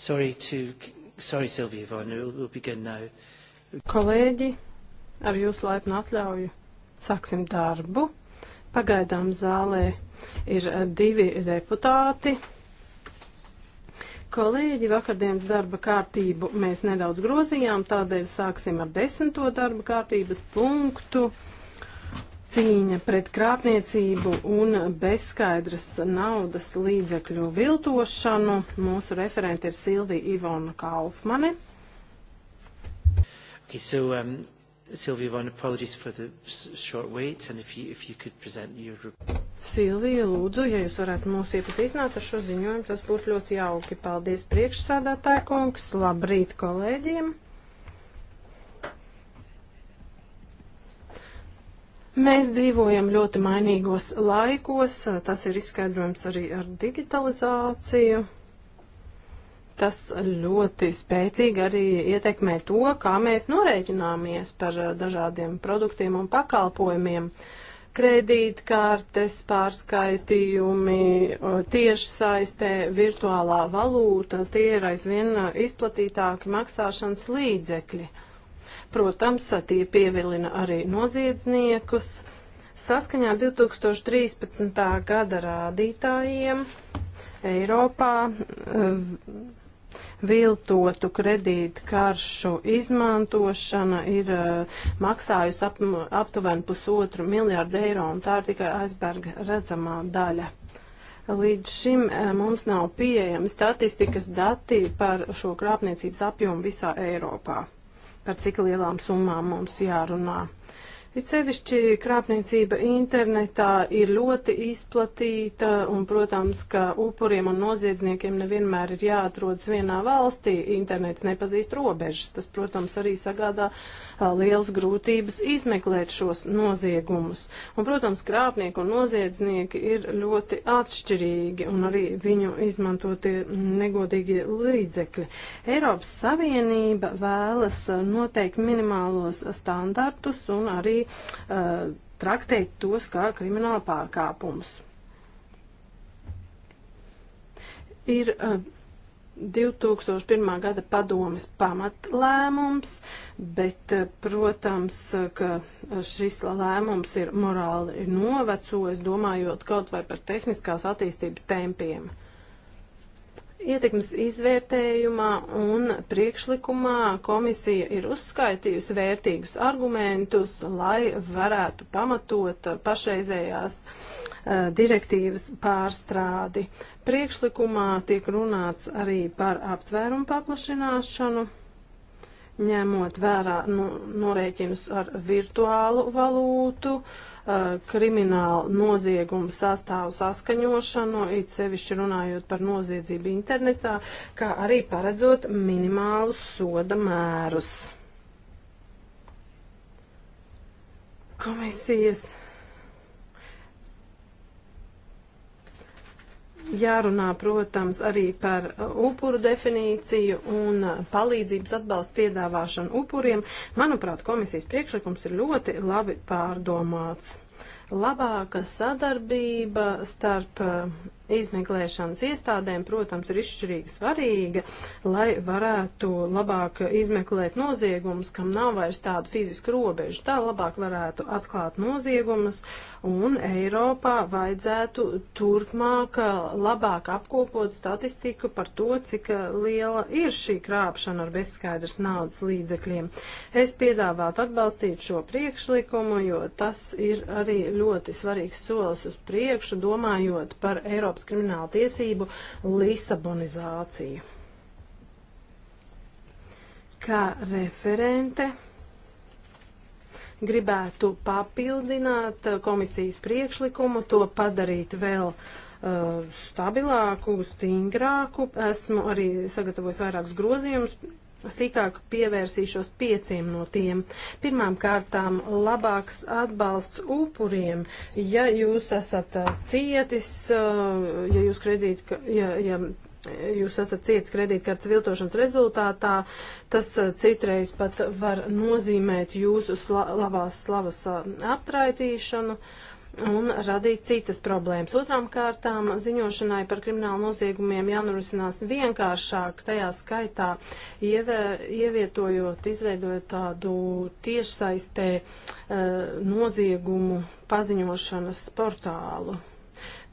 Sorry to, sorry Silvija Vona, we'll, we'll begin now. Kolēģi, ar jūsu laipnu atļauju sāksim darbu. Pagaidām zālē ir eh, divi deputāti. Kolēģi, vakardienas darba kārtību mēs nedaudz grozījām, tādēļ sāksim ar desmito darba kārtības punktu. Uh, cīņa pret krāpniecību un bezskaidras naudas līdzekļu viltošanu. Mūsu referente ir Silvija Ivona Kaufmane. Okay, so, um, Silvija Ivona, apologies for the short wait, and if you, if you could present your... Silvija, lūdzu, ja jūs varētu mūs iepazīstināt ar šo ziņojumu, tas būtu ļoti jauki. Paldies priekšsādātāja kungs, labrīt kolēģiem! Mēs dzīvojam ļoti mainīgos laikos, tas ir izskaidrojams arī ar digitalizāciju. Tas ļoti spēcīgi arī ietekmē to, kā mēs norēķināmies par dažādiem produktiem un pakalpojumiem. Kredītkartes, pārskaitījumi, tiešsaistē, virtuālā valūta, tie ir aizvien izplatītāki maksāšanas līdzekļi. Uh, Protams, tie pievilina arī noziedzniekus. Saskaņā 2013. gada rādītājiem Eiropā eh, viltotu kredītkaršu izmantošana ir uh, maksājusi ap, aptuveni pusotru miljārdu eiro, un tā ir tikai aizberga redzamā daļa. Līdz šim uh, mums nav pieejami statistikas dati par šo krāpniecības apjomu visā Eiropā par cik lielām summām mums jārunā. Ir sevišķi krāpniecība internetā ir ļoti izplatīta, un, protams, ka upuriem un noziedzniekiem nevienmēr ir jāatrodas vienā valstī. Internets nepazīst robežas. Tas, protams, arī sagādā liels grūtības izmeklēt šos noziegumus. Un, protams, krāpnieki un noziedznieki ir ļoti atšķirīgi un arī viņu izmantotie negodīgie līdzekļi. Eiropas Savienība vēlas noteikt minimālos standartus un arī uh, traktēt tos kā krimināla pārkāpumus. Ir uh, 2001. gada padomas pamatlēmums, bet, eh, protams, ka šis lēmums ir morāli novecojis, domājot kaut vai par tehniskās attīstības tempiem. Ietekmes izvērtējumā un priekšlikumā komisija ir uzskaitījusi vērtīgus argumentus, lai varētu pamatot pašreizējās uh, direktīvas pārstrādi. Priekšlikumā tiek runāts arī par aptvērumu paplašināšanu ņemot vērā nu, norēķinus ar virtuālu valūtu, kriminālu noziegumu sastāvu saskaņošanu, it sevišķi runājot par noziedzību internetā, kā arī paredzot minimālus soda mērus. Komisijas Jārunā, protams, arī par uh, upuru definīciju un uh, palīdzības atbalstu piedāvāšanu upuriem. Manuprāt, komisijas priekšlikums ir ļoti labi pārdomāts. Labāka sadarbība starp uh, izmeklēšanas iestādēm, protams, ir izšķirīgi svarīga, lai varētu labāk izmeklēt noziegumus, kam nav vairs tādu fizisku robežu. Tā labāk varētu atklāt noziegumus un Eiropā vajadzētu turpmāk labāk apkopot statistiku par to, cik liela ir šī krāpšana ar bezskaidrs naudas līdzekļiem. Es piedāvātu atbalstīt šo priekšlikumu, jo tas ir arī ļoti svarīgs solis uz priekšu, domājot par Eiropas Eiropas krimināla tiesību lisabonizāciju. Kā referente gribētu papildināt komisijas priekšlikumu, to padarīt vēl uh, stabilāku, stingrāku. Esmu arī sagatavojis vairākus grozījumus sīkāk pievērsīšos pieciem no tiem. Pirmām kārtām labāks atbalsts upuriem. Ja jūs esat uh, cietis, uh, ja jūs kredīt, ja, ja jūs esat cietis kredītkartes viltošanas rezultātā, tas uh, citreiz pat var nozīmēt jūsu sla labās slavas aptraitīšanu. Uh, un radīt citas problēmas. Otrām kārtām ziņošanai par kriminālu noziegumiem jānorisinās vienkāršāk, tajā skaitā ievē, ievietojot, izveidojot tādu tiešsaistē uh, noziegumu paziņošanas portālu.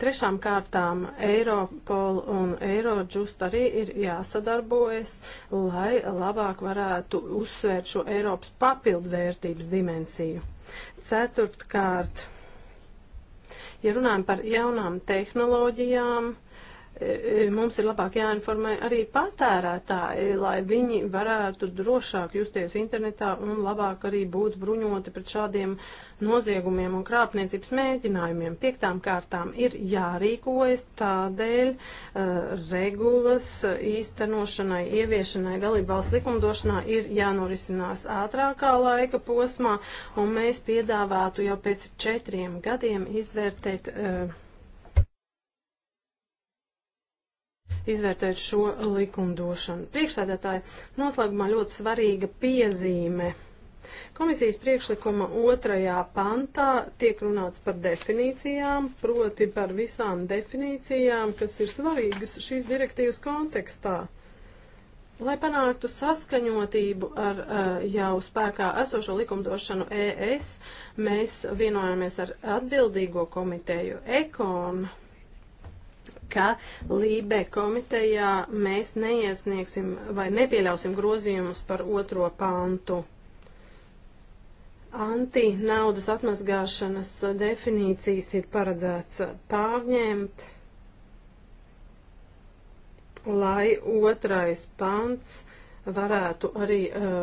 Trešām kārtām Eiropol un Eirodžust arī ir jāsadarbojas, lai labāk varētu uzsvērt šo Eiropas papildvērtības dimensiju. Ceturtkārt Ja runājam par jaunām tehnoloģijām, uh, E, e, mums ir labāk jāinformē arī patērētāji, lai viņi varētu drošāk justies internetā un labāk arī būt bruņoti pret šādiem noziegumiem un krāpniecības mēģinājumiem. Piektām kārtām ir jārīkojas tādēļ uh, regulas īstenošanai, ieviešanai dalībvalsts likumdošanā ir jānorisinās ātrākā laika posmā, un mēs piedāvātu jau pēc četriem gadiem izvērtēt uh, izvērtēt šo likumdošanu. Priekšsēdētāji noslēgumā ļoti svarīga piezīme. Komisijas priekšlikuma otrajā pantā tiek runāts par definīcijām, proti par visām definīcijām, kas ir svarīgas šīs direktīvas kontekstā. Lai panāktu saskaņotību ar uh, jau spēkā esošo likumdošanu ES, mēs vienojāmies ar atbildīgo komiteju EKON ka Lībe komitejā mēs neiesniegsim vai nepieļausim grozījumus par otro pantu. Anti-naudas atmazgāšanas definīcijas ir paredzēts pārņemt, lai otrais pants varētu arī uh,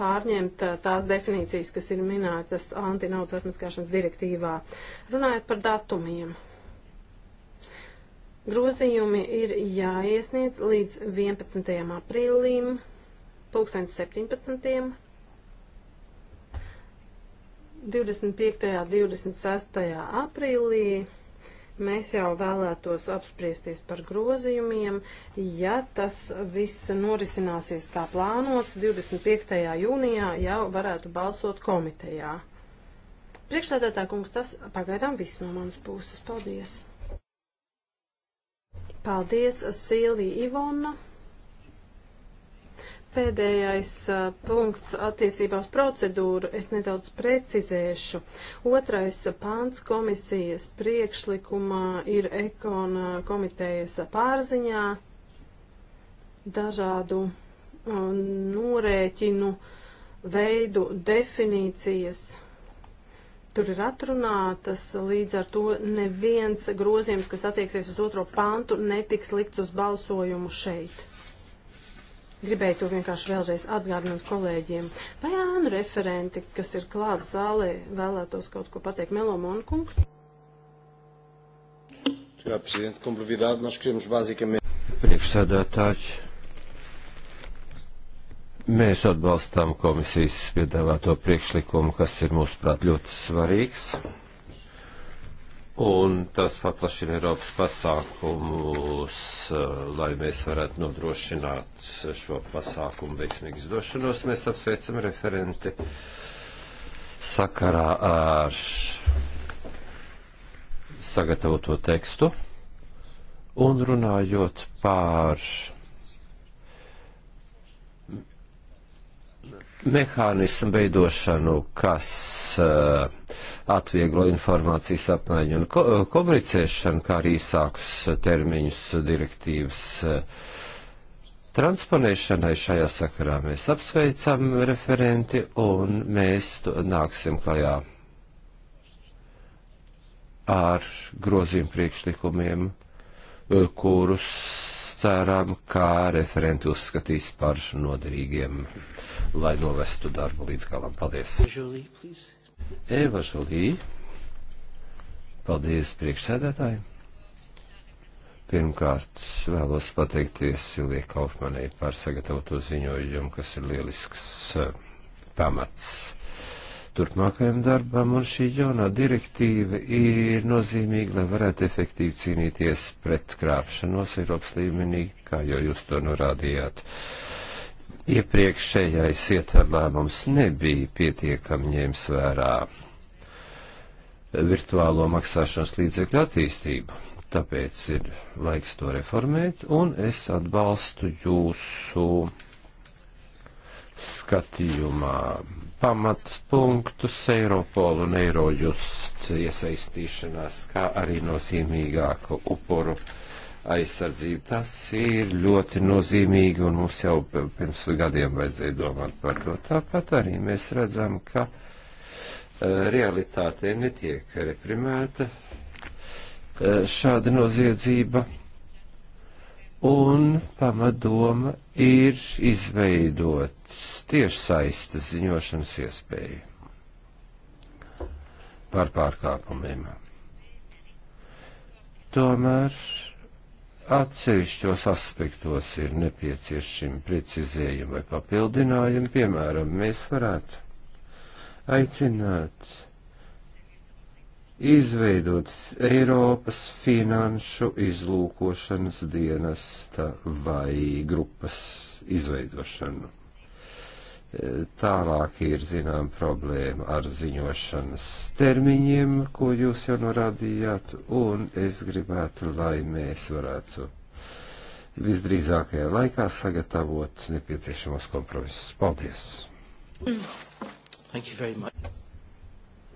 pārņemt uh, tās definīcijas, kas ir minētas anti-naudas atmazgāšanas direktīvā. Runājot par datumiem. Grozījumi ir jāiesniedz līdz 11. aprīlim, 2017. 25. un 26. aprīlī mēs jau vēlētos apspriesties par grozījumiem. Ja tas viss norisināsies kā plānots, 25. jūnijā jau varētu balsot komitejā. Priekšstādātā kungs, tas pagaidām viss no manas puses. Paldies! Paldies, Silvija Ivona. Pēdējais uh, punkts attiecībā uz procedūru es nedaudz precizēšu. Otrais pāns komisijas priekšlikumā ir ekona komitejas pārziņā dažādu uh, norēķinu veidu definīcijas tur ir atrunātas, līdz ar to neviens grozījums, kas attieksies uz otro pantu, netiks likts uz balsojumu šeit. Gribēju to vienkārši vēlreiz atgādināt kolēģiem. Vai ānu referenti, kas ir klāt zālē, vēlētos kaut ko pateikt Melo Monkungs? Priekšsēdētāji, Mēs atbalstām komisijas piedāvāto priekšlikumu, kas ir mūsuprāt ļoti svarīgs. Un tas paplašina Eiropas pasākumus, eh, lai mēs varētu nodrošināt šo pasākumu veiksmīgu izdošanos. Mēs apsveicam referenti sakarā ar sagatavoto tekstu un runājot pār mehānismu veidošanu, kas uh, atvieglo informācijas apmaiņu un ko komunicēšanu, kā arī īsākus termiņus direktīvas uh, transponēšanai šajā sakarā mēs apsveicam referenti un mēs nāksim klajā ar grozījumu priekšlikumiem, eh, kurus ceram, kā referenti uzskatīs par noderīgiem, lai novestu darbu līdz galam. Paldies! Eva Žulī, paldies priekšsēdētājiem! Pirmkārt, vēlos pateikties Silvijai Kaufmanai par sagatavoto ziņojumu, kas ir lielisks eh, pamats turpmākajam darbam, un šī jaunā direktīva ir nozīmīga, lai varētu efektīvi cīnīties pret krāpšanos Eiropas līmenī, kā jau jūs to norādījāt. Iepriekšējais ietverlēmums nebija pietiekami ņēmis vērā virtuālo maksāšanas līdzekļu attīstību, tāpēc ir laiks to reformēt, un es atbalstu jūsu skatījumā pamatpunktus Eiropolu un Eirojusts iesaistīšanās, kā arī nozīmīgāku upuru aizsardzību. Tas ir ļoti nozīmīgi, un mums jau pirms gadiem vajadzēja domāt par to. Tāpat arī mēs redzam, ka e, realitātē netiek reprimēta e, šāda noziedzība Un pamatdoma ir izveidot tiešsaistes ziņošanas iespēju par pārkāpumiem. Tomēr atsevišķos aspektos ir nepieciešami precizējumi vai papildinājumi. Piemēram, mēs varētu aicināt izveidot Eiropas finanšu izlūkošanas dienesta vai grupas izveidošanu. E, tālāk ir zinām problēma ar ziņošanas termiņiem, ko jūs jau norādījāt, un es gribētu, lai mēs varētu visdrīzākajā laikā sagatavot nepieciešamos kompromisus. Paldies!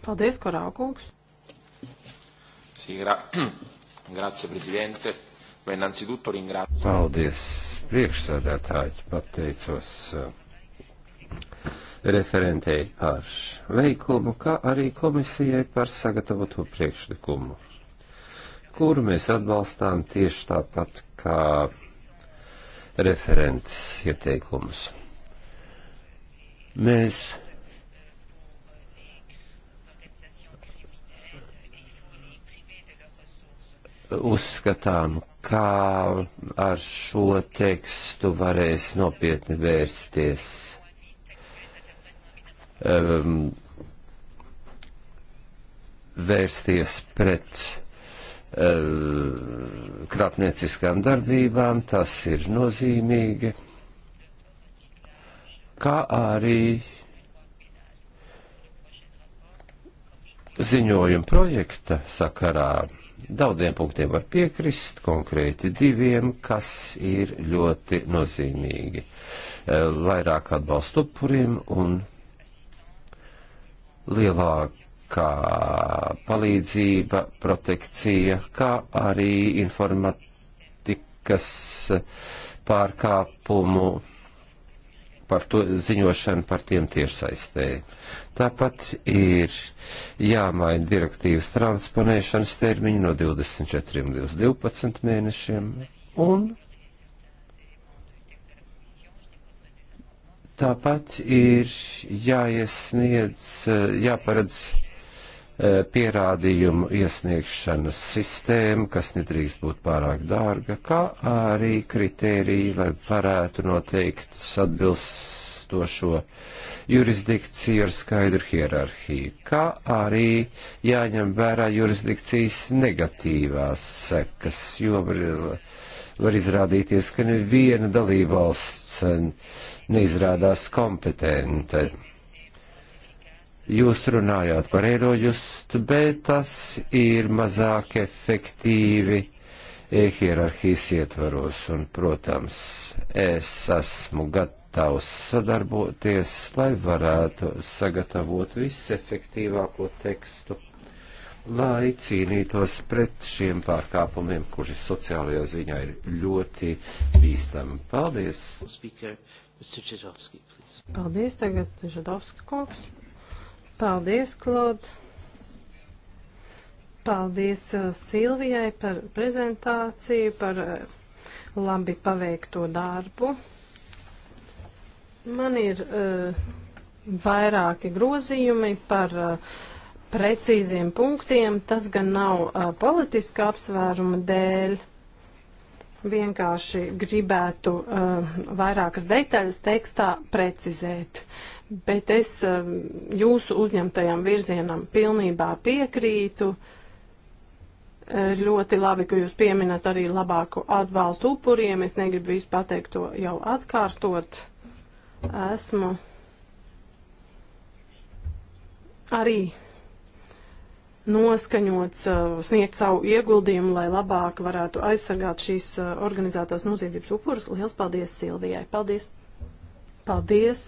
Paldies, Korākungs! Grazie, prezidente. Vai innanzitutto ringrazio. Paldies, priekšsēdētāji, pateicos eh, referentei par veikumu, kā arī komisijai par sagatavoto priekšlikumu, kuru mēs atbalstām tieši tāpat kā referents ieteikumus. Mēs uzskatām, kā ar šo tekstu varēs nopietni vērsties um, vērsties pret um, krāpnieciskām darbībām, tas ir nozīmīgi, kā arī ziņojuma projekta sakarā Daudziem punktiem var piekrist, konkrēti diviem, kas ir ļoti nozīmīgi. Eh, vairāk atbalstu upurim un lielākā palīdzība, protekcija, kā arī informatikas pārkāpumu par to ziņošanu par tiem tiešsaistē. Tāpat ir jāmaina direktīvas transponēšanas termiņu no 24 līdz 12 mēnešiem un tāpat ir jāiesniedz, jāparedz Eh, pierādījumu iesniegšanas sistēma, kas nedrīkst būt pārāk dārga, kā arī kritērija, lai varētu noteikt atbilstošo jurisdikciju ar skaidru hierarhiju, kā arī jāņem vērā jurisdikcijas negatīvās sekas, jo var, var izrādīties, ka neviena dalībvalsts neizrādās kompetente Jūs runājāt par eirojust, bet tas ir mazāk efektīvi e, hierarhijas ietvaros, un, protams, es esmu gatavs sadarboties, lai varētu sagatavot visefektīvāko tekstu, lai cīnītos pret šiem pārkāpumiem, kuri sociālajā ziņā ir ļoti bīstami. Paldies! Paldies tagad, Žadovska kungs! Paldies, Klod! Paldies uh, Silvijai par prezentāciju, par uh, labi paveikto darbu. Man ir uh, vairāki grozījumi par uh, precīziem punktiem. Tas gan nav uh, politiska apsvēruma dēļ vienkārši gribētu uh, vairākas detaļas tekstā precizēt bet es um, jūsu uzņemtajam virzienam pilnībā piekrītu. Ļoti labi, ka jūs pieminat arī labāku atbalstu upuriem. Es negribu visu pateikt to jau atkārtot. Esmu arī noskaņots uh, sniegt savu ieguldījumu, lai labāk varētu aizsargāt šīs uh, organizētās noziedzības upurus. Liels paldies Silvijai! Paldies! Paldies!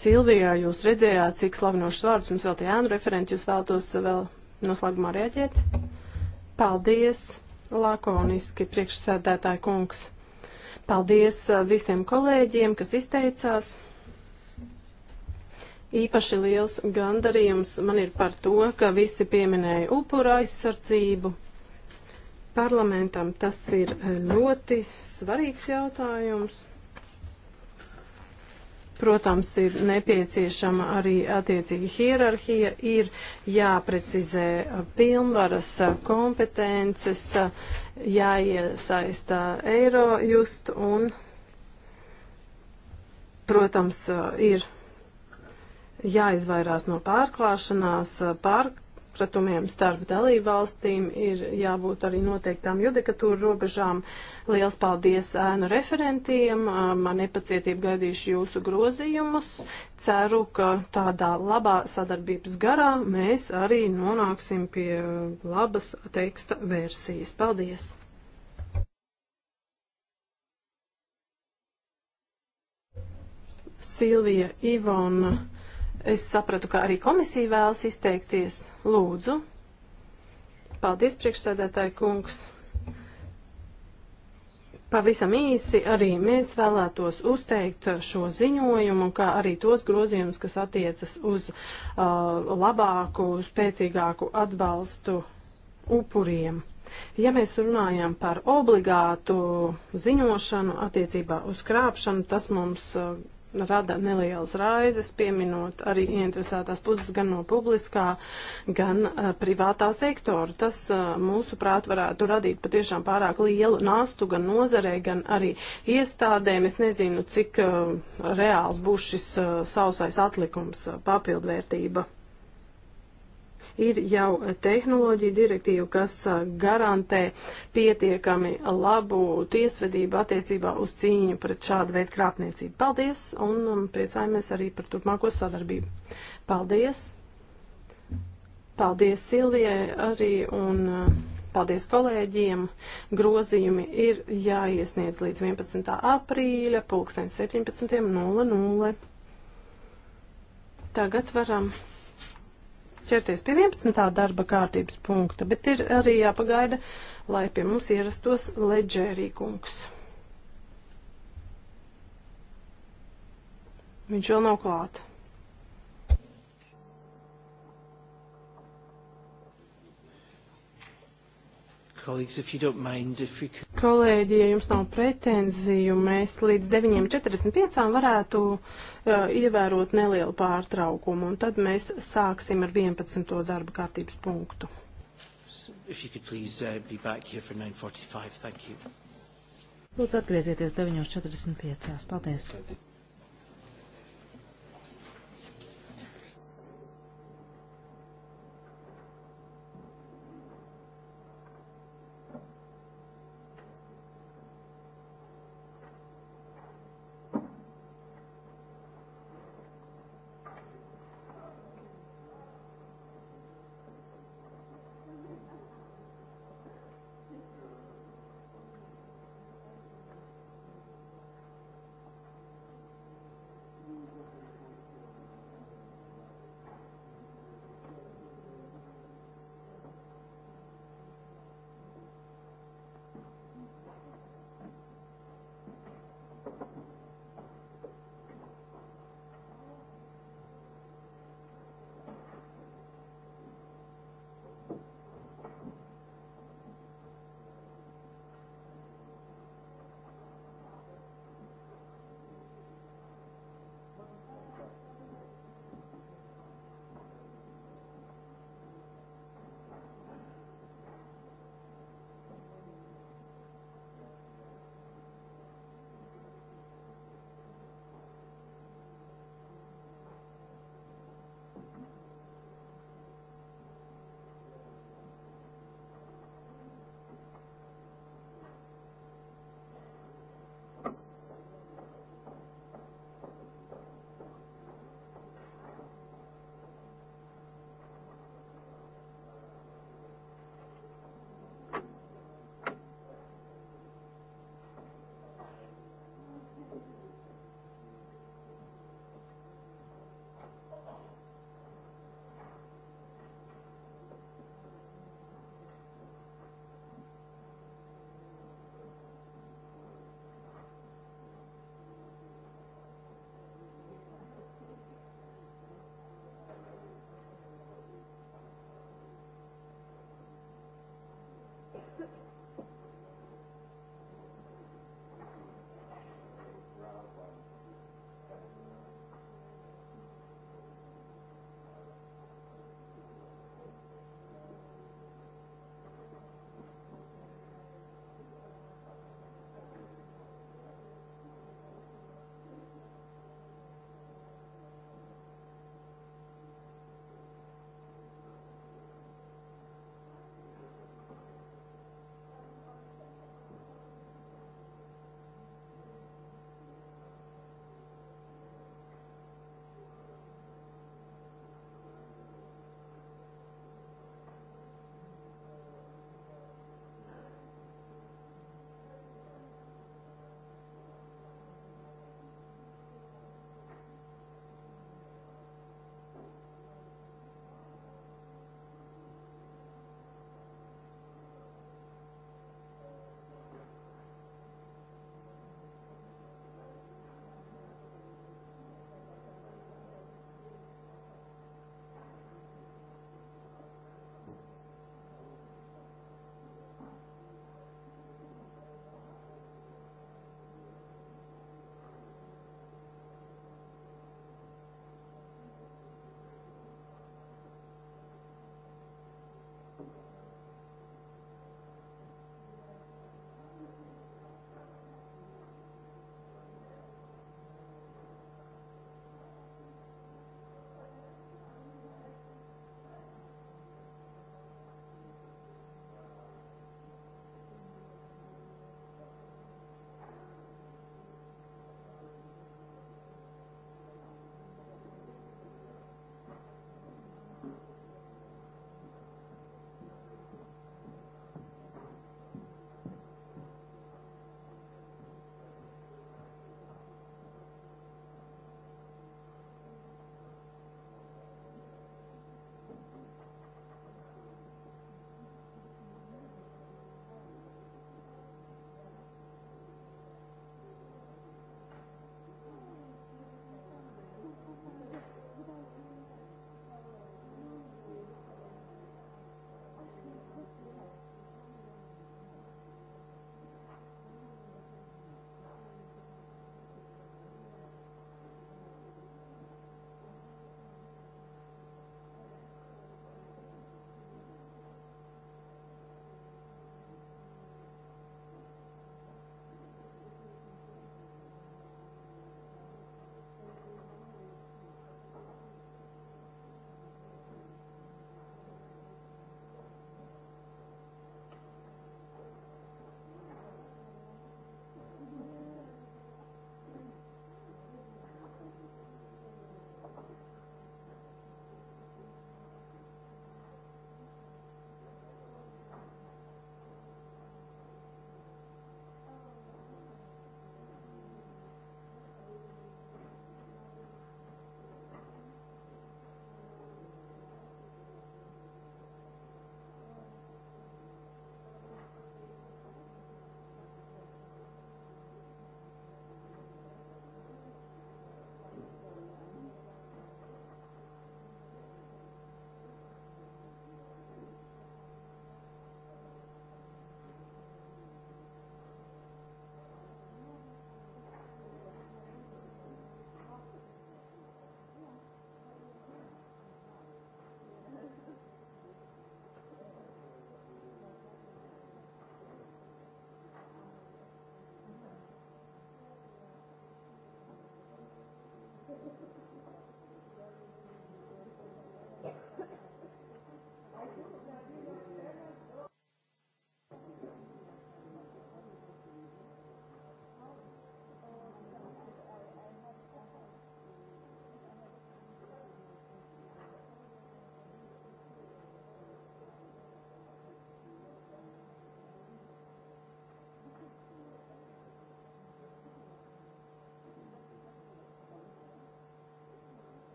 Silvijā jūs redzējāt, cik slavinošs vārds mums vēl tie ēnu referenti, jūs vēlatos vēl noslēgumā rēģēt? Paldies, lakoniski priekšsēdētāji kungs. Paldies uh, visiem kolēģiem, kas izteicās. Īpaši liels gandarījums man ir par to, ka visi pieminēja upura aizsardzību. Parlamentam tas ir uh, ļoti svarīgs jautājums. Protams, ir nepieciešama arī attiecīga hierarhija, ir jāprecizē pilnvaras, kompetences, jāiesaista eiro just un, protams, ir jāizvairās no pārklāšanās, pārklāšanās pārpratumiem starp dalībvalstīm ir jābūt arī noteiktām judikatūra robežām. Liels paldies ēnu referentiem, man nepacietību gaidīšu jūsu grozījumus. Ceru, ka tādā labā sadarbības garā mēs arī nonāksim pie labas teksta versijas. Paldies! Silvija Ivona. Es sapratu, ka arī komisija vēlas izteikties. Lūdzu. Paldies, priekšsēdētāji kungs. Pavisam īsi arī mēs vēlētos uzteikt šo ziņojumu, kā arī tos grozījumus, kas attiecas uz uh, labāku, spēcīgāku atbalstu upuriem. Ja mēs runājam par obligātu ziņošanu attiecībā uz krāpšanu, tas mums uh, rada nelielas raizes, pieminot arī ieinteresētās puses gan no publiskā, gan uh, privātā sektora. Tas, uh, eh, mūsuprāt, varētu radīt patiešām pārāk lielu nastu gan nozarei, gan arī iestādēm. Es nezinu, cik uh, reāls būs šis uh, sausais atlikums, uh, papildvērtība. Ir jau tehnoloģija direktīva, kas garantē pietiekami labu tiesvedību attiecībā uz cīņu pret šādu veidu krāpniecību. Paldies un um, priecājamies arī par turpmāko sadarbību. Paldies! Paldies Silvijai arī un. Uh, Paldies kolēģiem. Grozījumi ir jāiesniedz līdz 11. aprīļa, pulksten 17.00. Tagad varam ķerties pie 11. darba kārtības punkta, bet ir arī jāpagaida, lai pie mums ierastos leģērīkungs. Viņš vēl nav klāts. Kolēģi, ja jums nav pretenziju, mēs līdz 9.45 varētu uh, ievērot nelielu pārtraukumu, un tad mēs sāksim ar 11. darba kārtības punktu. Please, uh, Lūdzu, atgriezieties 9.45. Paldies!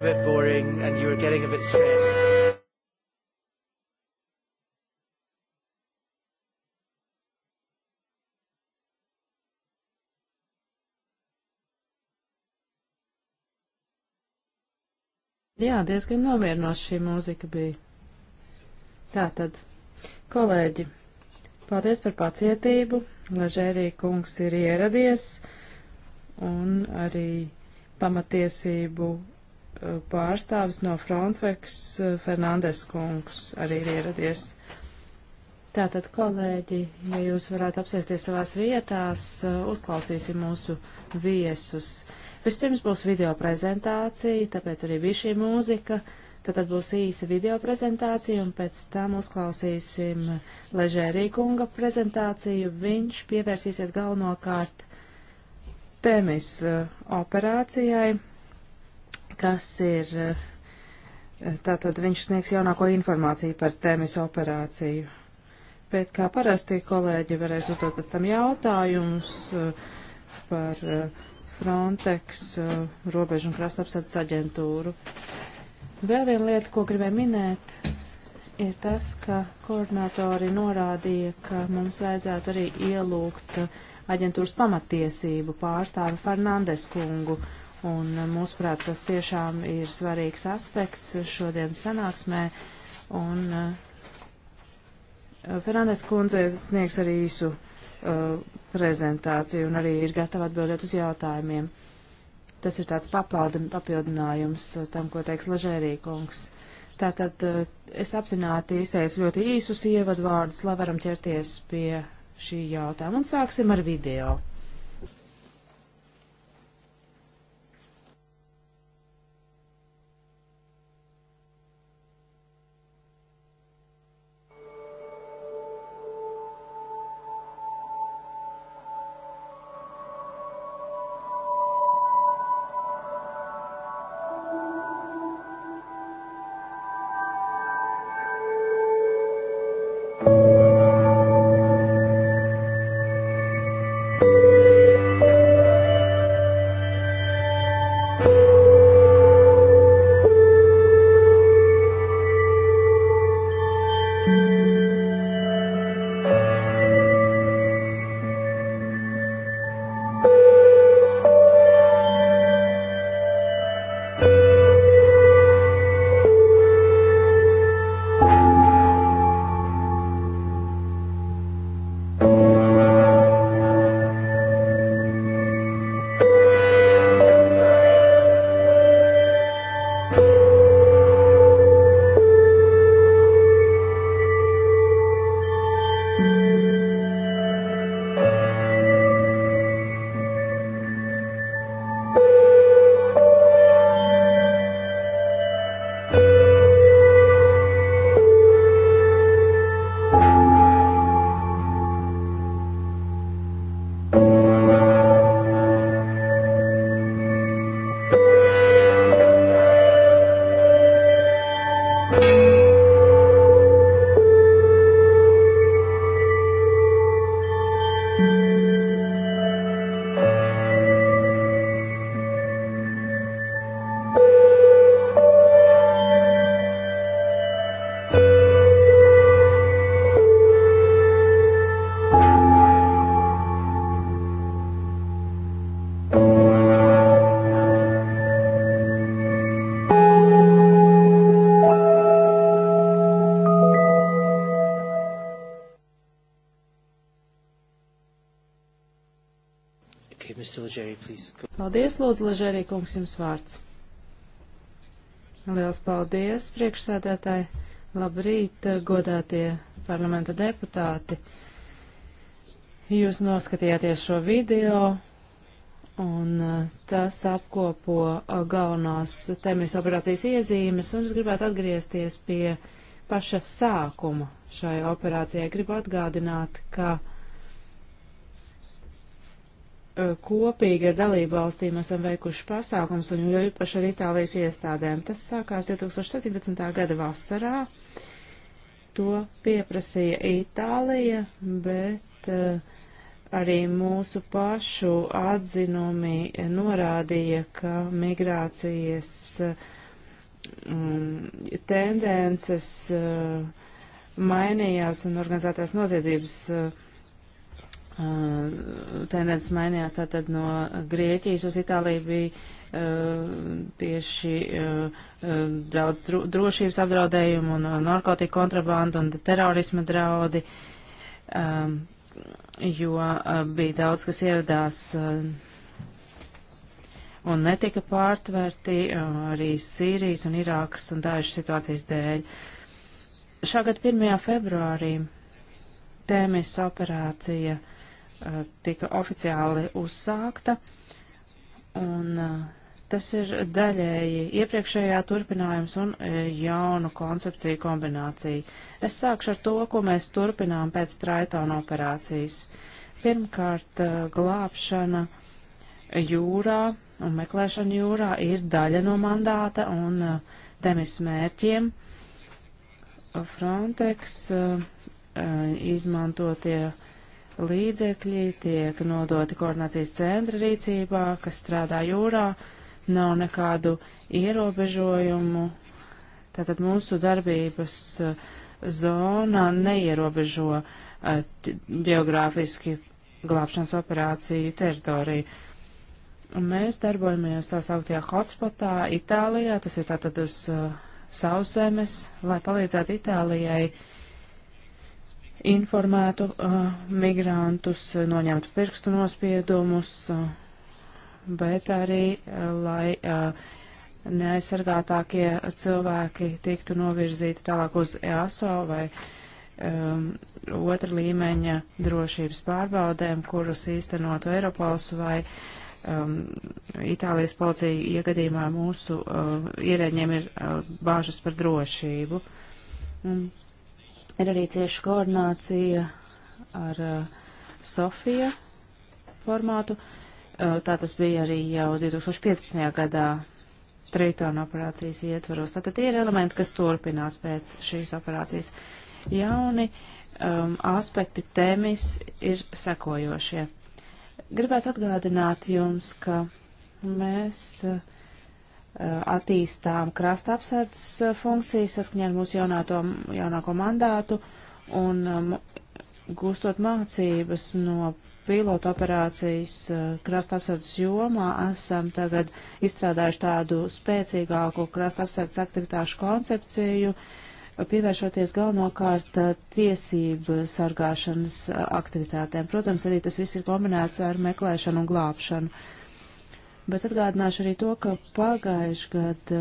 a bit boring and you were getting a bit stressed. Jā, diezgan nomierinoši šī mūzika bija. Tā tad, kolēģi, paldies par pacietību, Ležērī kungs ir ieradies un arī pamatiesību pārstāvis no Frontex Fernandes kungs arī ir ieradies. Tātad, kolēģi, ja jūs varētu apsēsties savās vietās, uzklausīsim mūsu viesus. Vispirms būs video prezentācija, tāpēc arī bija šī mūzika. Tātad būs īsa video prezentācija, un pēc tam uzklausīsim Ležērī kunga prezentāciju. Viņš pievērsīsies galvenokārt Temis eh, operācijai, kas ir. Eh, tātad viņš sniegs jaunāko informāciju par tēmis operāciju. Bet kā parasti kolēģi varēs uzdot pēc tam jautājumus eh, par eh, Frontex robežu un krastapsardzes aģentūru. Vēl viena lieta, ko gribēju minēt, ir tas, ka koordinatori norādīja, ka mums vajadzētu arī ielūgt aģentūras pamatiesību pārstāvi Fernandes kungu Un eh, mūsuprāt, tas tiešām ir svarīgs aspekts šodienas sanāksmē. Un eh, Fernandes kundze sniegs arī īsu uh, prezentāciju un arī ir gatava atbildēt uz jautājumiem. Tas ir tāds papaldi, papildinājums tam, ko teiks Ležērī kungs. Tātad uh, es apzināti izteicu ļoti īsus ievadvārdus, lai varam ķerties pie šī jautājuma. Un sāksim ar video. Paldies, lūdzu, Ležērī kungs, jums vārds. Liels paldies, priekšsēdētāji. Labrīt, godātie parlamenta deputāti. Jūs noskatījāties šo video, un uh, tas apkopo uh, galvenās temis operācijas iezīmes, un es gribētu atgriezties pie paša sākuma šai operācijai. Gribu atgādināt, ka Eh, kopīgi ar dalību valstīm esam veikuši pasākums, un jo īpaši ar Itālijas iestādēm. Tas sākās 2017. gada vasarā. To pieprasīja Itālija, bet uh, arī mūsu pašu atzinumi norādīja, ka migrācijas um, tendences uh, mainījās un organizētās noziedzības uh, Uh, tendences mainījās tātad no Grieķijas uz Itāliju bija uh, tieši uh, uh draudz dro, drošības apdraudējumu un uh, narkotika kontrabandu un terorisma draudi, um, jo uh, bija daudz, kas ieradās un netika pārtverti arī Sīrijas un Irākas un Dāļu situācijas dēļ. Šā gada 1. februārī tēmis operācija uh, Uh, tika oficiāli uzsākta. Un uh, tas ir daļēji iepriekšējā turpinājums un uh, jaunu koncepciju kombinācija. Es sākšu ar to, ko mēs turpinām pēc Traitona operācijas. Pirmkārt, glābšana jūrā un meklēšana jūrā ir daļa no mandāta un temis mērķiem. Frontex izmantotie uh, līdzekļi tiek nodoti koordinācijas centra rīcībā, kas strādā jūrā, nav nekādu ierobežojumu. Tātad mūsu darbības eh, zona neierobežo eh, geogrāfiski glābšanas operāciju teritoriju. Mēs darbojamies tā sauktajā hotspotā Itālijā, tas ir tātad uz uh, eh, sauszemes, lai palīdzētu Itālijai uh, informētu uh, migrantus, noņemtu pirkstu nospiedumus, uh, bet arī, uh, lai uh, neaizsargātākie cilvēki tiktu novirzīti tālāk uz EASO vai um, otra līmeņa drošības pārbaudēm, kurus īstenotu Eiropols vai um, Itālijas policija iegadījumā mūsu uh, ierēņiem ir uh, bāžas par drošību. Un Ir arī cieša koordinācija ar uh, Sofija formātu. Uh, tā tas bija arī jau 2015. gadā Tritona operācijas ietvaros. Tātad tie ir elementi, kas turpinās pēc šīs operācijas. Jauni um, aspekti tēmis ir sekojošie. Gribētu atgādināt jums, ka mēs uh, Eh, attīstām krasta apsardzes eh, funkcijas saskaņā ar mūsu jaunāto, jaunāko mandātu un um, gūstot mācības no pilota operācijas krasta apsardzes jomā, esam tagad izstrādājuši tādu spēcīgāku krasta apsardzes aktivitāšu koncepciju, pievēršoties galvenokārt tiesību sargāšanas aktivitātēm. Protams, arī tas viss ir kombinēts ar meklēšanu un glābšanu. Bet atgādināšu arī to, ka pagājuši gadu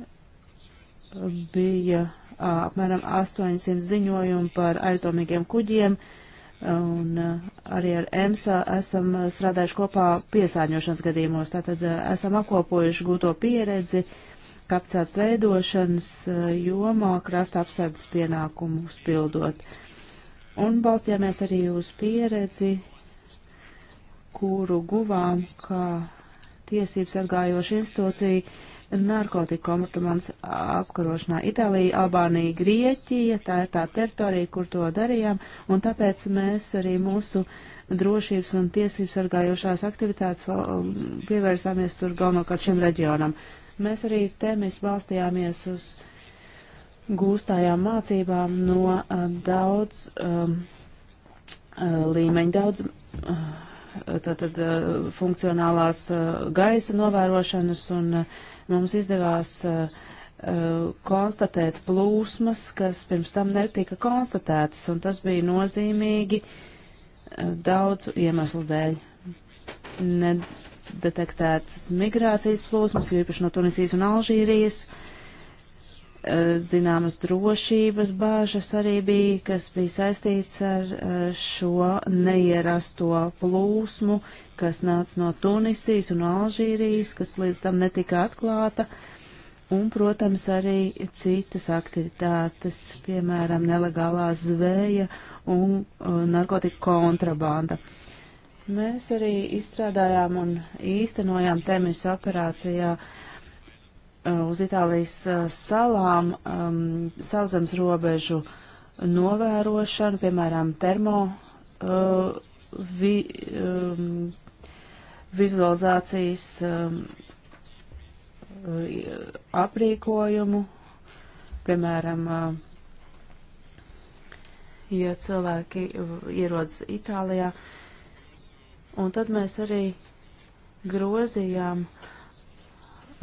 uh, bija uh, apmēram 800 ziņojumi par aizdomīgiem kuģiem, un uh, arī ar EMSA esam strādājuši kopā piesārņošanas gadījumos. Tātad esam apkopojuši gūto pieredzi kapsētas veidošanas jomā krasta apsardzes pienākumus pildot. Un balstījāmies arī uz pieredzi, kuru guvām kā tiesības sargājoša institūcija narkotika komertumans apkarošanā. Itālija, Albānija, Grieķija, tā ir tā teritorija, kur to darījām, un tāpēc mēs arī mūsu drošības un tiesības sargājošās aktivitātes um, pievērsāmies tur galvenokārt šim reģionam. Mēs arī te mēs balstījāmies uz gūstājām mācībām no uh, daudz um, uh, līmeņu, daudz. Uh, tātad funkcionālās gaisa novērošanas, un mums izdevās konstatēt plūsmas, kas pirms tam netika konstatētas, un tas bija nozīmīgi daudzu iemeslu dēļ. Nedetektētas migrācijas plūsmas, jo īpaši no Tunisijas un Alžīrijas. Uh, Eh, zināmas drošības bāžas arī bija, kas bija saistīts ar eh, šo neierasto plūsmu, kas nāca no Tunisijas un Alžīrijas, kas līdz tam netika atklāta, un, protams, arī citas aktivitātes, piemēram, nelegālā zvēja un eh, narkotika kontrabanda. Mēs arī izstrādājām un īstenojām temis operācijā uh, Uh, uz Itālijas uh, salām um, sauszemes robežu novērošanu, piemēram, termo uh, vi, um, vizualizācijas um, uh, aprīkojumu, piemēram, uh, ja cilvēki ierodas Itālijā. Un tad mēs arī grozījām uh,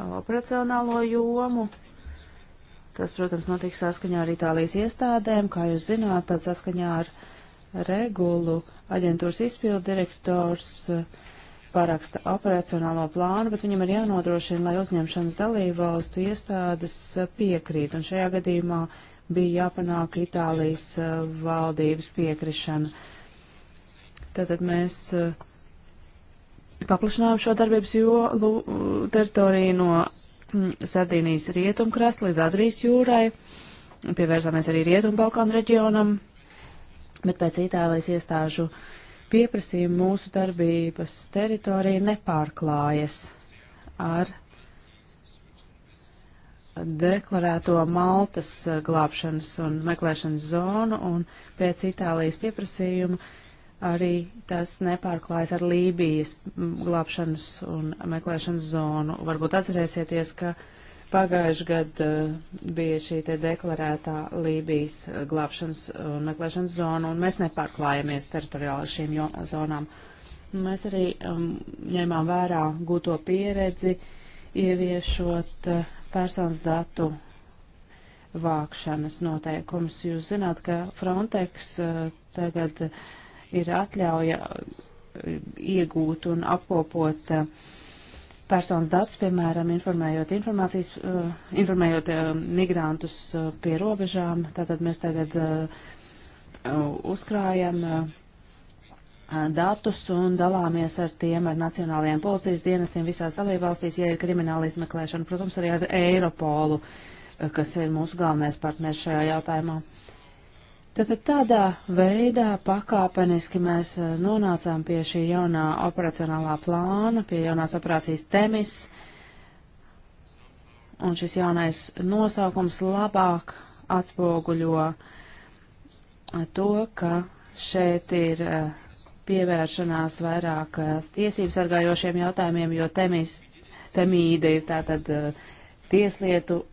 operacionālo jomu. Tas, protams, notiks saskaņā ar Itālijas iestādēm, kā jūs zināt, tad saskaņā ar regulu aģentūras izpildu direktors eh, paraksta operacionālo plānu, bet viņam ir jānodrošina, lai uzņemšanas dalībvalstu iestādes eh, piekrīt, un šajā gadījumā bija jāpanāk Itālijas eh, valdības piekrišana. Tātad mēs uh, paplašinājām šo darbības jolu teritoriju no mm, Sardīnijas rietumkrasta līdz Adrijas jūrai. Pievērsāmies arī Rietumbalkānu reģionam, bet pēc Itālijas iestāžu pieprasījuma mūsu darbības teritorija nepārklājas ar deklarēto Maltas eh, glābšanas un meklēšanas zonu, un pēc Itālijas pieprasījuma arī tas nepārklājas ar Lībijas glābšanas un meklēšanas zonu. Varbūt atcerēsieties, ka pagājuši gad eh, bija šī te deklarētā Lībijas eh, glābšanas un eh, meklēšanas zona, un mēs nepārklājamies teritoriāli ar šīm zonām. Mēs arī um, ņēmām vērā gūto pieredzi, ieviešot uh, personas datu vākšanas noteikumus. Jūs zināt, ka Frontex uh, tagad uh, ir atļauja e, iegūt un apkopot e, personas datus, piemēram, informējot, informācijas, e, informējot migrantus pie robežām. Tātad mēs tagad uzkrājam datus un dalāmies ar tiem, ar nacionālajiem policijas dienestiem visās dalībvalstīs, ja ir krimināla izmeklēšana, protams, arī ar Eiropolu, kas ir mūsu galvenais partners šajā jautājumā. Uh, Tātad tādā veidā pakāpeniski mēs eh, nonācām pie šī jaunā operacionālā plāna, pie jaunās operācijas temis, un šis jaunais nosaukums labāk atspoguļo eh, to, ka šeit ir eh, pievēršanās vairāk tiesību sargājošiem jautājumiem, jo temis, temīde ir tātad tieslietu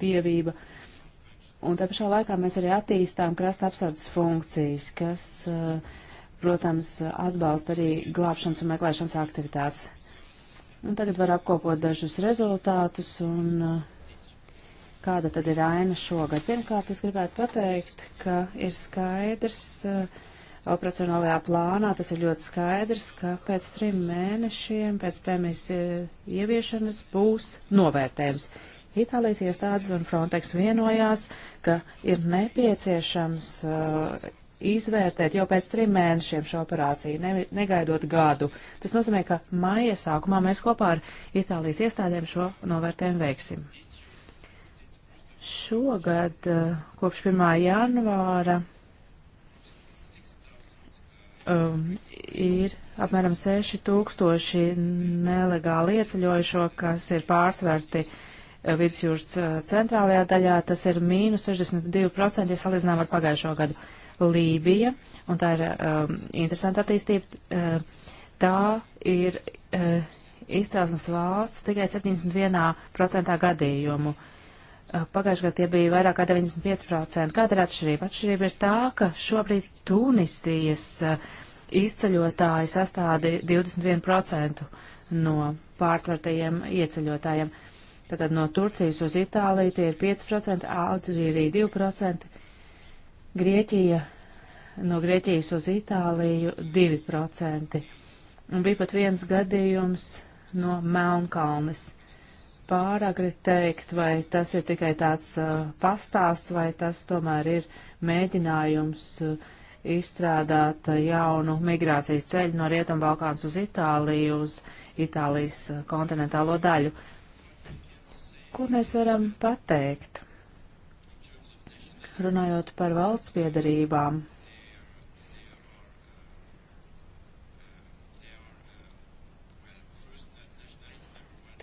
dievība. Uh, Un tā pašā laikā mēs arī attīstām krasta apsardzes funkcijas, kas, eh, protams, atbalsta arī glābšanas un meklēšanas aktivitātes. Un tagad var apkopot dažus rezultātus un eh, kāda tad ir aina šogad. Pirmkārt, es gribētu pateikt, ka ir skaidrs, eh, operacionālajā plānā tas ir ļoti skaidrs, ka pēc trim mēnešiem, pēc temis ieviešanas būs novērtējums. Itālijas iestādes un Frontex vienojās, ka ir nepieciešams uh, izvērtēt jau pēc trim mēnešiem šo operāciju, ne, negaidot gadu. Tas nozīmē, ka māja sākumā mēs kopā ar Itālijas iestādēm šo novērtējumu veiksim. Šogad uh, kopš 1. janvāra um, ir apmēram 6000 nelegāli ieceļojušo, kas ir pārtverti uh, vidusjūras centrālajā daļā, tas ir mīnus 62%, ja salīdzinām ar pagājušo gadu. Lībija, un tā ir um, interesanta attīstība, uh, tā ir uh, izcelsmes valsts tikai 71% gadījumu. Uh, Pagājušajā gadā tie bija vairāk kā 95%. Kāda ir atšķirība? Atšķirība ir tā, ka šobrīd Tunisijas uh, izceļotāji sastāda 21% no pārtvertajiem ieceļotājiem. Uh, Tātad no Turcijas uz Itāliju tie ir 5%, Alģerija 2%, Grieķija no Grieķijas uz Itāliju 2%. Un bija pat viens gadījums no Melnkalnes. Pāragri teikt, vai tas ir tikai tāds uh, pastāsts, vai tas tomēr ir mēģinājums uh, izstrādāt uh, jaunu migrācijas ceļu no Rietumbalkāns uz Itāliju, uz Itālijas uh, kontinentālo daļu. Uh, Ko mēs varam pateikt? Runājot par valsts piedarībām.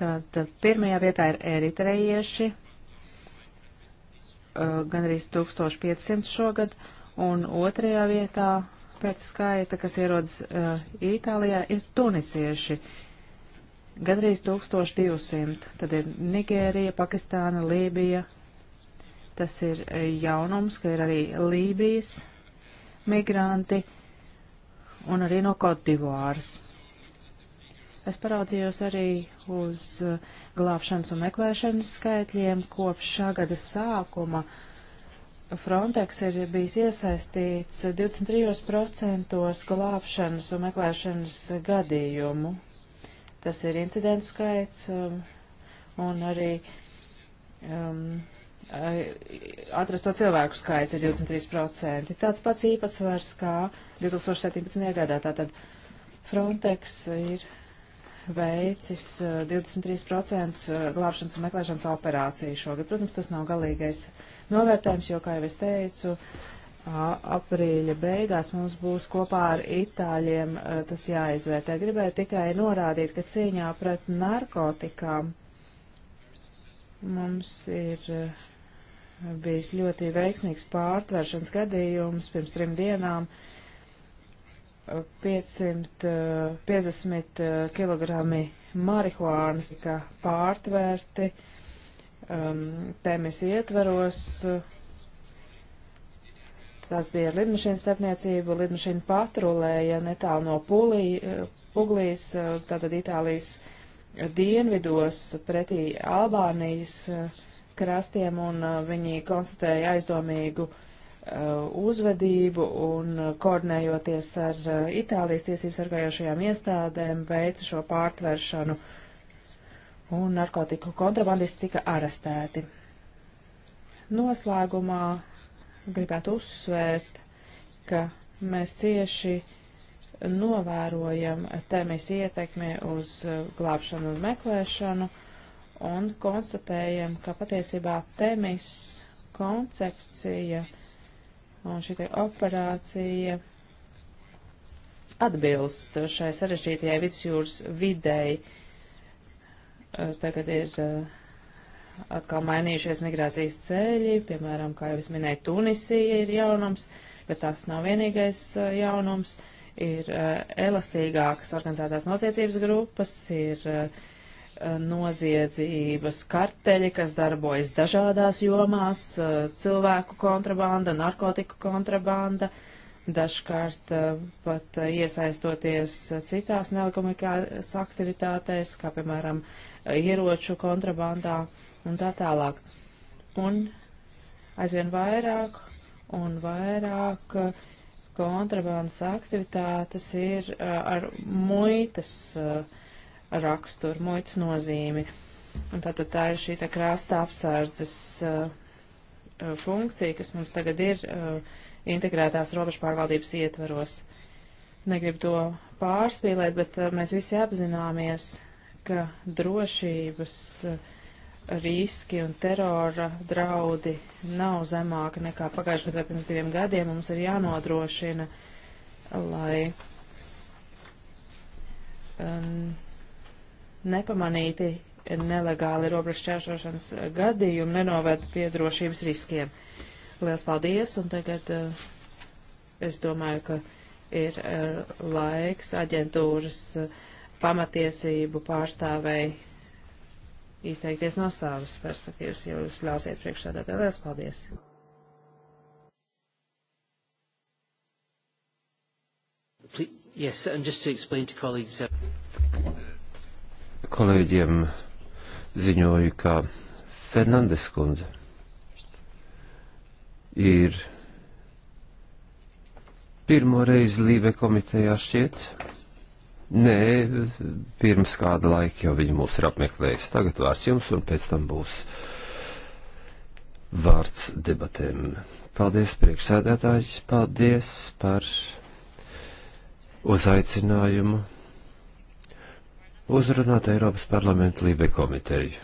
Tad pirmajā vietā ir eritrejieši, gandrīz 1500 šogad, un otrajā vietā pēc skaita, kas ierodas Itālijā, ir tunisieši, Gadrīz 1200. Tad ir Nigērija, Pakistāna, Lībija. Tas ir eh, jaunums, ka ir arī Lībijas migranti un arī no Kotivāras. Es paraudzījos arī uz eh, glābšanas un meklēšanas skaitļiem kopš šā gada sākuma. Frontex ir bijis iesaistīts 23% eh, glābšanas un meklēšanas gadījumu tas ir incidentu skaits um, un arī um, atrasto cilvēku skaits ir 23%. Tāds pats īpatsvars kā 2017. gadā. Tātad Frontex ir veicis 23% glābšanas un meklēšanas operāciju šogad. Protams, tas nav galīgais novērtējums, jo, kā jau es teicu, uh, aprīļa beigās mums būs kopā ar itāļiem tas jāizvērtē. Gribēju tikai norādīt, ka cīņā pret narkotikām mums ir bijis ļoti veiksmīgs pārtveršanas gadījums pirms trim dienām. 550 kg marihuānas tika pārtvērti um, temis ietveros. Uh, Tās bija lidmašīnu starpniecību, lidmašīnu patrulēja netālu no Pulī, Puglīs, tātad Itālijas dienvidos pretī Albānijas e, krastiem, un e, viņi konstatēja aizdomīgu e, uzvedību un koordinējoties ar Itālijas tiesību sargājošajām iestādēm veica šo pārtveršanu un narkotiku kontrabandisti tika arestēti. Noslēgumā gribētu uzsvērt, ka mēs cieši novērojam tēmijas ietekmi uz uh, glābšanu un meklēšanu un konstatējam, ka patiesībā tēmijas koncepcija un šī operācija atbilst šai sarežģītajai vidusjūras videi. Uh, tagad ir uh, atkal mainījušies migrācijas ceļi, piemēram, kā jau es minēju, Tunisija ir jaunums, bet tas nav vienīgais eh, jaunums. Ir eh, elastīgākas organizētās noziedzības grupas, ir eh, noziedzības karteļi, kas darbojas dažādās jomās - cilvēku kontrabanda, narkotiku kontrabanda, dažkārt pat iesaistoties citās nelikumīgās aktivitātēs, kā piemēram ieroču kontrabandā. Uh, un tā tālāk. Un aizvien vairāk un vairāk uh, kontrabandas aktivitātes ir uh, ar muitas uh, raksturu, muitas nozīmi. Un tātad tā ir šī tā krāsta apsardzes funkcija, kas mums tagad ir integrētās robežpārvaldības ietvaros. Negribu to pārspīlēt, bet mēs visi apzināmies, ka drošības uh, riski un terora draudi nav zemāki nekā pagājušajā gadā vai pirms diviem gadiem. Mums ir jānodrošina, lai um, nepamanīti nelegāli robežu čēršošanas gadījumi nenovērt pie drošības riskiem. Lielas paldies, un tagad uh, es domāju, ka ir uh, laiks aģentūras uh, pamatiesību pārstāvēji izteikties no savas perspektīvas, ja jūs ļausiet priekšādā. Liels paldies! Yes, and just to explain to colleagues. Uh, Kolēģiem ziņoju, ka Fernandes kundze ir pirmo reizi Lībe komitejā šķiet. Nē, pirms kāda laika jau viņi mūs ir apmeklējis. Tagad vārds jums, un pēc tam būs vārds debatēm. Paldies, priekšsēdētāji, paldies par uzaicinājumu uzrunāt Eiropas parlamentu Lībe komiteju.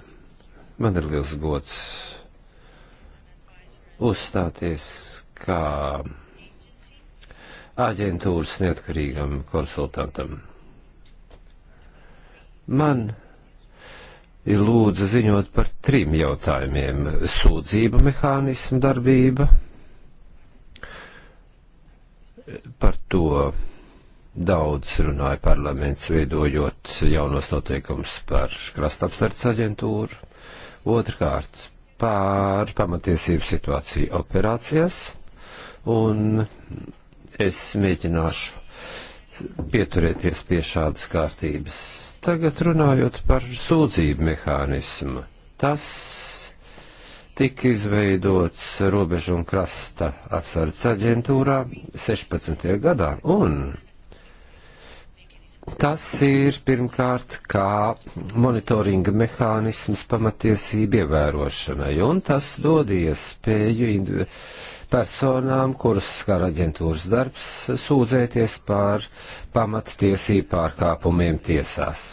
Man ir liels gods uzstāties kā aģentūras neatkarīgam konsultantam. Man ir lūdza ziņot par trim jautājumiem - sūdzība mehānismu darbība, par to daudz runāja parlaments, veidojot jaunos noteikumus par krastapsardz aģentūru, otrkārt par pamatiesību situāciju operācijās, un es mēģināšu pieturēties pie šādas kārtības. Tagad runājot par sūdzību mehānismu. Tas tika izveidots robežu un krasta apsardzes aģentūrā 16. gadā, un tas ir pirmkārt kā monitoringa mehānisms pamatiesību ievērošanai, un tas dod iespēju personām, kuras skar aģentūras darbs, sūdzēties par pamatstiesību pārkāpumiem tiesās.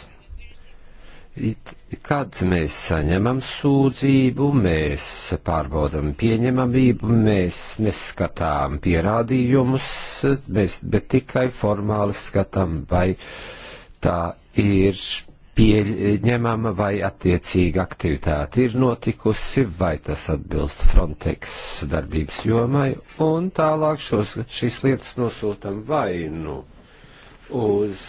Kad mēs saņemam sūdzību, mēs pārbaudam pieņemamību, mēs neskatām pierādījumus, mēs, bet tikai formāli skatām, vai tā ir pieņemama vai attiecīga aktivitāte ir notikusi, vai tas atbilst Frontex darbības jomai, un tālāk šos, šīs lietas nosūtam vainu uz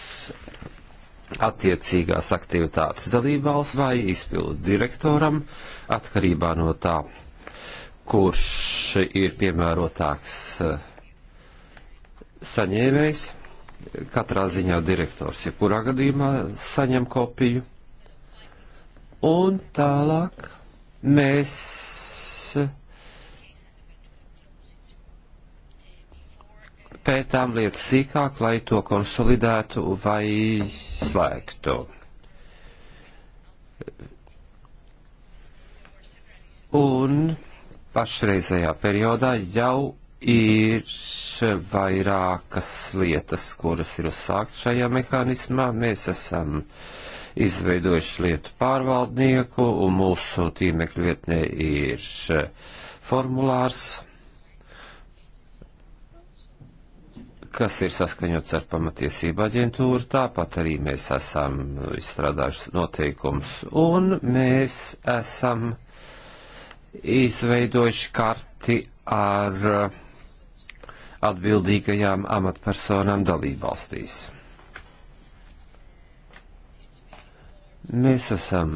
attiecīgās aktivitātes dalībvalsts vai izpildu direktoram, atkarībā no tā, kurš ir piemērotāks eh, saņēmējs. Katrā ziņā direktors, ja kurā gadījumā saņem kopiju. Un tālāk mēs pētām lietu sīkāk, lai to konsolidētu vai slēgtu. Un pašreizējā periodā jau ir vairākas lietas, kuras ir uzsākt šajā mehānismā. Mēs esam izveidojuši lietu pārvaldnieku, un mūsu tīmekļu vietnē ir formulārs, kas ir saskaņots ar pamatiesību aģentūru. Tāpat arī mēs esam izstrādājuši noteikums, un mēs esam izveidojuši karti ar uh, atbildīgajām amatpersonām dalībvalstīs. Mēs esam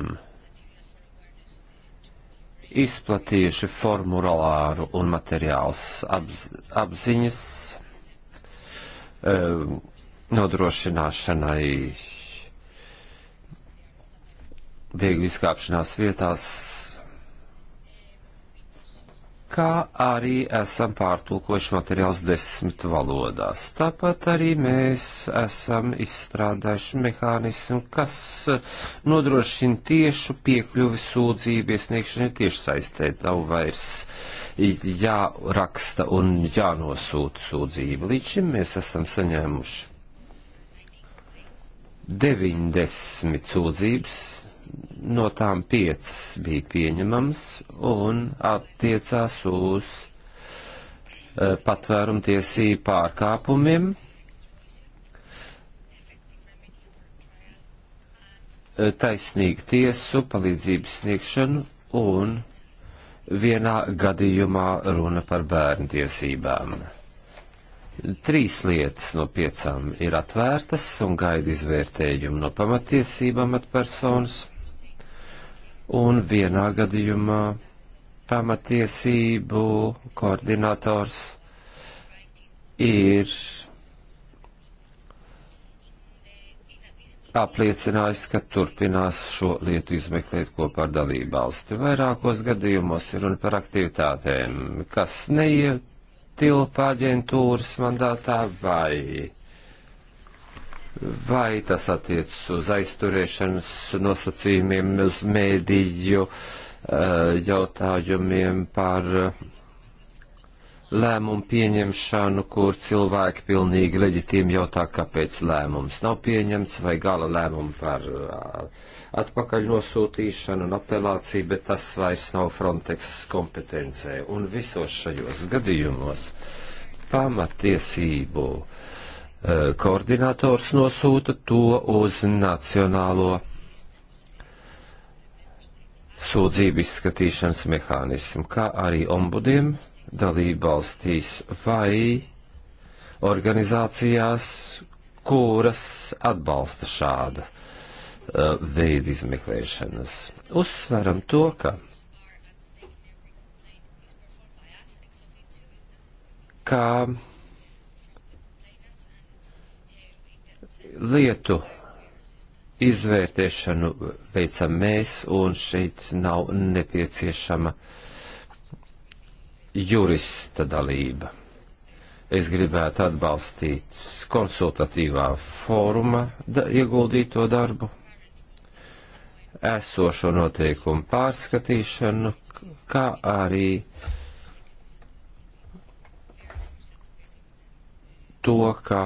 izplatījuši formulāru un materiāls apz, apziņas um, nodrošināšanai bēgļu izkāpšanās vietās kā arī esam pārtulkojuši materiāls desmit valodās. Tāpat arī mēs esam izstrādājuši mehānismu, kas nodrošina tiešu piekļuvi sūdzību iesniegšanai tiešsaistē. Nav vairs jāraksta un jānosūta sūdzība. Līdz šim mēs esam saņēmuši 90 sūdzības no tām piecas bija pieņemams un attiecās uz uh, patvērumtiesību pārkāpumiem. Uh, taisnīgu tiesu, palīdzības sniegšanu un vienā gadījumā runa par bērnu tiesībām. Trīs lietas no piecām ir atvērtas un gaida izvērtējumu no pamatiesībām atpersonas un vienā gadījumā pamatiesību koordinators ir apliecinājis, ka turpinās šo lietu izmeklēt kopā ar dalību valsti. Vairākos gadījumos ir un par aktivitātēm, kas neietilpa aģentūras mandātā vai vai tas attiecas uz aizturēšanas nosacījumiem, uz mēdīju eh, jautājumiem par eh, lēmumu pieņemšanu, kur cilvēki pilnīgi leģitīmi jautā, kāpēc lēmums nav pieņemts, vai gala lēmumu par eh, atpakaļ nosūtīšanu un apelāciju, bet tas vairs nav Frontex kompetencē. Un visos šajos gadījumos pamatiesību uh, Eh, koordinators nosūta to uz nacionālo sūdzību izskatīšanas mehānismu, kā arī ombudiem dalību valstīs vai organizācijās, kuras atbalsta šāda uh, veida izmeklēšanas. Uzsveram to, ka kā lietu izvērtēšanu veicam mēs, un šeit nav nepieciešama jurista dalība. Es gribētu atbalstīt konsultatīvā fóruma da ieguldīto darbu, esošo noteikumu pārskatīšanu, kā arī to, ka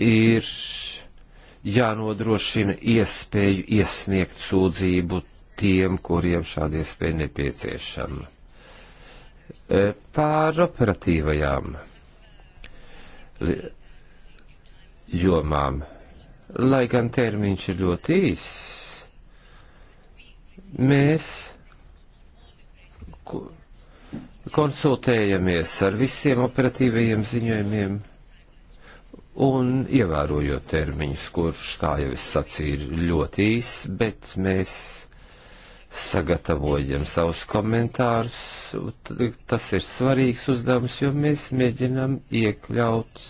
ir jānodrošina iespēju iesniegt sūdzību tiem, kuriem šāda iespēja nepieciešama. E, pār operatīvajām jomām, lai gan termiņš ir ļoti īss, mēs konsultējamies ar visiem operatīvajiem ziņojumiem un ievērojot termiņus, kurš, kā jau es sacīju, ir ļoti īs, bet mēs sagatavojam savus komentārus. Tas ir svarīgs uzdevums, jo mēs mēģinam iekļaut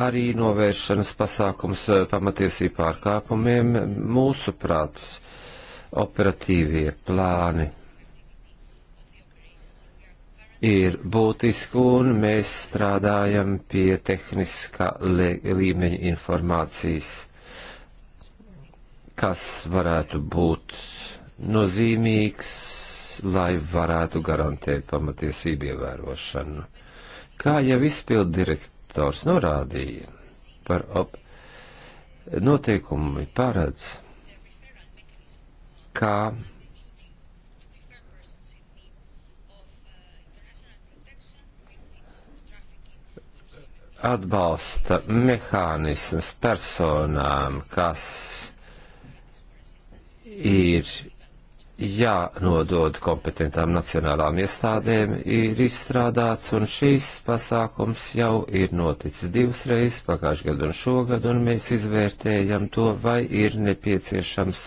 arī novēršanas pasākums eh, pamatiesību pārkāpumiem. Mūsuprāt, operatīvie plāni ir būtiski, un mēs strādājam pie tehniskā līmeņa informācijas, kas varētu būt nozīmīgs, lai varētu garantēt pamatiesību ievērošanu. Kā jau izpildu direktors norādīja par op noteikumu paredz, kā atbalsta mehānisms personām, kas ir jānodod kompetentām nacionālām iestādēm, ir izstrādāts, un šīs pasākums jau ir noticis divas reizes pagājušajā gadu un šogad, un mēs izvērtējam to, vai ir nepieciešams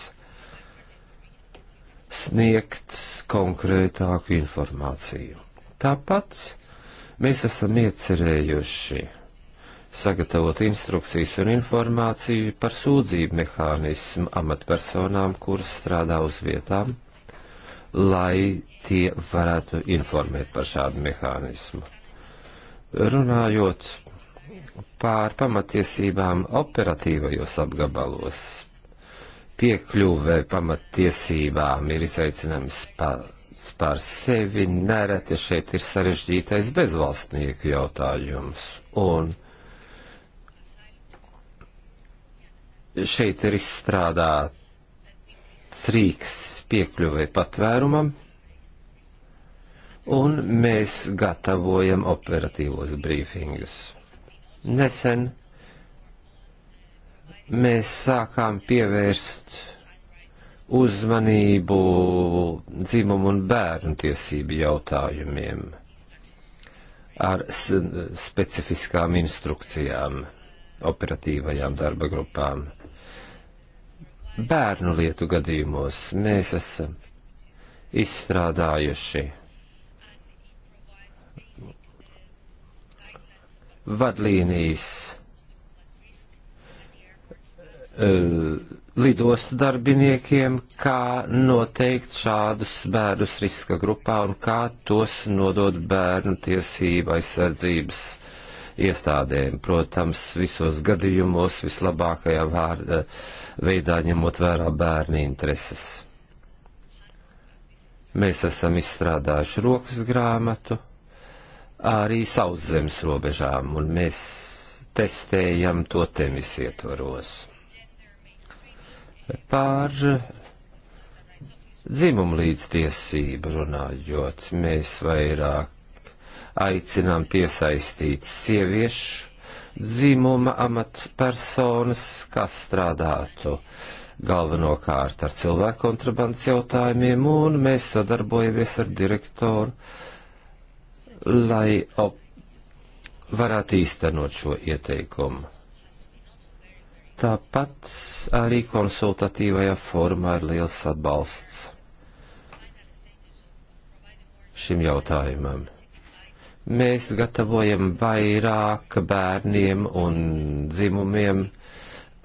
sniegt konkrētāku informāciju. Tāpat mēs esam iecerējuši sagatavot instrukcijas un informāciju par sūdzību mehānismu amatpersonām, kuras strādā uz vietām, lai tie varētu informēt par šādu mehānismu. Runājot pār pamatiesībām operatīvajos apgabalos, piekļuve pamatiesībām ir izaicinājums pats par sevi, nereti šeit ir sarežģītais bezvalstnieku jautājums. Un šeit ir izstrādāts rīks piekļuvai patvērumam, un mēs gatavojam operatīvos brīfingus. Nesen mēs sākām pievērst uzmanību dzimumu un bērnu tiesību jautājumiem ar specifiskām instrukcijām operatīvajām darba grupām. Bērnu lietu gadījumos mēs esam izstrādājuši vadlīnijas eh, lidostu darbiniekiem, kā noteikt šādus bērnus riska grupā un kā tos nodot bērnu tiesību aizsardzības uh, iestādēm. Protams, visos gadījumos vislabākajā vārda, eh, veidā ņemot vērā bērnu intereses. Mēs esam izstrādājuši rokas grāmatu arī sauszemes robežām, un mēs testējam to temis ietvaros. Pār dzimumu līdztiesību runājot, mēs vairāk aicinām piesaistīt sieviešu dzimuma amatpersonas, kas strādātu galvenokārt ar cilvēku kontrabandas jautājumiem, un mēs sadarbojamies ar direktoru, lai op varētu īstenot šo ieteikumu. Tāpat arī konsultatīvajā formā ir liels atbalsts šim jautājumam mēs gatavojam vairāk bērniem un dzimumiem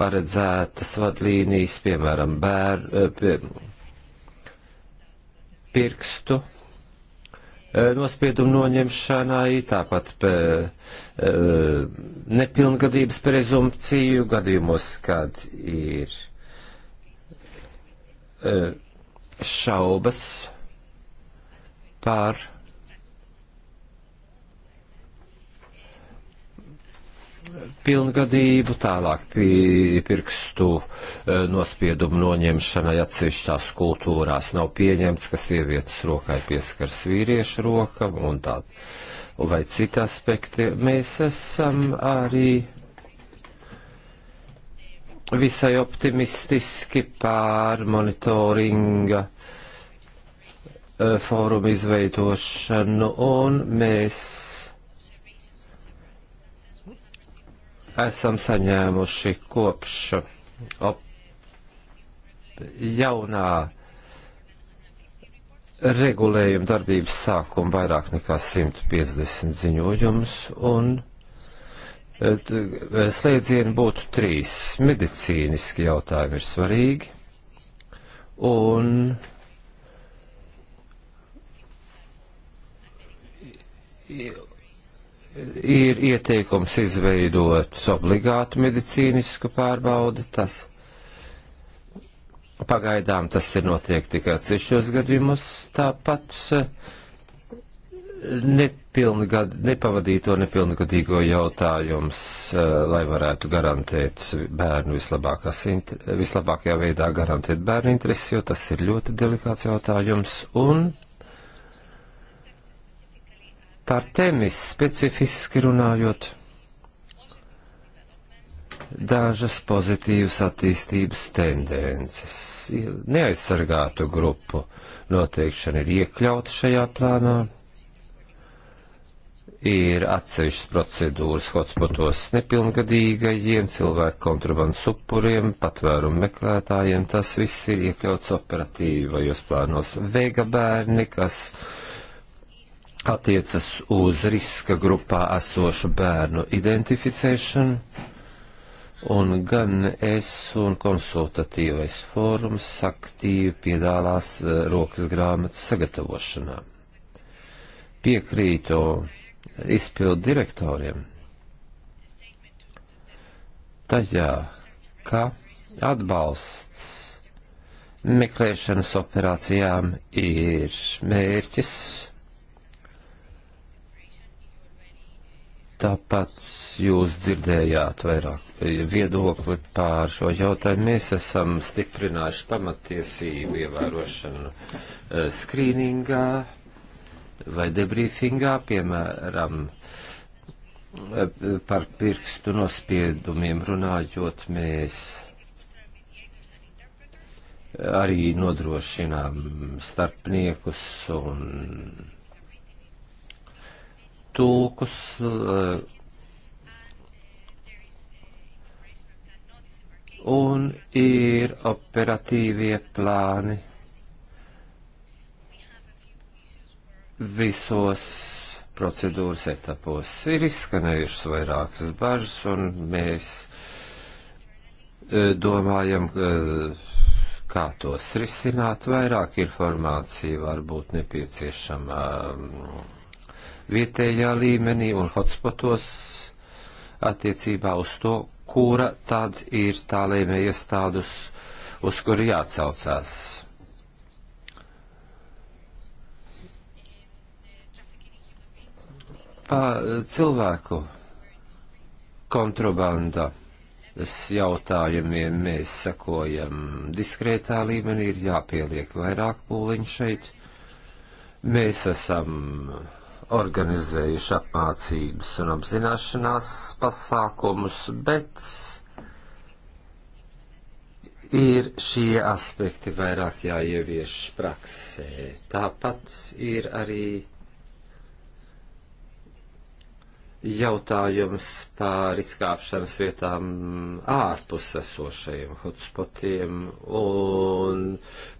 paredzētas vadlīnijas, piemēram, bēr, eh, pie, pirkstu eh, nospiedumu noņemšanai, tāpat pe, eh, nepilngadības prezumpciju gadījumos, kad ir šaubas par pilngadību, tālāk pirkstu e, nospiedumu noņemšanai atsevišķās kultūrās nav pieņemts, ka sievietes rokai pieskars vīriešu roka un tā, vai citi aspekti. Mēs esam arī visai optimistiski pār monitoringa e, fórumu izveidošanu un mēs esam saņēmuši kopš op, jaunā regulējuma darbības sākuma vairāk nekā 150 ziņojumus, un e, e, slēdzieni būtu trīs. Medicīniski jautājumi ir svarīgi, un ir ieteikums izveidot obligātu medicīnisku pārbaudi. Tas pagaidām tas ir notiek tikai atsevišķos gadījumos. Tāpat eh, nepilngad, nepavadīto nepilngadīgo jautājums, eh, lai varētu garantēt bērnu vislabākajā veidā garantēt bērnu intereses, jo tas ir ļoti delikāts jautājums. Un par temis specifiski runājot dažas pozitīvas attīstības tendences. Neaizsargātu grupu noteikšana ir iekļauta šajā plānā. Ir atsevišķas procedūras hotspotos nepilngadīgajiem, cilvēku kontrabandas upuriem, patvērumu meklētājiem. Tas viss ir iekļauts operatīvajos plānos. Vega bērni, kas uh, attiecas uz riska grupā esošu bērnu identificēšanu, un gan es un konsultatīvais fórums aktīvi piedalās eh, rokas grāmatas sagatavošanā. Piekrītu izpildu direktoriem tajā, ka atbalsts meklēšanas operācijām ir mērķis, Tāpat jūs dzirdējāt vairāk viedokli pār šo jautājumu. Mēs esam stiprinājuši pamatiesību ievērošanu eh, skrīningā vai debriefingā, piemēram, eh, par pirkstu nospiedumiem runājot, mēs arī nodrošinām starpniekus un tulkus, eh, un ir operatīvie plāni visos procedūras etapos. Ir izskanējušas vairākas bažas, un mēs eh, domājam, eh, kā tos risināt. Vairāk informācija var būt nepieciešama mm, vietējā līmenī un hotspotos attiecībā uz to, kura tad ir tā lēmē iestādus, uz kuri jāatsaucās. Pa cilvēku kontrabanda jautājumiem mēs sakojam diskrētā līmenī, ir jāpieliek vairāk pūliņu šeit. Mēs esam organizējuši apmācības un apzināšanās pasākumus, bet ir šie aspekti vairāk jāievieš praksē. Tāpat ir arī jautājums par izkāpšanas vietām ārpus esošajiem hotspotiem un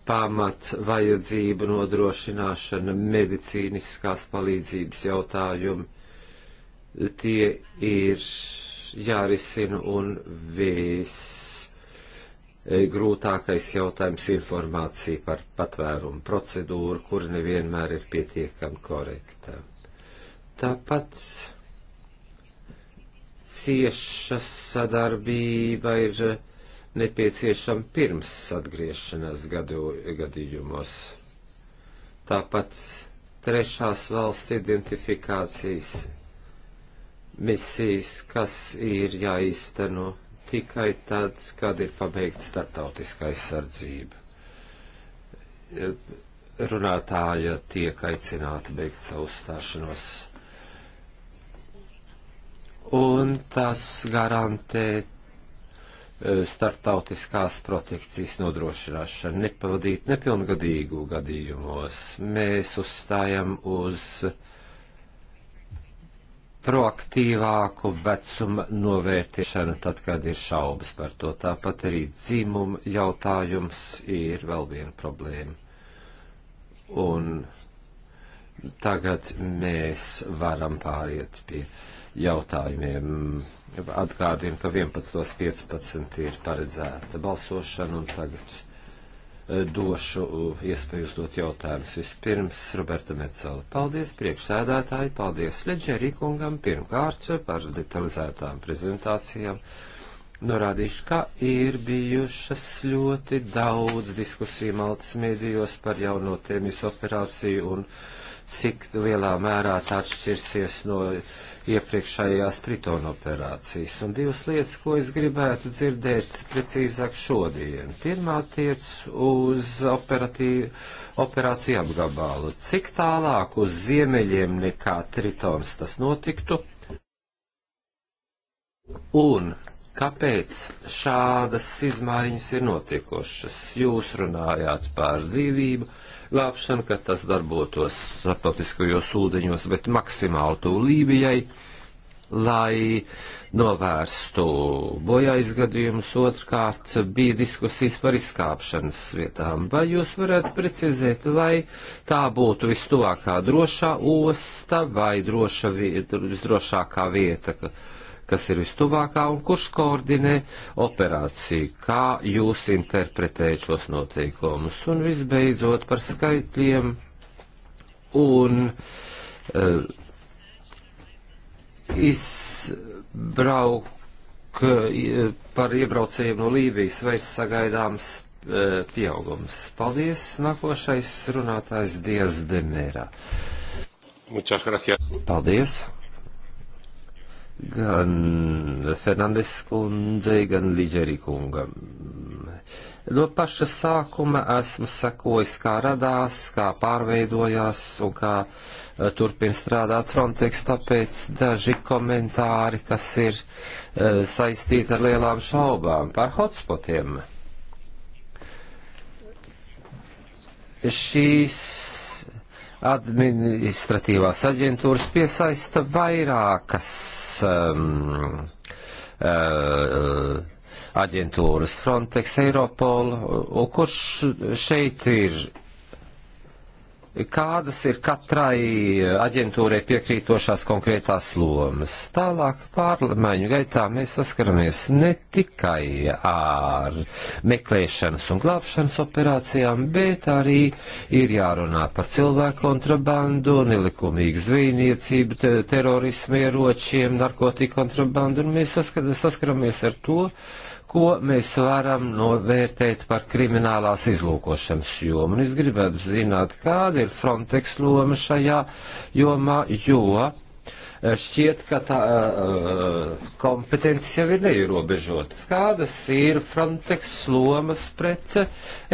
pamat vajadzību nodrošināšana, medicīniskās palīdzības jautājumi. Tie ir jārisina un viss grūtākais jautājums - informācija par patvērumu procedūru, kur nevienmēr ir pietiekami korekta. Tāpat cieša sadarbība ir nepieciešama pirms atgriešanās gadu, gadījumos. Tāpat trešās valsts identifikācijas misijas, kas ir jāīsteno tikai tad, kad ir pabeigta startautiskā aizsardzība. Runātāja tiek aicināta beigt savu stāšanos un tas garantē e, starptautiskās protekcijas nodrošināšanu, nepavadīt nepilngadīgu gadījumos. Mēs uzstājam uz proaktīvāku vecuma novērtiešanu tad, kad ir šaubas par to. Tāpat arī dzimuma jautājums ir vēl viena problēma. Un tagad mēs varam pāriet pie uh, jautājumiem. Atgādinu, ka 11.15 ir paredzēta balsošana un tagad e, došu iespēju uzdot jautājumus. Vispirms Roberta Mecola. Paldies priekšsēdētāji, paldies Leģerī kungam pirmkārt par detalizētām prezentācijām. Norādīšu, ka ir bijušas ļoti daudz diskusiju maltas mēdījos par jauno tēmis operāciju un cik lielā mērā tā atšķirsies no uh, iepriekšējās tritona operācijas. Un divas lietas, ko es gribētu dzirdēt precīzāk šodien. Pirmā tiec uz operāciju apgabalu. Cik tālāk uz ziemeļiem nekā tritons tas notiktu? Un kāpēc šādas izmaiņas ir notiekošas? Jūs runājāt par dzīvību, uh, glābšanu, ka tas darbotos starptautiskajos ūdeņos, bet maksimāli tū Lībijai, lai novērstu bojāizgadījumus. Otrkārt bija diskusijas par izkāpšanas vietām. Vai jūs varētu precizēt, vai tā būtu vistuvākā drošā osta vai droša vieta, visdrošākā vieta? Ka, uh, kas ir vistuvākā un kurš koordinē operāciju, kā jūs interpretējat šos noteikumus. Un visbeidzot par skaitļiem un uh, izbrauk eh, par iebraucējiem no Lībijas vairs sagaidāms uh, pieaugums. Paldies, nākošais runātājs Dievs Demērā. Paldies gan Fernandes kundzei, gan Liģeri kungam. No paša sākuma esmu sekojis, kā radās, kā pārveidojās un kā eh, turpin strādāt Frontex, tāpēc daži komentāri, kas ir eh, saistīti ar lielām šaubām par hotspotiem. Šīs administratīvās aģentūras piesaista vairākas um, uh, aģentūras Frontex, Europol, kurš šeit ir kādas ir katrai aģentūrai piekrītošās konkrētās lomas. Tālāk pārmaiņu gaitā mēs saskaramies ne tikai ar meklēšanas un glābšanas operācijām, bet arī ir jārunā par cilvēku kontrabandu, nelikumīgu zvejniecību, te terorismu ieročiem, narkotiku kontrabandu, un mēs saskaramies ar to, ko mēs varam novērtēt par kriminālās izlūkošanas jomu. Un es gribētu zināt, kāda ir Frontex loma šajā jomā, jo eh, šķiet, ka tā uh, kompetence jau ir neierobežotas. Kādas ir Frontex lomas pret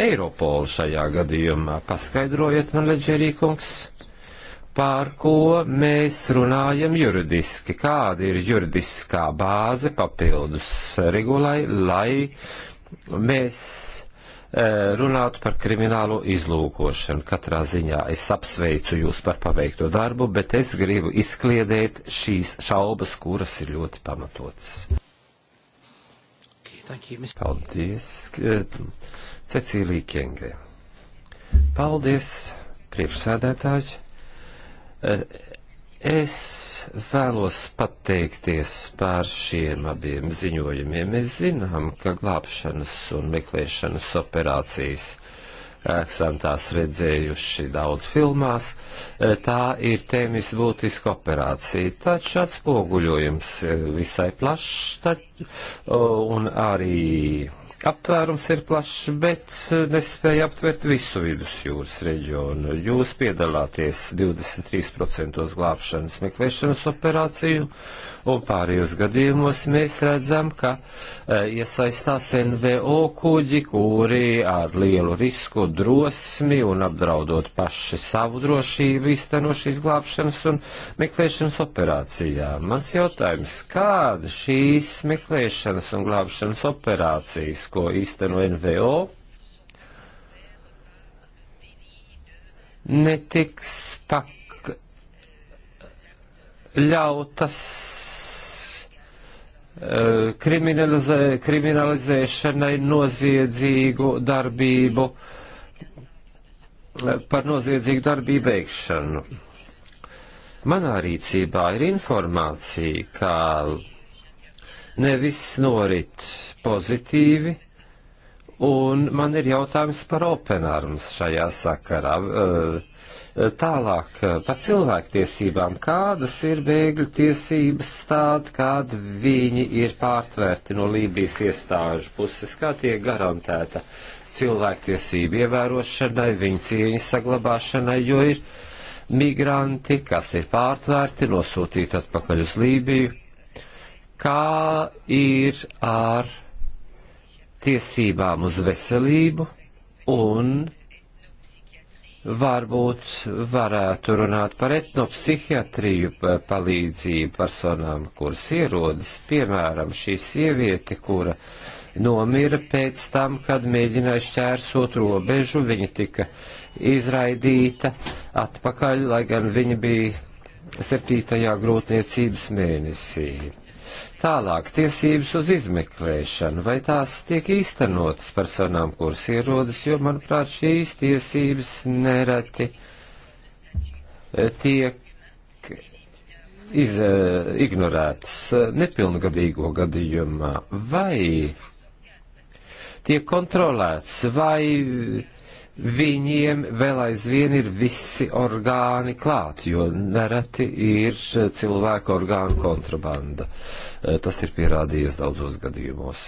Eiropolu šajā gadījumā? Paskaidrojiet man, Leģerīkungs pār ko mēs runājam juridiski, kāda ir juridiskā bāze papildus regulai, lai mēs e, runātu par kriminālo izlūkošanu. Katrā ziņā es apsveicu jūs par paveikto darbu, bet es gribu izkliedēt šīs šaubas, kuras ir ļoti pamatotas. Okay, Paldies, e, Cecīlija Kengē. Paldies, priekšsēdētāji. Eh, es vēlos pateikties par šiem abiem ziņojumiem. Mēs zinām, ka glābšanas un meklēšanas operācijas eh, esam tās redzējuši daudz filmās. Eh, tā ir tēmis būtiska operācija, taču atspoguļojums visai plašs taču, un arī aptvērums ir plašs, bet eh, nespēja aptvert visu vidusjūras reģionu. Jūs piedalāties 23% glābšanas meklēšanas operāciju un pārējos gadījumos mēs redzam, ka e, iesaistās NVO kuģi, kuri ar lielu risku drosmi un apdraudot paši savu drošību izteno šīs glābšanas un meklēšanas operācijā. Mans jautājums, kāda šīs meklēšanas un glābšanas operācijas, ko izteno NVO, netiks pak ļautas Eh, kriminalizē, kriminalizēšanai noziedzīgu darbību, eh, par noziedzīgu darbību veikšanu. Manā rīcībā ir informācija, ka nevis norit pozitīvi, un man ir jautājums par open arms šajā sakarā. Uh, Tālāk eh, par cilvēktiesībām. Kādas ir bēgļu tiesības tād, kad viņi ir pārtvērti no Lībijas iestāžu puses? Kā tiek garantēta cilvēktiesība ievērošanai, viņu cieņas saglabāšanai, jo ir migranti, kas ir pārtvērti, nosūtīti atpakaļ uz Lībiju? Kā ir ar tiesībām uz veselību un varbūt varētu runāt par etnopsihiatriju palīdzību personām, kuras ierodas, piemēram, šī sieviete, kura nomira pēc tam, kad mēģināja šķērsot robežu, viņa tika izraidīta atpakaļ, lai gan viņa bija septītajā grūtniecības mēnesī. Tālāk tiesības uz izmeklēšanu, vai tās tiek īstenotas personām, kuras ierodas, jo, manuprāt, šīs tiesības nereti eh, tiek iz, eh, ignorētas eh, nepilngadīgo gadījumā, vai tiek kontrolēts, vai viņiem vēl aizvien ir visi orgāni klāt, jo nereti ir cilvēku orgānu kontrabanda. Eh, tas ir pierādījies daudzos gadījumos.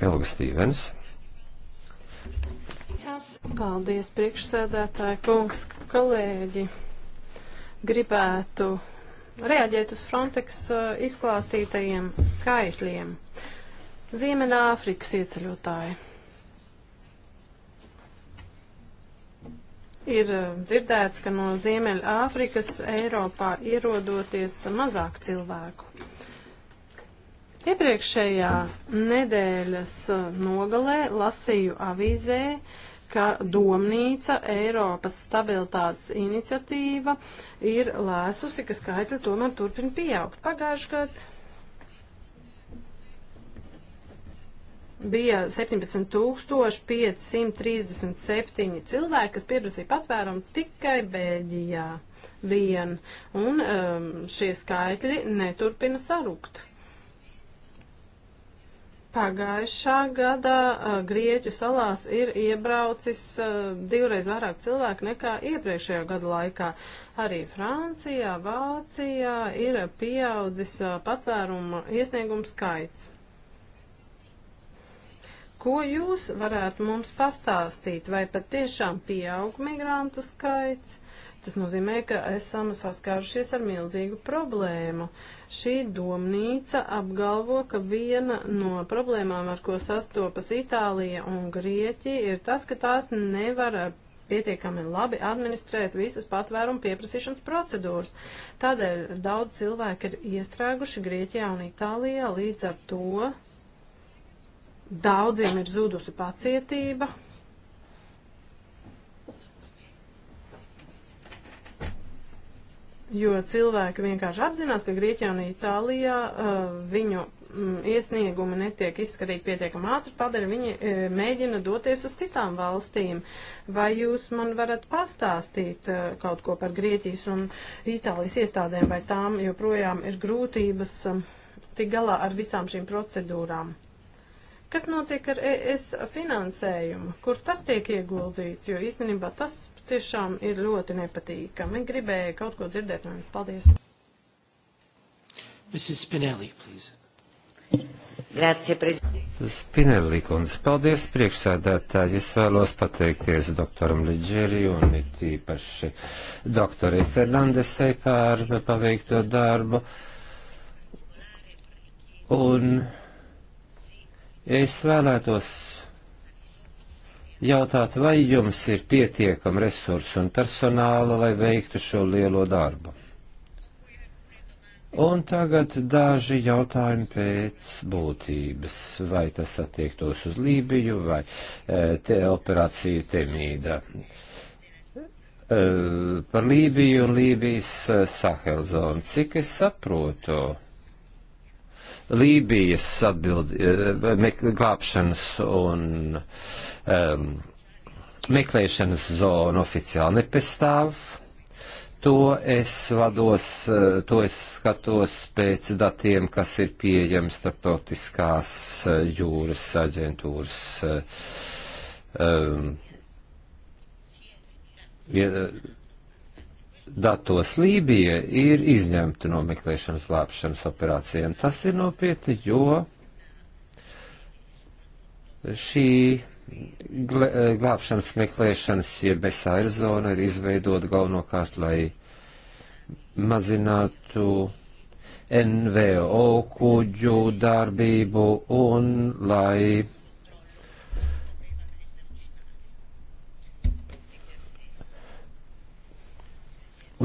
Helga Stīvens. Paldies, priekšsēdētāji, kungs, kolēģi. Gribētu reaģēt uz Frontex eh, izklāstītajiem skaitļiem. Uh, Ziemeļāfrikas ieceļotāji. Ir eh, dzirdēts, ka no Ziemeļāfrikas Eiropā ierodoties mazāk cilvēku. Iepriekšējā nedēļas eh, nogalē lasīju avīzē, ka domnīca Eiropas stabilitātes iniciatīva ir lēsusi, ka skaitļi tomēr turpina pieaugt. Pagājuši gadu bija 17,537 cilvēki, kas pieprasīja patvērumu tikai Bēļģijā vien, un um, šie skaitļi neturpina sarukt. Pagājušā gadā uh, Grieķu salās ir iebraucis uh, divreiz vairāk cilvēku nekā iepriekšējā gada laikā. Arī Francijā, Vācijā ir pieaudzis uh, patvēruma iesniegumu skaits. Ko jūs varētu mums pastāstīt? Vai patiešām pieaug migrantu skaits? Tas nozīmē, ka esam saskārušies ar milzīgu problēmu. Šī domnīca apgalvo, ka viena no problēmām, ar ko sastopas Itālija un Grieķija, ir tas, ka tās nevar pietiekami labi administrēt visas patvērumu pieprasīšanas procedūras. Tādēļ daudz cilvēku ir iestrēguši Grieķijā un Itālijā līdz ar to Daudziem ir zudusi pacietība. Jo cilvēki vienkārši apzinās, ka Grieķijā un Itālijā uh, viņu mm, iesniegumi netiek izskatīti pietiekami ātri, tādēļ viņi e, mēģina doties uz citām valstīm. Vai jūs man varat pastāstīt e, kaut ko par Grieķijas un Itālijas iestādēm, vai tām joprojām ir grūtības e, tik galā ar visām šīm procedūrām? Kas notiek ar ES finansējumu? Kur tas tiek ieguldīts? Jo īstenībā tas tiešām ir ļoti nepatīkami. Gribēju kaut ko dzirdēt no jums. Paldies. Mrs. Spinelli, please. Grazie, prezidents. Spinelli kundze, paldies priekšsādātāji. Es vēlos pateikties doktoram Liģeri un it īpaši doktorai Fernandesai par paveikto darbu. Un Es vēlētos jautāt, vai jums ir pietiekami resursi un personāla, lai veiktu šo lielo darbu. Un tagad daži jautājumi pēc būtības, vai tas attiektos uz Lībiju vai e, te operāciju Temīda. E, par Lībiju un Lībijas e, Sahelzonu, cik es saprotu, Lībijas atbildi, eh, glābšanas un um, meklēšanas zonu oficiāli nepastāv. To es vados, eh, to es skatos pēc datiem, kas ir pieejami starptautiskās eh, jūras aģentūras um, ja, datos Lībija ir izņemta no meklēšanas glābšanas operācijām. Tas ir nopietni, jo šī glābšanas meklēšanas, jeb besāra zona ir izveidota galvenokārt, lai mazinātu NVO kuģu darbību un lai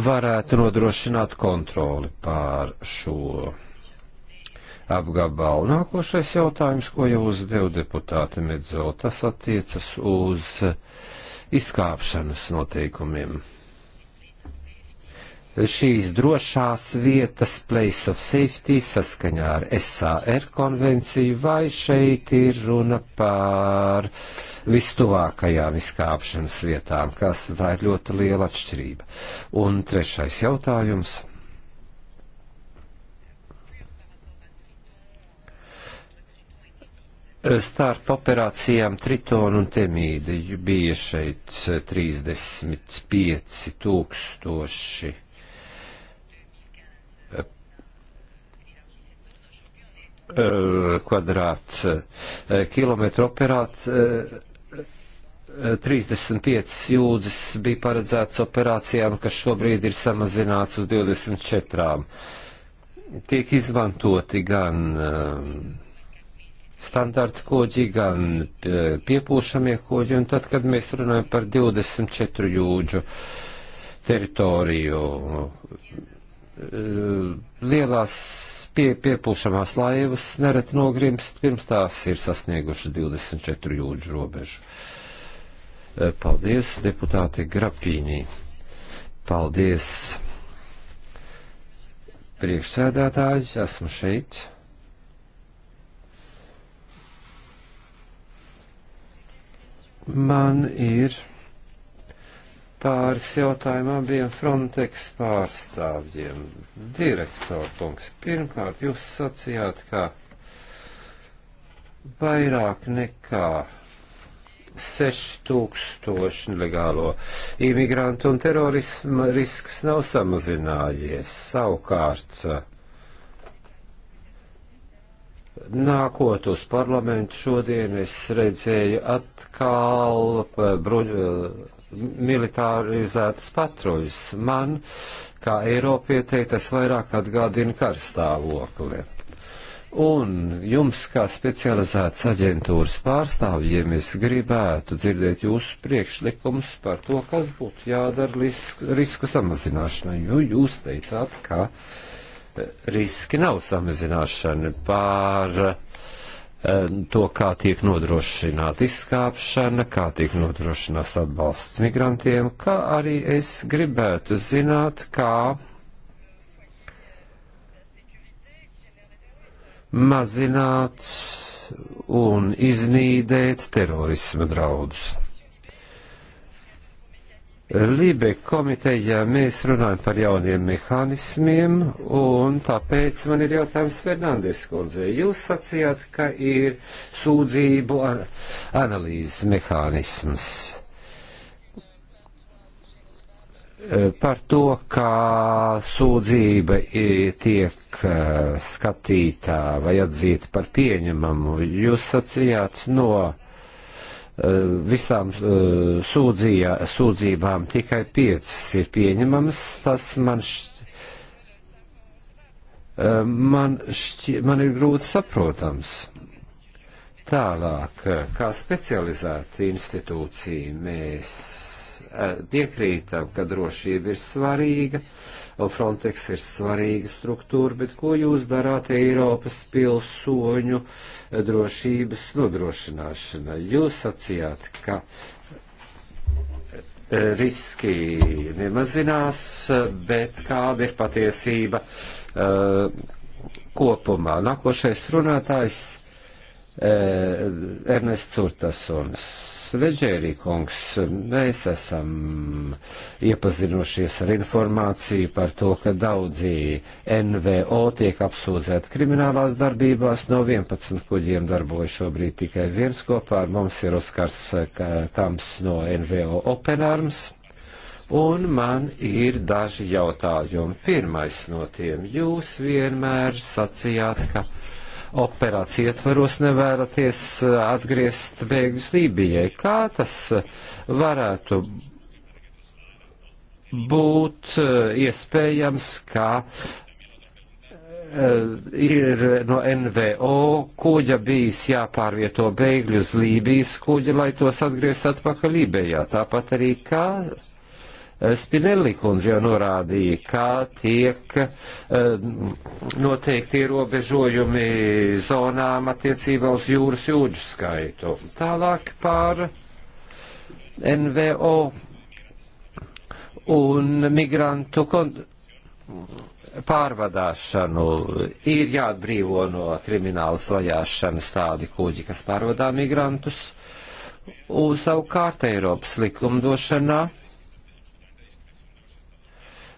varētu nodrošināt kontroli pār šo apgabalu. Nākošais jautājums, ko jau uzdev deputāte Medzo, tas attiecas uz izkāpšanas noteikumiem šīs drošās vietas, place of safety, saskaņā ar SAR konvenciju, vai šeit ir runa par vistuvākajām izkāpšanas vietām, kas tā ir ļoti liela atšķirība. Un trešais jautājums. Starp operācijām Triton un Temīdi bija šeit 35 tūkstoši Eh, kvadrāts eh, kilometru operāts 35 eh, jūdzes bija paredzēts operācijām, kas šobrīd ir samazināts uz 24. Tiek izmantoti gan standarta koģi, gan piepūšamie koģi, un tad, kad mēs runājam par 24 jūdžu teritoriju, lielās pie, piepūšamās laivas nereti nogrimst, pirms tās ir sasniegušas 24 jūdžu robežu. E, paldies, deputāti Grapīnī. Paldies, priekšsēdētāji, esmu šeit. Man ir pāris jautājumu abiem Frontex pārstāvjiem. Direktorkungs, pirmkārt, jūs sacījāt, ka vairāk nekā 6000 nelegālo imigrantu un terorisma risks nav samazinājies. Savukārt, nākot uz parlamentu šodien es redzēju atkal bruņu militarizētas patruļas. Man, kā Eiropietei, tas vairāk atgādina karstāvokli. Un jums, kā specializētas aģentūras pārstāvjiem, es gribētu dzirdēt jūsu priekšlikumus par to, kas būtu jādara risku, risku samazināšanai, jo jūs teicāt, ka riski nav samazināšana pār uh, Ehm, to, kā tiek nodrošināta izskāpšana, kā tiek nodrošinās atbalsts migrantiem, kā arī es gribētu zināt, kā mazināt un iznīdēt terorisma draudus. Lībe komitejā mēs runājam par jauniem mehānismiem, un tāpēc man ir jautājums Fernandes kundzei. Jūs sacījāt, ka ir sūdzību analīzes mehānisms e, par to, kā sūdzība tiek e, skatītā vai atzīta par pieņemamu. Jūs sacījāt no Eh, visām eh, sūdzījā, sūdzībām tikai piecas ir pieņemamas, tas man šķiet. Eh, man, šķi, man ir grūti saprotams. Tālāk, kā specializēta institūcija, mēs piekrītam, ka drošība ir svarīga. Uh, Frontex ir svarīga struktūra, bet ko jūs darāt Eiropas pilsoņu drošības nodrošināšanai? Jūs sacījāt, ka e, riski nemazinās, bet kāda ir patiesība uh, kopumā? Nākošais runātājs Eh, Ernests Urtasons, Veģērī kungs, mēs esam iepazinušies ar informāciju par to, ka daudzi NVO tiek apsūdzēti kriminālās darbībās. No 11 kuģiem darbojas šobrīd tikai viens kopā. Ar mums ir Oskars eh, Kams no NVO Open Arms. Un man ir daži jautājumi. Pirmais no tiem. Jūs vienmēr sacījāt, ka operāciju ietvaros nevēraties eh, atgriezt bēgļus Lībijai. Kā tas eh, varētu būt eh, iespējams, ka ir no NVO kuģa bijis jāpārvieto bēgļus Lībijas kuģi, lai tos atgriezt atpakaļ Lībijā? Tāpat arī kā. Ka Spinelli kundze jau norādīja, kā tiek eh, noteikti ierobežojumi zonām attiecībā uz jūras jūdžu skaitu. Tālāk par NVO un migrantu pārvadāšanu ir jāatbrīvo no kriminālas vajāšanas tādi kuģi, kas pārvadā migrantus. Un savukārt Eiropas likumdošanā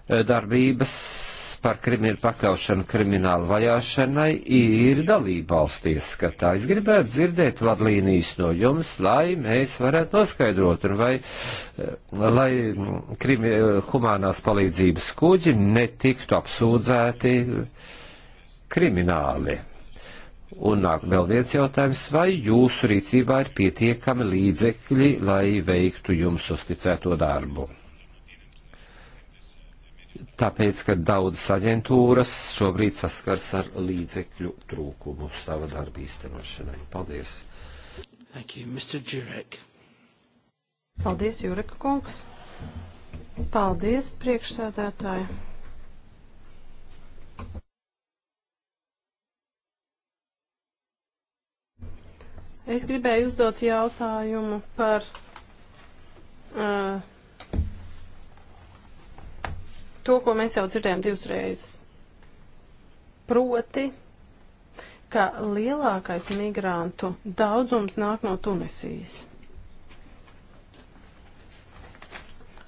Eh, darbības par kriminālu pakaušanu kriminālu vajāšanai ir dalība valstu ieskatā. Es gribētu dzirdēt vadlīnijas no jums, lai mēs varētu noskaidrot, un vai, eh, lai krimi, humanās palīdzības kuģi netiktu apsūdzēti krimināli. Un nāk vēl viens jautājums, vai jūsu rīcībā ir pietiekami līdzekļi, lai veiktu jums uzticēto darbu? tāpēc, ka daudzas aģentūras šobrīd saskars ar līdzekļu trūkumu sava darba īstenošanai. Paldies! Thank you, Mr. Jurek. Paldies, Jureka kungs! Paldies, priekšsēdētāji! Es gribēju uzdot jautājumu par uh, to, ko mēs jau dzirdējām divas reizes. Proti, ka lielākais migrantu daudzums nāk no Tunisijas.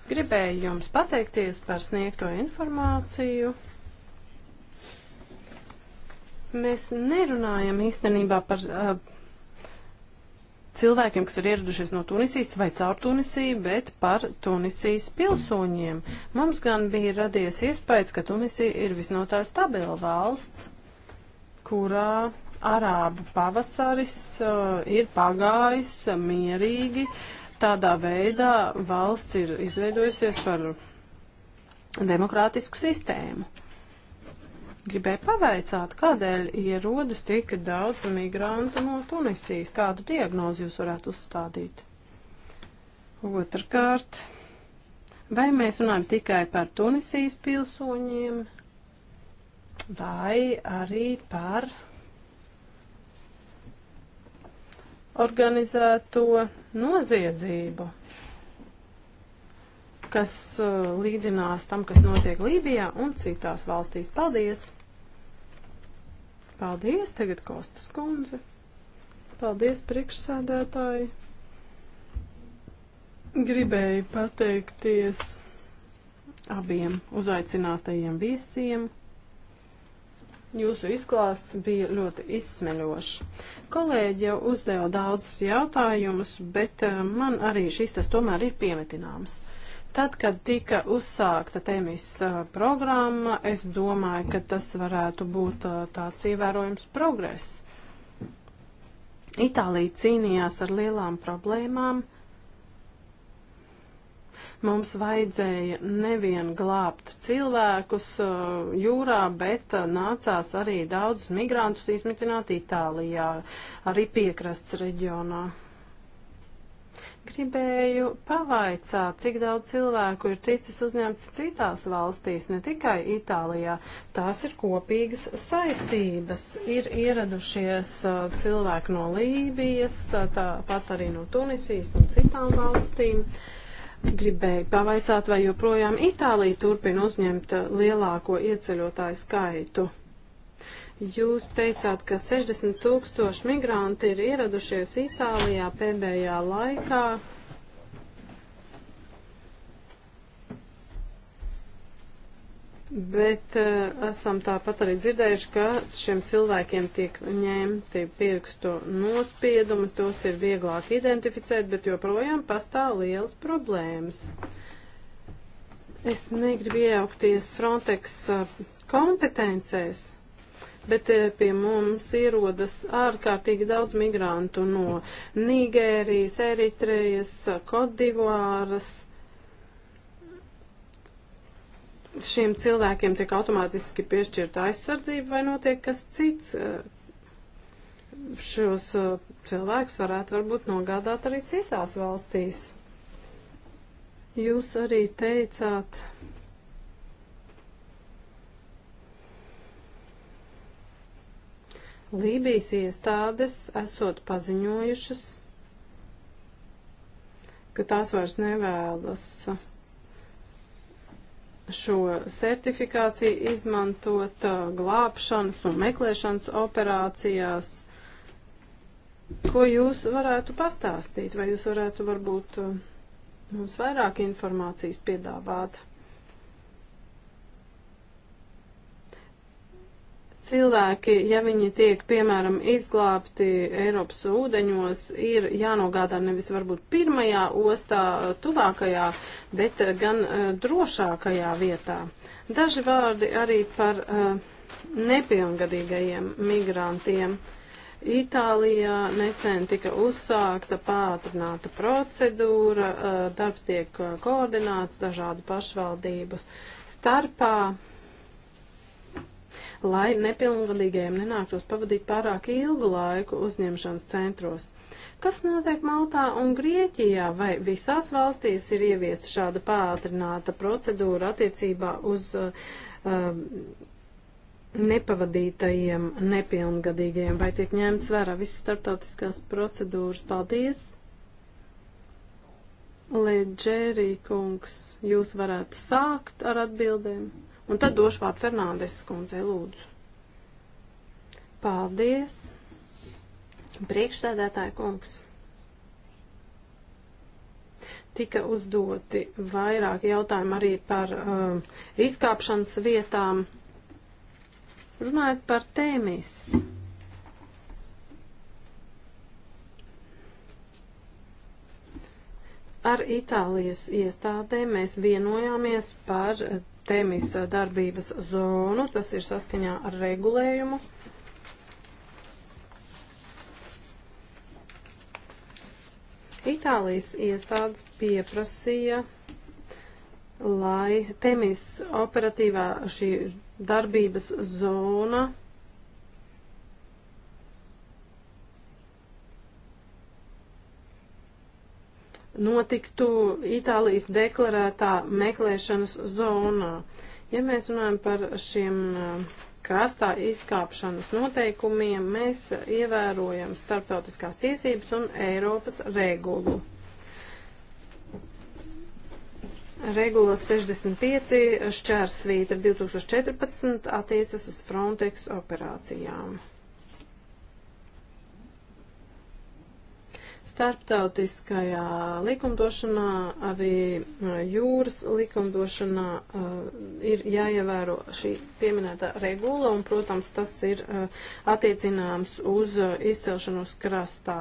Gribēju jums pateikties par sniegto informāciju. Mēs nerunājam īstenībā par uh, cilvēkiem, kas ir ieradušies no Tunisijas vai caur Tunisiju, bet par Tunisijas pilsoņiem. Mums gan bija radies iespējas, ka Tunisija ir visnotaļ stabila valsts, kurā arābu pavasaris uh, ir pagājis mierīgi. Tādā veidā valsts ir izveidojusies par demokrātisku sistēmu. Gribēju pavaicāt, kādēļ ierodas tik daudz migrantu no Tunisijas? Kādu diagnozi jūs varētu uzstādīt? Otrkārt, vai mēs runājam tikai par Tunisijas pilsoņiem, vai arī par organizēto noziedzību? kas uh, līdzinās tam, kas notiek Lībijā un citās valstīs. Paldies! Paldies, tagad Kostas kundze. Paldies, priekšsēdētāji. Gribēju pateikties abiem uzaicinātajiem viesiem. Jūsu izklāsts bija ļoti izsmeļošs. Kolēģi jau uzdeva daudzus jautājumus, bet uh, man arī šis tas tomēr ir piemetināms. Uh, Tad, kad tika uzsākta temis uh, programma, es domāju, ka tas varētu būt uh, tāds ievērojams progress. Itālija cīnījās ar lielām problēmām. Mums vajadzēja nevien glābt cilvēkus uh, jūrā, bet nācās arī daudzus migrantus izmitināt Itālijā, arī piekrasts reģionā. Gribēju pavaicāt, cik daudz cilvēku ir ticis uzņemts citās valstīs, ne tikai Itālijā. Tās ir kopīgas saistības. Ir ieradušies uh, cilvēki no Lībijas, uh, tāpat arī no Tunisijas un citām valstīm. Gribēju pavaicāt, vai joprojām Itālija turpina uzņemt uh, lielāko ieceļotāju skaitu. Jūs teicāt, ka 60 tūkstoši migranti ir ieradušies Itālijā pēdējā laikā. Bet uh, esam tāpat arī dzirdējuši, ka šiem cilvēkiem tiek ņemti pirkstu nospiedumi, tos ir vieglāk identificēt, bet joprojām pastāv lielas problēmas. Es negribu iejaukties Frontex eh, kompetencēs, bet eh, pie mums ierodas ārkārtīgi daudz migrantu no Nigērijas, Eritrejas, Kodivāras. Šiem cilvēkiem tiek automātiski piešķirta aizsardzība vai notiek kas cits. Eh, šos eh, cilvēkus varētu varbūt nogādāt arī citās valstīs. Jūs arī teicāt, Lībijas iestādes esot paziņojušas, ka tās vairs nevēlas šo certifikāciju izmantot glābšanas un meklēšanas operācijās. Ko jūs varētu pastāstīt, vai jūs varētu varbūt mums vairāk informācijas piedāvāt? cilvēki, ja viņi tiek, piemēram, izglābti Eiropas ūdeņos, ir jānogādā nevis varbūt pirmajā ostā, tuvākajā, bet gan uh, drošākajā vietā. Daži vārdi arī par uh, nepilngadīgajiem migrantiem. Itālijā nesen tika uzsākta pātrināta procedūra, uh, darbs tiek koordināts dažādu pašvaldību starpā lai nepilngadīgajiem nenāktos pavadīt pārāk ilgu laiku uzņemšanas centros. Kas notiek Maltā un Grieķijā, vai visās valstīs ir ieviesta šāda pātrināta procedūra attiecībā uz uh, um, nepavadītajiem nepilngadīgajiem, vai tiek ņemts vērā visas starptautiskās procedūras? Paldies! Leģērī kungs, jūs varētu sākt ar atbildēm. Un tad došu vārdu Fernandes skundzei lūdzu. Paldies, priekšsēdētāja kungs. Tika uzdoti vairāki jautājumi arī par uh, izkāpšanas vietām. Runājot par tēmis. Ar Itālijas iestādēm mēs vienojāmies par Artemis darbības zonu, tas ir saskaņā ar regulējumu. Itālijas iestādes pieprasīja, lai Temis operatīvā šī darbības zona notiktu Itālijas deklarētā meklēšanas zonā. Ja mēs runājam par šiem krastā izkāpšanas noteikumiem, mēs ievērojam starptautiskās tiesības un Eiropas regulu. Regula 65 šķērsvīta 2014 attiecas uz Frontex operācijām. starptautiskajā likumdošanā, arī uh, jūras likumdošanā uh, ir jāievēro šī pieminētā regula, un, protams, tas ir uh, attiecināms uz izcelšanu uz krastā.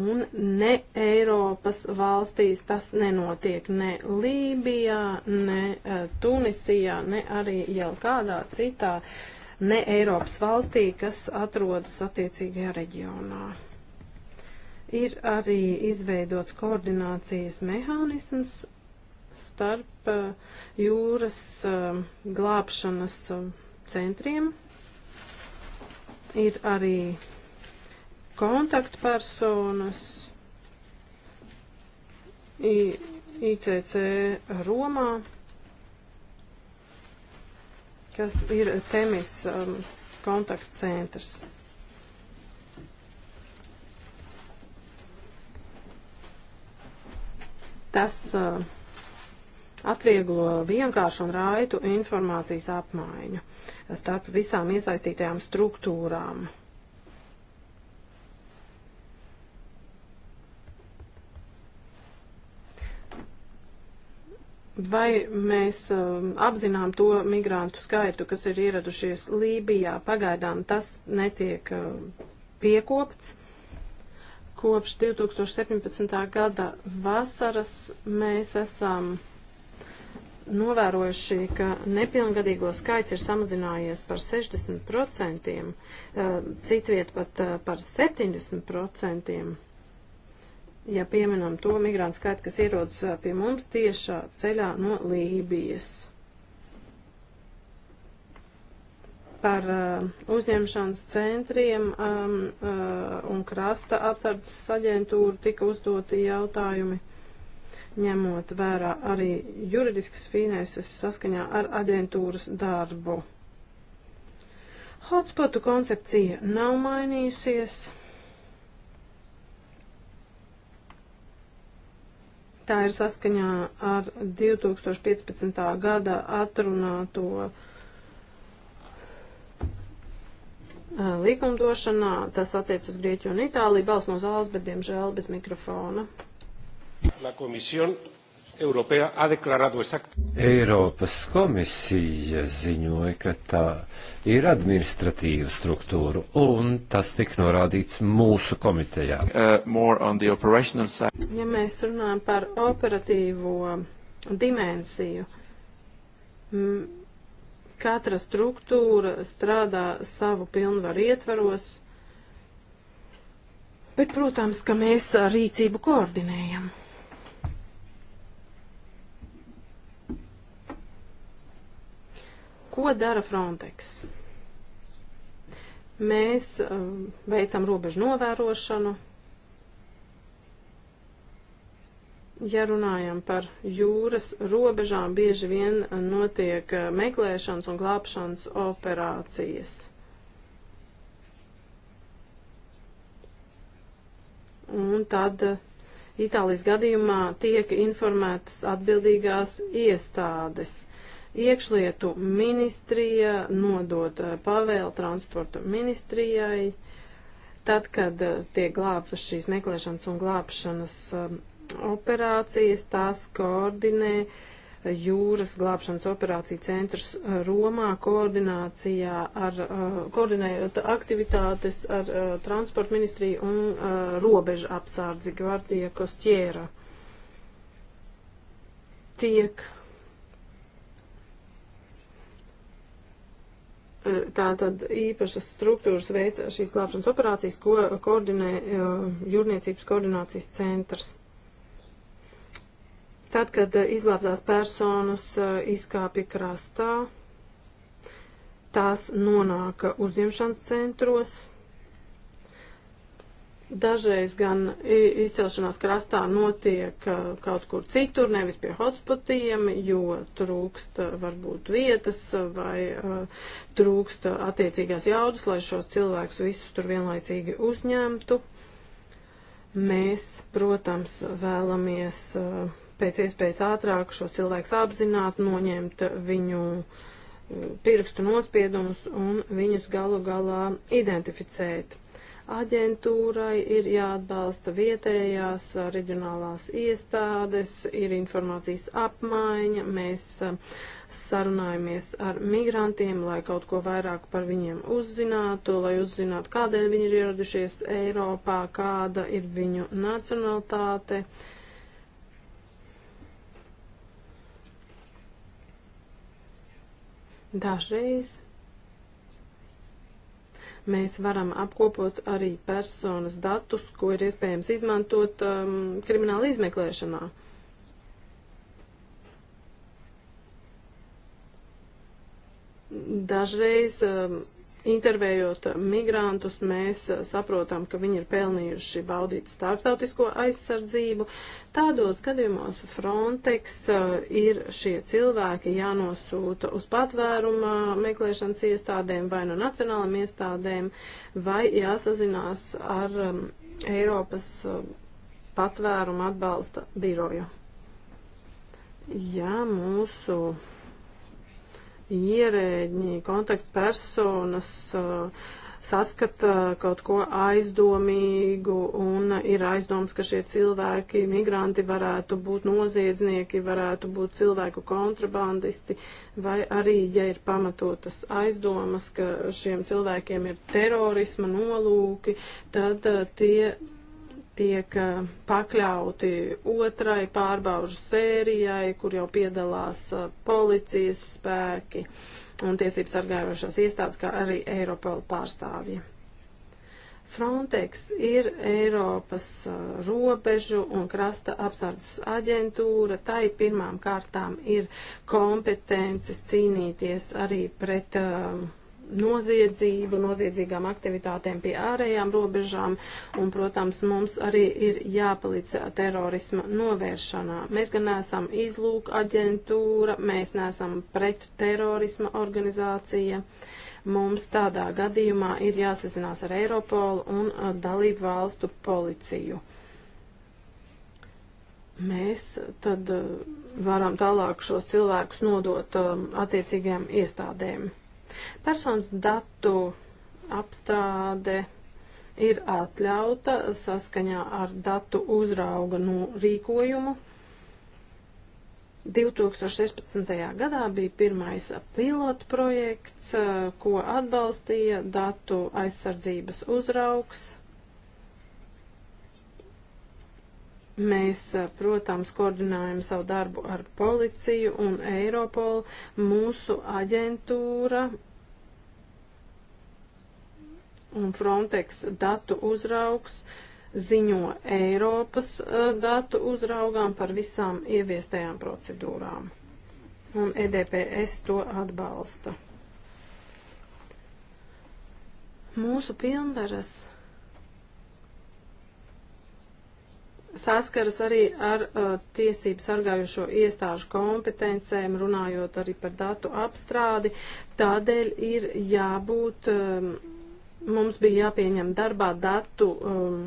Un ne Eiropas valstīs tas nenotiek ne Lībijā, ne Tunisijā, ne arī jau kādā citā ne Eiropas valstī, kas atrodas attiecīgajā reģionā. Ir arī izveidots koordinācijas mehānisms starp eh, jūras eh, glābšanas eh, centriem. Ir arī kontaktpersonas ICC Romā, kas ir Temis kontaktcentrs. Tas uh, atvieglo vienkāršu un raitu informācijas apmaiņu starp visām iesaistītajām struktūrām. Vai mēs um, apzinām to migrantu skaitu, kas ir ieradušies Lībijā? Pagaidām tas netiek um, piekopts. Kopš 2017. gada vasaras mēs esam novērojuši, ka nepilngadīgo skaits ir samazinājies par 60%, eh, citviet pat eh, par 70%. Ja pieminam to migrāntu skaitu, kas ierodas eh, pie mums tiešā ceļā no Lībijas. par uh, uzņemšanas centriem um, uh, un krasta apsardzes aģentūru tika uzdoti jautājumi, ņemot vērā arī juridiskas finanses saskaņā ar aģentūras darbu. Hotspotu koncepcija nav mainījusies. Tā ir saskaņā ar 2015. gada atrunāto uh, likumdošanā, tas attiec uz Grieķiju un Itāliju, balsts no zāles, bet diemžēl bez mikrofona. La komisjon Europea ha declarado exacto. Eiropas komisija ziņoja, ka tā ir administratīva struktūra, un tas tika norādīts mūsu komitejā. Uh, ja mēs runājam par operatīvo dimensiju, mm, Katra struktūra strādā savu pilnvaru ietvaros, bet, protams, ka mēs rīcību koordinējam. Ko dara Frontex? Mēs um, veicam robežu novērošanu, Ja runājam par jūras robežām, bieži vien notiek eh, meklēšanas un glābšanas operācijas. Un tad eh, Itālijas gadījumā tiek informētas atbildīgās iestādes. Iekšlietu ministrija nodot eh, pavēlu transportu ministrijai, tad, kad tiek glābtas šīs meklēšanas un glābšanas operācijas, tās koordinē jūras glābšanas operāciju centrs Romā koordinācijā ar, uh, koordinējot aktivitātes ar uh, transporta ministriju un uh, robežu apsārdzi Gvardija Kostjēra. Tiek tātad īpašas struktūras veica šīs glābšanas operācijas, ko koordinē jūrniecības koordinācijas centrs. Tad, kad eh, izglābtās personas eh, izkāpja krastā, tās nonāka uzņemšanas centros. Dažreiz gan izcelšanās krastā notiek eh, kaut kur citur, nevis pie hotspotiem, jo trūkst varbūt vietas vai trūkst attiecīgās jaudas, lai šos cilvēkus visus tur vienlaicīgi uzņemtu. Mēs, protams, vēlamies uh, pēc iespējas ātrāk šos cilvēkus apzināt, noņemt viņu uh, pirkstu nospiedumus un viņus galu galā identificēt. Aģentūrai ir jāatbalsta vietējās uh, reģionālās iestādes, ir informācijas apmaiņa, mēs uh, sarunājamies ar migrantiem, lai kaut ko vairāk par viņiem uzzinātu, lai uzzinātu, kādēļ viņi ir ieradušies Eiropā, kāda ir viņu nacionalitāte. Uh, Dažreiz mēs varam apkopot arī personas datus, ko ir iespējams izmantot um, krimināla izmeklēšanā. Dažreiz um, Intervējot migrantus, mēs uh, saprotam, ka viņi ir pelnījuši baudīt starptautisko aizsardzību. Tādos gadījumos Frontex uh, ir šie cilvēki jānosūta uz patvēruma meklēšanas iestādēm vai no nu nacionālām iestādēm, vai jāsazinās ar um, Eiropas uh, patvērumu atbalsta biroju. Jā, mūsu ierēģi, kontaktpersonas uh, saskata kaut ko aizdomīgu un ir aizdoms, ka šie cilvēki, migranti varētu būt noziedznieki, varētu būt cilvēku kontrabandisti, vai arī, ja ir pamatotas aizdomas, ka šiem cilvēkiem ir terorisma nolūki, tad uh, tie tiek pakļauti otrai pārbaužu sērijai, kur jau piedalās policijas spēki un tiesības sargājošās iestādes, kā arī Eiropola pārstāvji. Frontex ir Eiropas robežu un krasta apsardzes aģentūra, tai pirmām kārtām ir kompetences cīnīties arī pret uh, noziedzību, noziedzīgām aktivitātēm pie ārējām robežām, un, protams, mums arī ir jāpalīdz terorisma novēršanā. Mēs gan neesam izlūk aģentūra, mēs neesam pret terorisma organizācija. Mums tādā gadījumā ir jāsazinās ar Eiropolu un dalību valstu policiju. Mēs tad varam tālāk šos cilvēkus nodot attiecīgajām iestādēm. Personas datu apstrāde ir atļauta saskaņā ar datu uzrauga no nu, rīkojumu. 2016. gadā bija pirmais pilota projekts, ko atbalstīja datu aizsardzības uzraugs. Mēs, eh, protams, koordinējam savu darbu ar policiju un Eiropolu. Mūsu aģentūra un Frontex datu uzraugs ziņo Eiropas eh, datu uzraugām par visām ieviestajām procedūrām. Un EDPS to atbalsta. Mūsu pilnvaras saskaras arī ar uh, tiesību sargājušo iestāžu kompetencēm, runājot arī par datu apstrādi. Tādēļ ir jābūt, um, mums bija jāpieņem darbā datu um,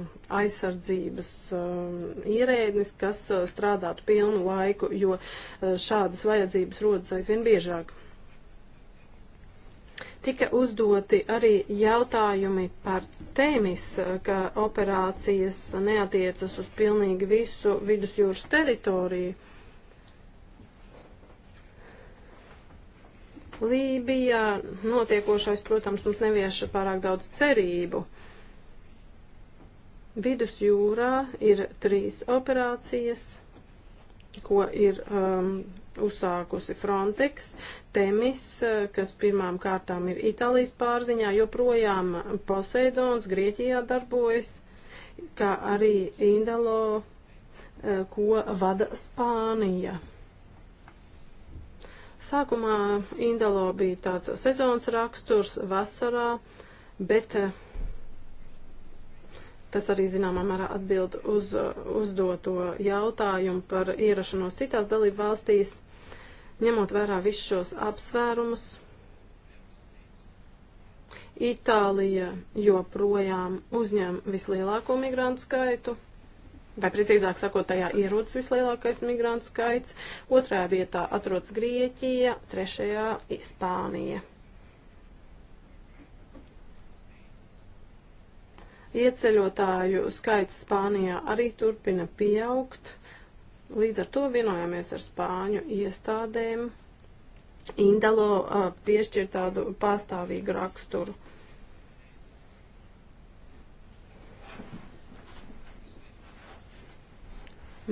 aizsardzības um, ierēdnis, kas uh, strādātu pilnu laiku, jo uh, šādas vajadzības rodas aizvien biežāk. Tika uzdoti arī jautājumi par tēmis, ka operācijas neatiecas uz pilnīgi visu vidusjūras teritoriju. Lībijā notiekošais, protams, mums nevieša pārāk daudz cerību. Vidusjūrā ir trīs operācijas, ko ir um, uzsākusi Frontex, Temis, kas pirmām kārtām ir Itālijas pārziņā, joprojām Poseidons Grieķijā darbojas, kā arī Indalo, eh, ko vada Spānija. Sākumā Indalo bija tāds sezonas raksturs vasarā, bet eh, Tas arī zināmā mērā atbild uz eh, uzdoto jautājumu par ierašanos citās dalību valstīs. Ņemot vērā visus šos apsvērumus, Itālija joprojām uzņem vislielāko migrantu skaitu, vai precīzāk sakot, tajā ierodas vislielākais migrantu skaits, otrajā vietā atrodas Grieķija, trešajā Spānija. Ieceļotāju skaits Spānijā arī turpina pieaugt. Uh, Līdz ar to vienojāmies ar spāņu iestādēm. Indalo uh, piešķir tādu pastāvīgu raksturu.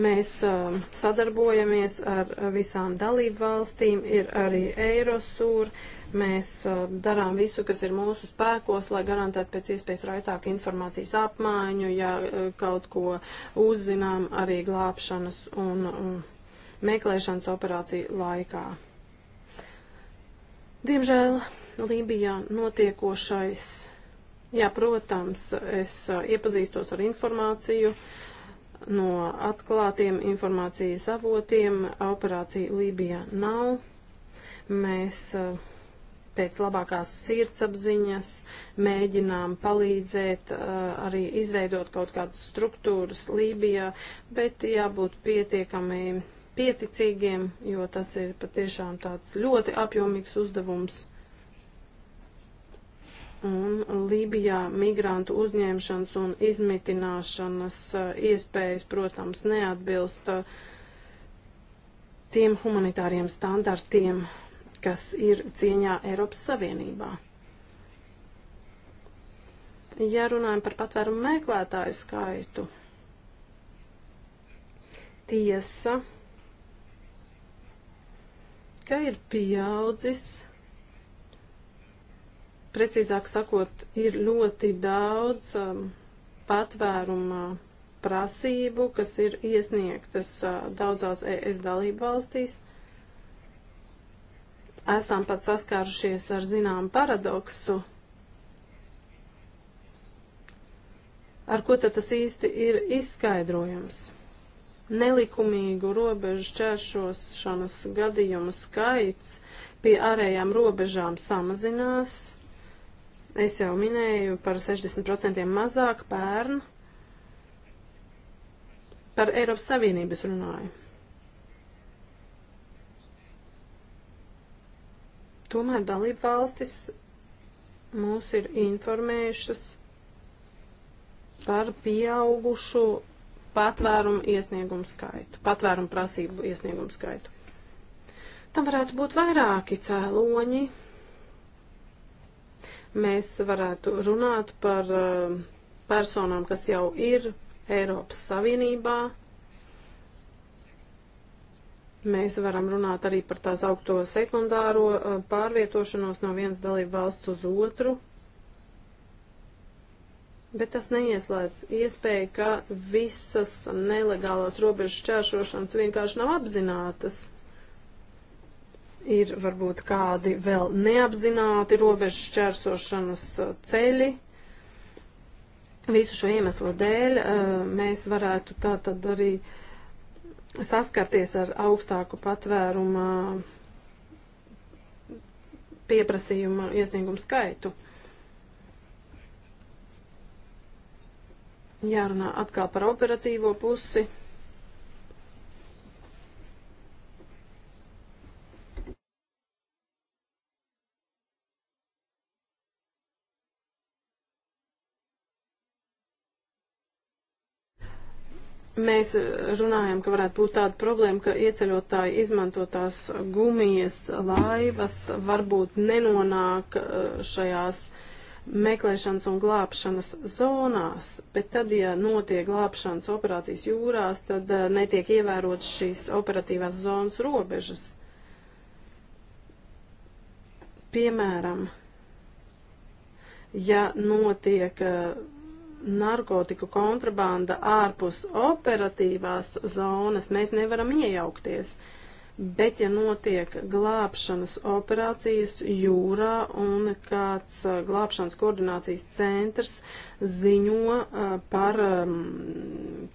Mēs uh, sadarbojamies ar visām dalību valstīm, ir arī Eirosūra Mēs uh, darām visu, kas ir mūsu spēkos, lai garantētu pēc iespējas raitāku informācijas apmaiņu, ja uh, kaut ko uzzinām arī glābšanas un um, meklēšanas operāciju laikā. Diemžēl Lībijā notiekošais, jā, protams, es uh, iepazīstos ar informāciju, no atklātiem informācijas avotiem operācija Lībijā nav. Mēs uh, pēc labākās sirdsapziņas mēģinām palīdzēt uh, arī izveidot kaut kādas struktūras Lībijā, bet jābūt pietiekami pieticīgiem, jo tas ir patiešām tāds ļoti apjomīgs uzdevums. Un Lībijā migrantu uzņemšanas un izmitināšanas uh, iespējas, protams, neatbilst uh, tiem humanitāriem standartiem, kas ir cieņā Eiropas Savienībā. Ja runājam par patvērumu meklētāju skaitu, tiesa, ka ir pieaudzis, precīzāk sakot, ir ļoti daudz um, patvērumā prasību, kas ir iesniegtas uh, daudzās ES dalību valstīs. Uh, esam pat saskārušies ar zinām paradoksu, ar ko tad tas īsti ir izskaidrojams. Nelikumīgu robežu čēršošanas gadījumu skaits pie ārējām robežām samazinās. Es jau minēju par 60% mazāk pērn. Par Eiropas Savienības runāju. Tomēr dalību valstis mūs ir informējušas par pieaugušu patvērumu iesniegumu skaitu, patvērumu prasību iesniegumu skaitu. Tam varētu būt vairāki cēloņi. Mēs varētu runāt par eh, personām, kas jau ir Eiropas Savienībā, Mēs varam runāt arī par tās augto sekundāro eh, pārvietošanos no vienas dalību valsts uz otru, bet tas neieslēdz iespēju, ka visas nelegālās robežas čēršošanas vienkārši nav apzinātas. Ir varbūt kādi vēl neapzināti robežas čērsošanas eh, ceļi. Visu šo iemeslu dēļ eh, mēs varētu tā tad arī uh, saskarties ar augstāku patvērumu pieprasījumu iesniegumu skaitu. Jārunā atkal par operatīvo pusi. Mēs eh, runājam, ka varētu būt tāda problēma, ka ieceļotāji izmantotās gumijas laivas varbūt nenonāk eh, šajās meklēšanas un glābšanas zonās, bet tad, ja notiek glābšanas operācijas jūrās, tad eh, netiek ievērots šīs operatīvās zonas robežas. Piemēram, ja notiek uh, narkotiku kontrabanda ārpus operatīvās zonas, mēs nevaram iejaukties. Uh, Bet, ja notiek glābšanas operācijas jūrā un kāds uh, glābšanas koordinācijas centrs ziņo uh, par um,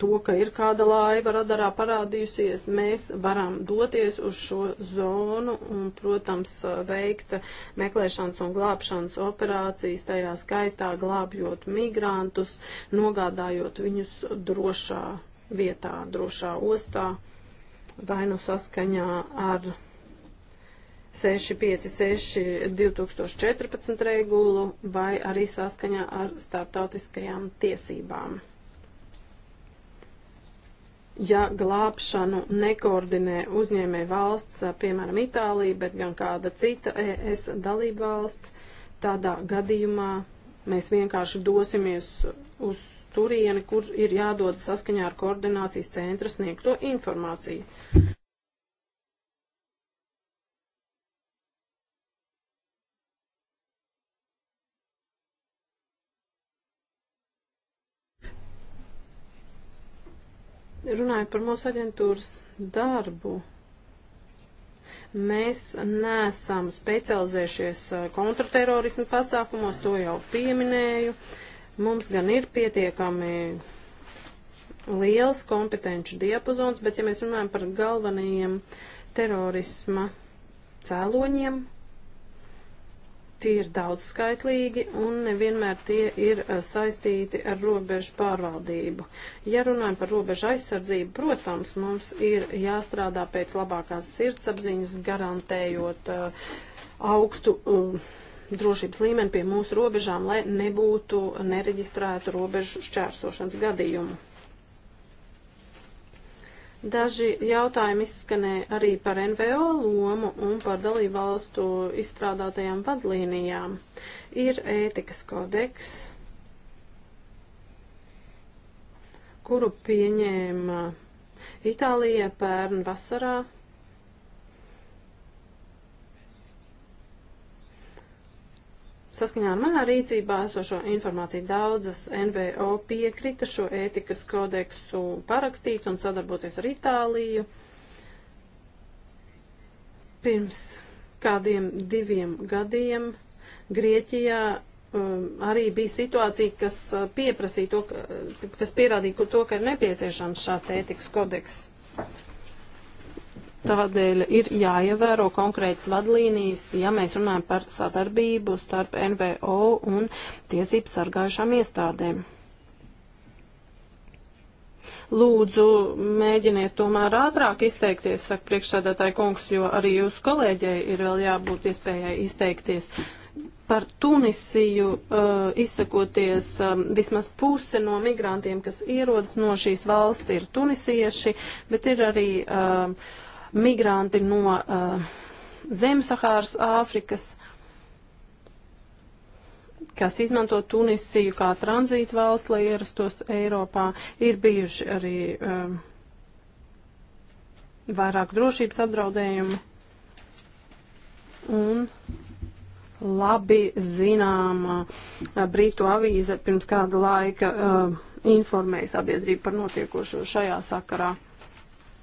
to, ka ir kāda laiva radarā parādījusies, mēs varam doties uz šo zonu un, protams, uh, veikt meklēšanas un glābšanas operācijas, tajā skaitā glābjot migrantus, nogādājot viņus drošā vietā, drošā ostā vai nu saskaņā ar 656 2014 regulu vai arī saskaņā ar starptautiskajām tiesībām. Ja glābšanu nekoordinē uzņēmē valsts, piemēram, Itālija, bet gan kāda cita ES dalība valsts, tādā gadījumā mēs vienkārši dosimies uz turieni, kur ir jādod saskaņā ar koordinācijas centra sniegto informāciju. Runājot par mūsu aģentūras darbu, mēs nesam specializējušies uh, kontraterorismu pasākumos, to jau pieminēju. Uh, Mums gan ir pietiekami liels kompetenci diapazons, bet ja mēs runājam par galvenajiem terorisma cēloņiem, tie ir daudzskaitlīgi un nevienmēr tie ir eh, saistīti ar robežu pārvaldību. Ja runājam par robežu aizsardzību, protams, mums ir jāstrādā pēc labākās sirdsapziņas, garantējot uh, augstu uh, drošības līmeni pie mūsu robežām, lai nebūtu nereģistrētu robežu šķērsošanas gadījumu. Daži jautājumi izskanēja arī par NVO lomu un par dalībvalstu izstrādātajām vadlīnijām. Ir ētikas kodeks, kuru pieņēma Itālija pērn vasarā Saskaņā ar manā rīcībā esošo informāciju daudzas NVO piekrita šo ētikas kodeksu parakstīt un sadarboties ar Itāliju. Pirms kādiem diviem gadiem Grieķijā um, arī bija situācija, kas uh, pieprasīja to, kas pierādīja to, ka ir nepieciešams šāds ētikas kodeks. Tādēļ ir jāievēro konkrētas vadlīnijas, ja mēs runājam par sadarbību starp NVO un tiesību sargājušām iestādēm. Lūdzu, mēģiniet tomēr ātrāk izteikties, saka priekšsēdētāji kungs, jo arī jūsu kolēģei ir vēl jābūt iespējai izteikties. Par Tunisiju uh, izsakoties, um, vismaz puse no migrantiem, kas ierodas no šīs valsts, ir tunisieši, bet ir arī uh, migranti no uh, Zemsahāras Āfrikas, kas izmanto Tunisiju kā tranzītu valsts, lai ierastos Eiropā, ir bijuši arī uh, vairāk drošības apdraudējumi un labi zināma eh, Brītu avīze pirms kāda laika uh, informēja sabiedrību par notiekošo šajā sakarā.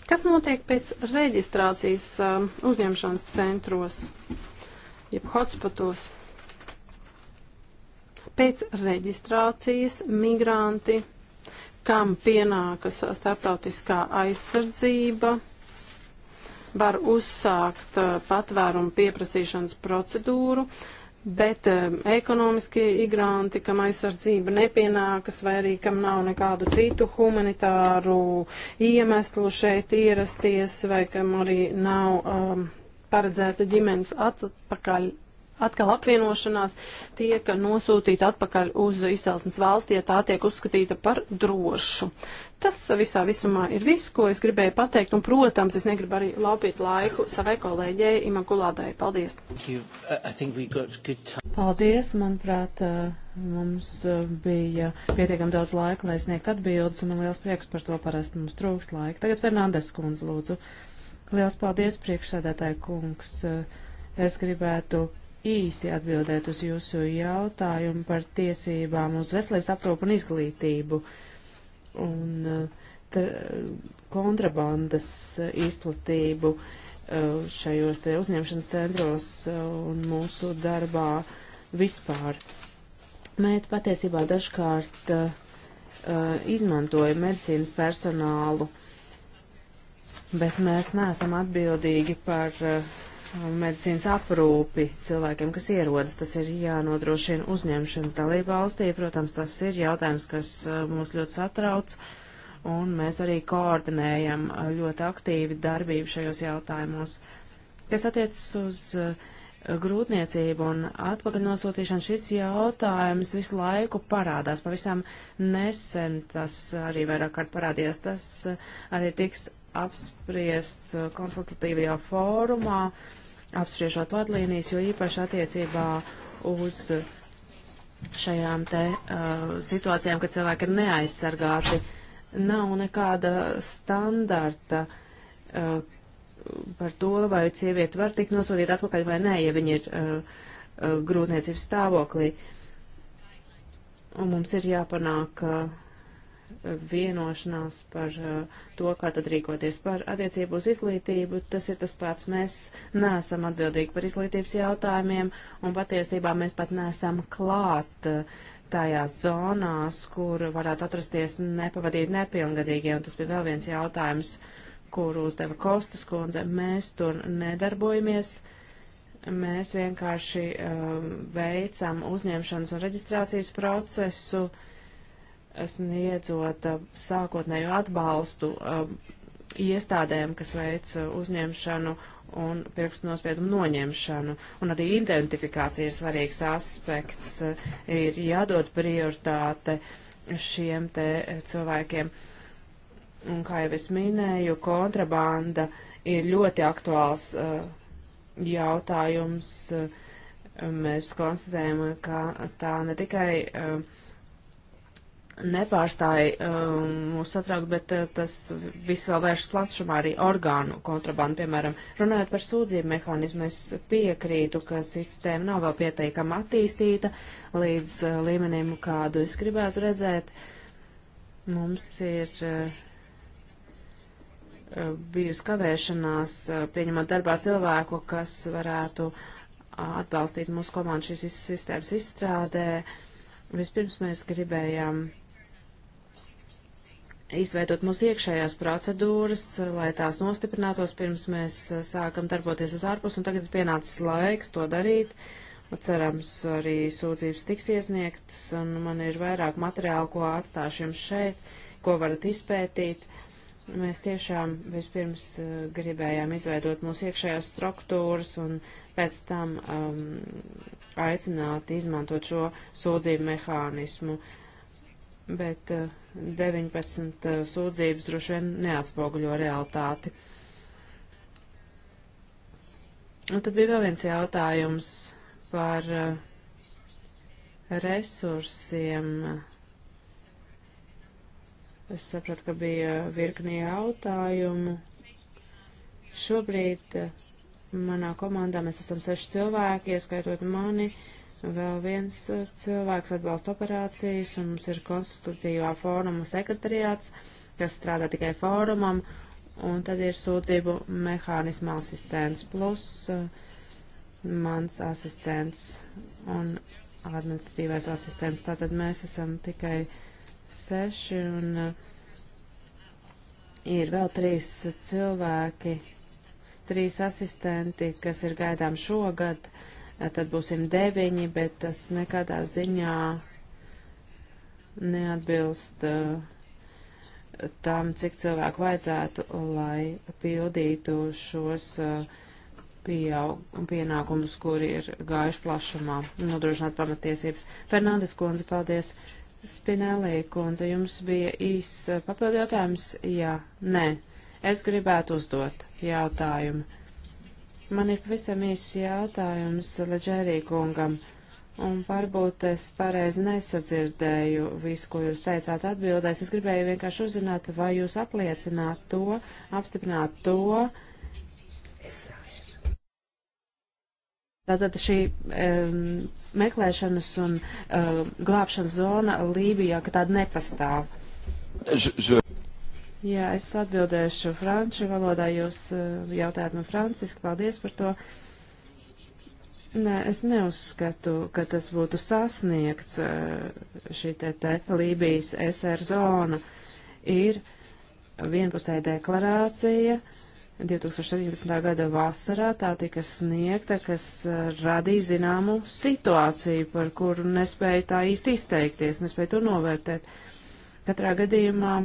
Kas notiek pēc reģistrācijas um, uzņemšanas centros, jeb hotspotos? Pēc reģistrācijas migranti, kam pienākas starptautiskā aizsardzība, var uzsākt uh, patvērumu pieprasīšanas procedūru, uh, bet um, ekonomiskie migranti, kam aizsardzība nepienākas vai arī kam nav nekādu citu humanitāru iemeslu šeit ierasties vai kam arī nav um, paredzēta ģimenes atpakaļ. Atkal apvienošanās tiek nosūtīta atpakaļ uz izcelsmes valsti, ja tā tiek uzskatīta par drošu. Uh, Tas visā visumā ir viss, ko es gribēju pateikt, un, protams, es negribu arī laupīt laiku savai kolēģei Imakulādai. Paldies! Paldies, manuprāt, uh, mums uh, bija pietiekami daudz laika, lai sniegt atbildes, un man liels prieks par to, parasti mums trūks laika. Tagad Fernandes kundze, lūdzu. Liels paldies, priekšsēdētāji kungs. Uh, es gribētu īsi atbildēt uz jūsu jautājumu par tiesībām uz veselības aprūpu un izglītību. Uh, un uh, kontrabandas izplatību uh, šajos te uzņemšanas centros uh, un mūsu darbā vispār. Mēs patiesībā dažkārt izmantojam medicīnas personālu, bet mēs neesam atbildīgi par medicīnas aprūpi cilvēkiem, kas ierodas. Tas ir jānodrošina uzņemšanas dalība valstī. Protams, tas ir jautājums, kas uh, mūs ļoti satrauc, un mēs arī koordinējam uh, ļoti aktīvi darbību šajos jautājumos. Kas attiecas uz uh, grūtniecību un atpakaļ nosūtīšanu, šis jautājums visu laiku parādās. Pavisam nesen tas arī vairāk kārt parādījās. Tas arī tiks apspriests uh, konsultatīvajā fórumā, apspriežot vadlīnijas, jo īpaši attiecībā uz šajām te uh, situācijām, kad cilvēki ir neaizsargāti, nav nekāda standarta uh, par to, vai sieviete var tikt nosūtīta atpakaļ vai nē, ja viņa ir uh, uh, grūtniecības stāvoklī. Un mums ir jāpanāk uh, vienošanās par eh, to, kā tad rīkoties par attiecību uz izglītību. Tas ir tas pats. Mēs neesam atbildīgi par izglītības jautājumiem, un patiesībā mēs pat neesam klāt eh, tajās zonās, kur varētu atrasties nepavadīt nepilngadīgie, un tas bija vēl viens jautājums, kuru uzdeva Kostas kundze. Mēs tur nedarbojamies, mēs vienkārši um, veicam uzņemšanas un reģistrācijas procesu. Uh, sniedzot uh, sākotnēju atbalstu um, iestādēm, kas veic uh, uzņemšanu un pirkstu nospiedumu noņemšanu. Un arī identifikācija ir svarīgs aspekts, uh, ir jādod prioritāte šiem te cilvēkiem. Un kā jau es minēju, kontrabanda ir ļoti aktuāls uh, jautājums. Mēs konstatējam, ka tā ne tikai uh, nepārstāja um, mūs satraukt, bet uh, tas viss vēl vēršas plašumā arī orgānu kontrabandu. Piemēram, runājot par sūdzību mehānismu, es piekrītu, ka sistēma nav vēl pieteikama attīstīta līdz uh, līmenim, kādu es gribētu redzēt. Mums ir uh, uh bijusi kavēšanās uh, pieņemot darbā cilvēku, kas varētu uh, atbalstīt mūsu komandu šīs sistēmas izstrādē. Vispirms mēs gribējām uh, izveidot mūsu iekšējās procedūras, lai tās nostiprinātos pirms mēs uh, sākam darboties uz ārpus, un tagad ir pienācis laiks to darīt. Cerams, arī sūdzības tiks iesniegtas, un man ir vairāk materiālu, ko atstāšu jums šeit, ko varat izpētīt. Mēs tiešām vispirms uh, gribējām izveidot mūsu iekšējās struktūras un pēc tam um, aicināt izmantot šo sūdzību mehānismu. Uh, bet 19 eh, eh, sūdzības droši vien neatspoguļo realitāti. Un tad bija vēl viens jautājums par eh, resursiem. Es sapratu, ka bija virkni jautājumu. Šobrīd manā komandā mēs esam seši cilvēki, ieskaitot mani. Uh, Vēl viens eh, cilvēks atbalsta operācijas, un mums ir konstitutīvā fóruma sekretariāts, kas strādā tikai fórumam, un tad ir sūdzību mehānisma asistents plus eh, mans asistents un administratīvais asistents. Tātad mēs esam tikai seši, un eh, ir vēl trīs cilvēki, trīs asistenti, kas ir gaidām šogad. Uh, tad būsim deviņi, bet tas nekādā ziņā neatbilst uh, tam, cik cilvēku vajadzētu, lai pildītu šos uh, pieaug, pienākumus, kuri ir gājuši plašumā, nodrošināt pamatiesības. Fernandes kundze, paldies. Spinelī kundze, jums bija īs papildu jautājums? Jā, nē. Es gribētu uzdot jautājumu. Man ir pavisam īsts jautājums Leģērī kungam, un varbūt es pareizi nesadzirdēju visu, ko jūs teicāt atbildēs. Es gribēju vienkārši uzzināt, vai jūs apliecināt to, apstiprināt to. Tātad šī um, meklēšanas un um, glābšanas zona Lībijā, ka tāda nepastāv. Ž, ž... Jā, es atbildēšu franču valodā. Jūs eh, jautājat man franciski, paldies par to. Nē, es neuzskatu, ka tas būtu sasniegts eh, šī te, te Lībijas SR zona. Ir vienpusēja deklarācija 2017. gada vasarā, tā tika sniegta, kas eh, radīja zināmu situāciju, par kuru nespēju tā īsti izteikties, nespēju to novērtēt. Katrā gadījumā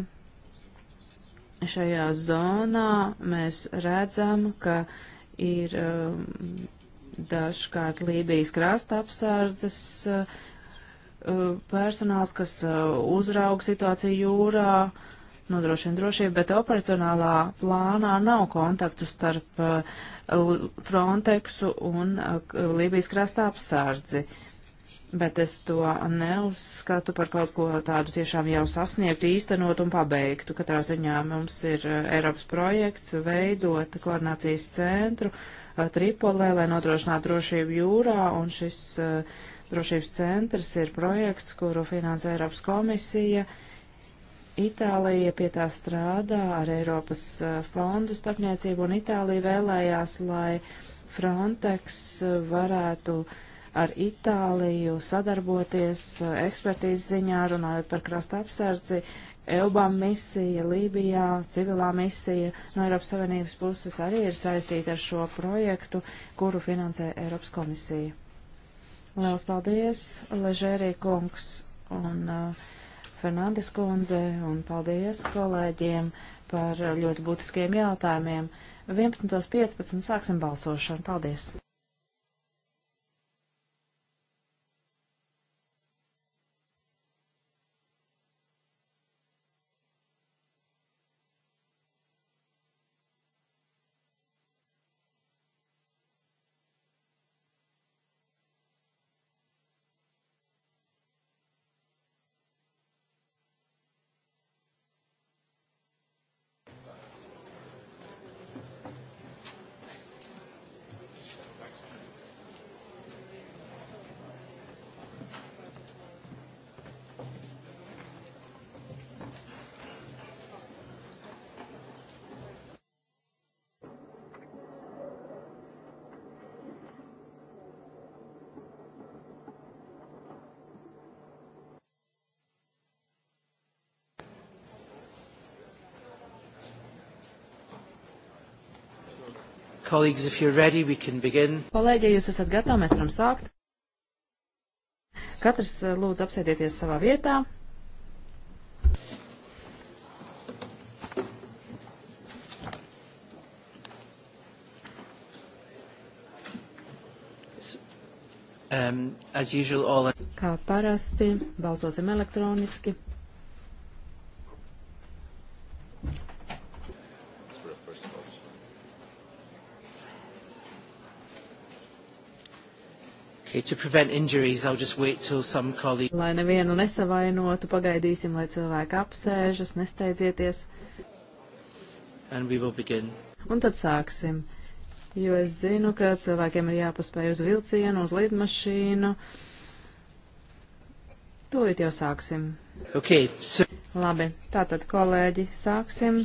šajā zonā mēs redzam, ka ir um, dažkārt Lībijas krasta apsardzes uh, personāls, kas uh, uzrauga situāciju jūrā, nodrošina drošību, bet operacionālā plānā nav kontaktu starp uh, Frontexu un Lībijas krasta apsardzi. Uh, bet es to neuzskatu par kaut ko tādu tiešām jau sasniegtu, īstenot un pabeigtu. Katrā ziņā mums ir eh, Eiropas projekts veidot koordinācijas centru eh, Tripolē, lai nodrošinātu drošību jūrā, un šis eh, drošības centrs ir projekts, kuru finansē Eiropas komisija. Itālija pie tā strādā ar Eiropas fondu starpniecību, un Itālija vēlējās, lai Frontex varētu uh, ar Itāliju sadarboties eh, ekspertīzes ziņā, runājot par krasta apsardzi, EUBAM misija Lībijā, civilā misija no Eiropas Savienības puses arī ir saistīta ar šo projektu, kuru finansē Eiropas komisija. Liels paldies, Ležērī kungs un uh, Fernandes kundze, un paldies kolēģiem par ļoti būtiskiem jautājumiem. 11.15 sāksim balsošanu. Paldies! Colleagues, if you're ready, we can begin. Kolēģi, ja jūs esat gatavi, mēs varam sākt. Katrs eh, lūdzu apsēdieties savā vietā. Um, usual, all... Kā parasti, balsosim elektroniski. to prevent injuries, I'll just wait till some colleague... Lai nevienu nesavainotu, pagaidīsim, lai cilvēki apsēžas, nesteidzieties. And we will begin. Un tad sāksim, jo es zinu, ka cilvēkiem ir jāpaspēj uz vilcienu, uz lidmašīnu. Tūlīt jau sāksim. Okay, so... Labi, tātad, kolēģi, sāksim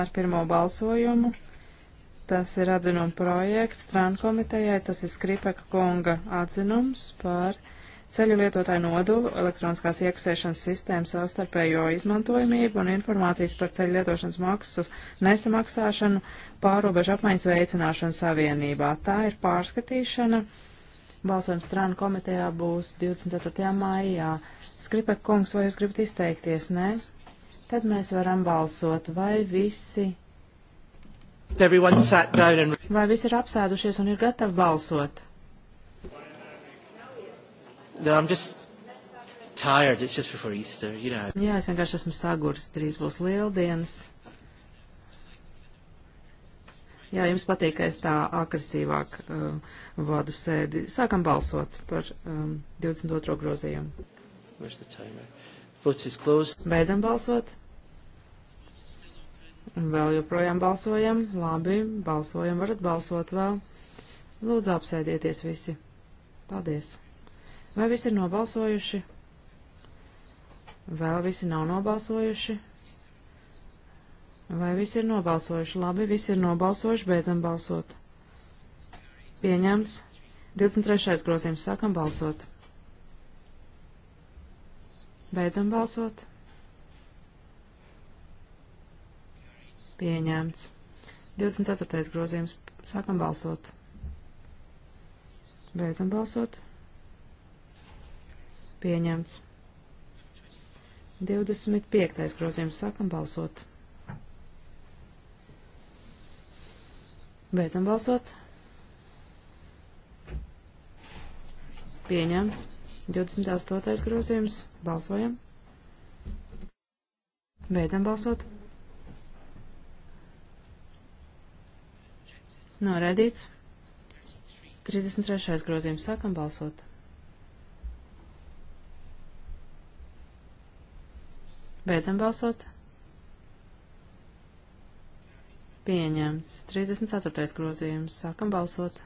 ar pirmo balsojumu. Tas ir atzinuma projekts Trankomitejai, tas ir Skripeka kunga atzinums par ceļu lietotāju nodevu, elektroniskās iekasēšanas sistēmas savstarpējo izmantojamību un informācijas par ceļu lietošanas maksu nesamaksāšanu pārobežu apmaiņas veicināšanu savienībā. Tā ir pārskatīšana. Balsojums Trānu komitejā būs 24. maijā. Skripeka kungs, vai jūs gribat izteikties? Nē? Tad mēs varam balsot, vai visi Vai visi ir apsēdušies un ir gatavi balsot? No, tired. It's just before Easter, you know. Jā, es vienkārši esmu saguris, drīz būs lieldienas. Jā, jums patīk, ka es tā agresīvāk um, vadu sēdi. Sākam balsot par um, 22. grozījumu. Beidzam balsot. Vēl joprojām balsojam. Labi, balsojam. Varat balsot vēl. Lūdzu, apsēdieties visi. Paldies. Vai visi ir nobalsojuši? Vēl visi nav nobalsojuši. Vai visi ir nobalsojuši? Labi, visi ir nobalsojuši, beidzam balsot. Pieņemts. 23. grozījums sākam balsot. Beidzam balsot. pieņemts. 24. grozījums. Sākam balsot. Beidzam balsot. Pieņemts. 25. grozījums. Sākam balsot. Beidzam balsot. Pieņemts. 28. grozījums. Balsojam. Beidzam balsot. Noraidīts. 33. grozījums. Sākam balsot. Beidzam balsot. Pieņemts. 34. grozījums. Sākam balsot.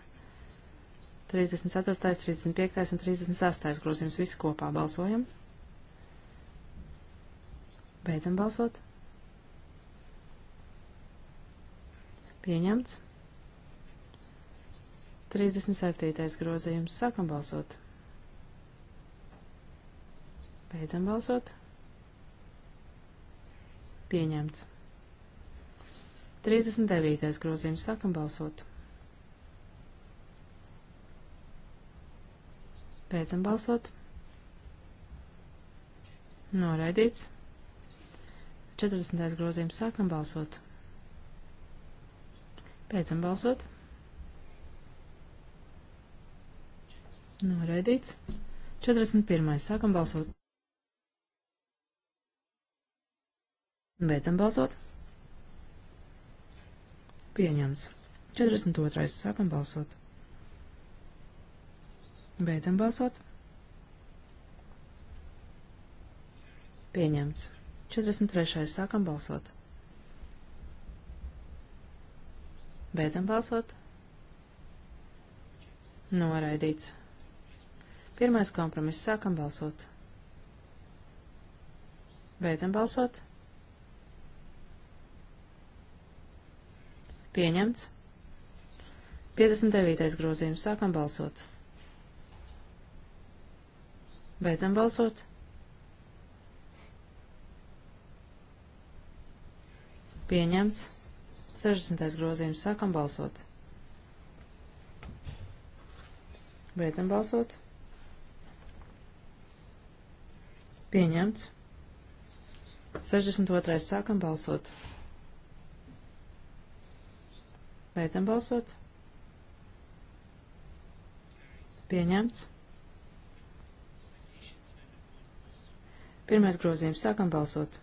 34., 35. un 36. grozījums. Visi kopā balsojam. Beidzam balsot. Pieņemts. 37. grozījums. Sākam balsot. Beidzam balsot. Pieņemts. 39. grozījums. Sākam balsot. Beidzam balsot. Noraidīts. 40. grozījums. Sākam balsot. Beidzam balsot. Noraidīts. 41. Sākam balsot. Beidzam balsot. Pieņems. 42. Sākam balsot. Beidzam balsot. Pieņemts. 43. Sākam balsot. Beidzam balsot. Noraidīts. Pirmais kompromiss. Sākam balsot. Beidzam balsot. Pieņemts. 59. grozījums. Sākam balsot. Beidzam balsot. Pieņemts. 60. grozījums. Sākam balsot. Beidzam balsot. Pieņemts. 62. Sākam balsot. Beidzam balsot. Pieņemts. Pirmais grozījums. Sākam balsot.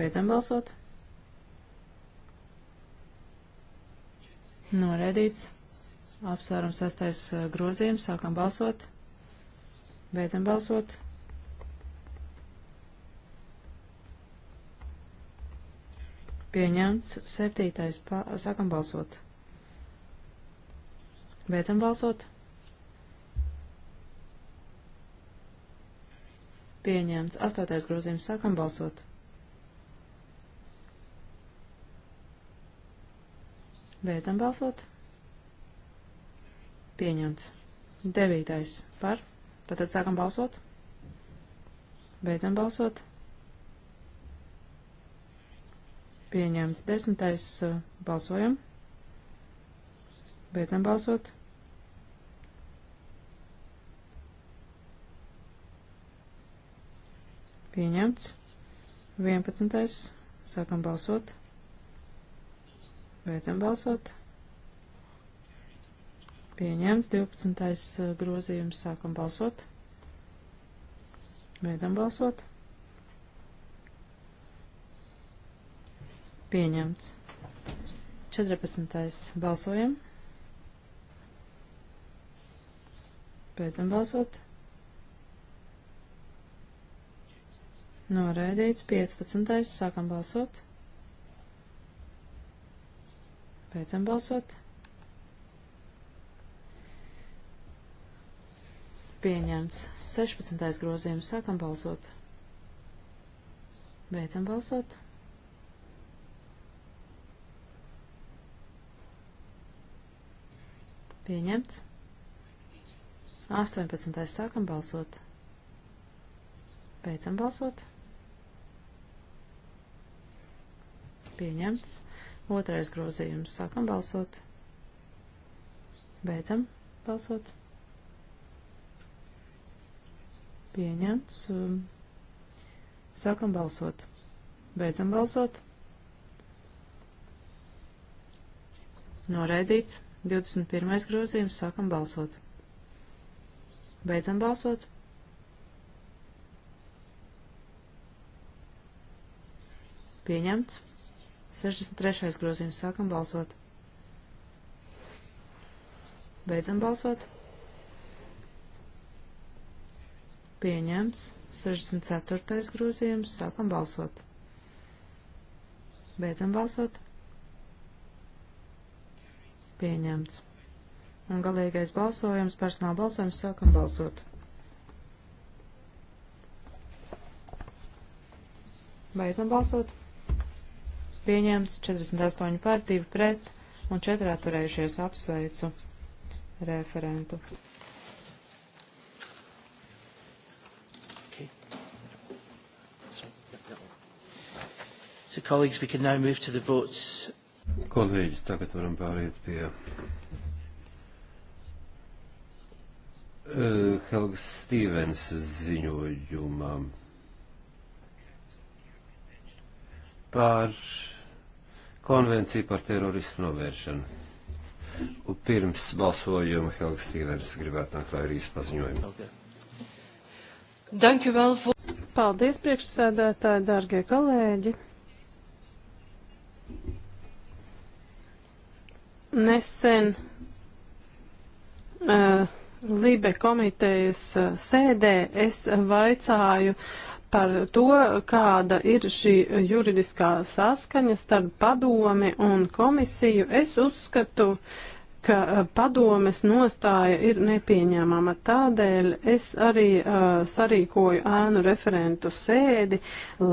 Beidzam balsot. Noraidīts. Apsvērums sastais eh, grozījums. Sākam balsot. Beidzam balsot. Pieņemts septītais. Pa, sākam balsot. Beidzam balsot. Pieņemts astotais grozījums. Sākam balsot. Beidzam balsot. Pieņemts. Devītais par. Tātad sākam balsot. Beidzam balsot. Pieņemts. Desmitais uh, balsojam. Beidzam balsot. Pieņemts. Vienpadsmitais. Sākam balsot. Beidzam balsot. Pieņemts 12. Uh, grozījums. Sākam balsot. Beidzam balsot. Pieņemts. 14. Balsojam. Beidzam balsot. Noraidīts. 15. Sākam balsot. Beidzam balsot. Pieņemts. 16. grozījums. Sākam balsot. Beidzam balsot. Pieņemts. 18. sākam balsot. Beidzam balsot. Pieņemts. Otrais grozījums. Sākam balsot. Beidzam balsot. Pieņemts. Sākam balsot. Beidzam balsot. Noraidīts. 21. grozījums. Sākam balsot. Beidzam balsot. Pieņemts. 63. grozījums. Sākam balsot. Beidzam balsot. Pieņemts. 64. grozījums. Sākam balsot. Beidzam balsot pieņemts. Un galīgais balsojums, personāla balsojums, sākam balsot. Beidzam balsot. Pieņemts 48 par, 2 pret un 4 atturējušies apsveicu referentu. So, colleagues, we can now move to the votes Kolēģi, tagad varam pāriet pie uh, eh, Helgas Stīvens ziņojumā par konvenciju par terorismu novēršanu. Un pirms balsojuma Helga Stīvens gribētu nākt klāt ar īsu paziņojumu. Okay. Paldies, priekšsēdētāji, dārgie kolēģi! Nesen uh, Libe komitejas uh, sēdē es vaicāju par to, kāda ir šī juridiskā saskaņa starp padomi un komisiju. Es uzskatu, uh, ka uh, padomes nostāja ir nepieņēmama. Tādēļ es arī uh, sarīkoju ēnu referentu sēdi,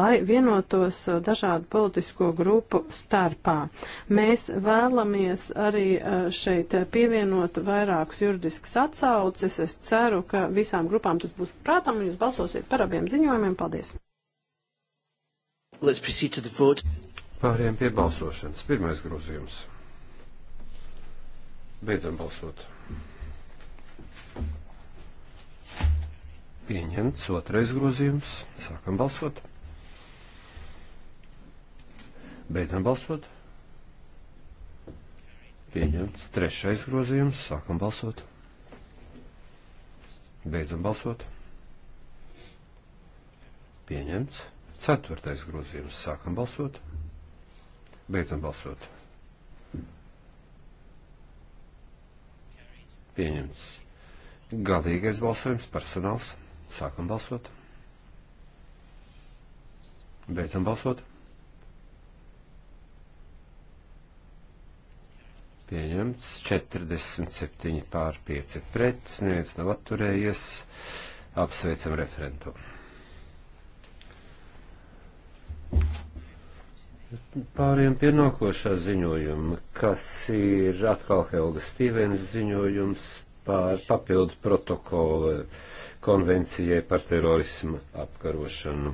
lai vienotos uh, dažādu politisko grupu starpā. Mēs vēlamies arī uh, šeit pievienot vairākus juridiskas atsauces. Es ceru, ka visām grupām tas būs prātam un jūs balsosiet par abiem ziņojumiem. Paldies! Let's proceed to the vote. Pāriem pie balsošanas. Pirmais grozījums. Beidzam balsot. Pieņemts otrais grozījums. Sākam balsot. Beidzam balsot. Pieņemts trešais grozījums. Sākam balsot. Beidzam balsot. Pieņemts ceturtais grozījums. Sākam balsot. Beidzam balsot. pieņemts. Galīgais balsojums personāls. Sākam balsot. Beidzam balsot. Pieņemts 47 pār 5 pret, neviens nav atturējies. Apsveicam referentu. Pāriem pie nākošā ziņojuma, kas ir atkal Helgas Stīvens ziņojums par papildu protokolu konvencijai par terorismu apkarošanu.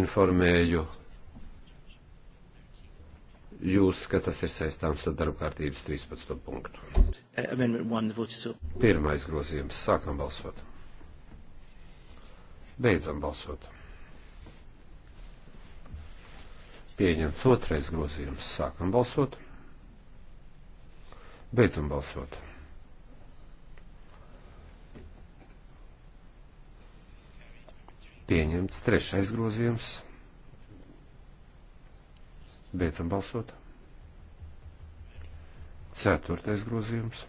Informēju jūs, ka tas ir saistāms ar darba kārtības 13. punktu. Uh, Pirmais grozījums. Sākam balsot. Beidzam balsot. Pieņemts otrais grozījums. Sākam balsot. Beidzam balsot. Pieņemts trešais grozījums. Beidzam balsot. Ceturtais grozījums.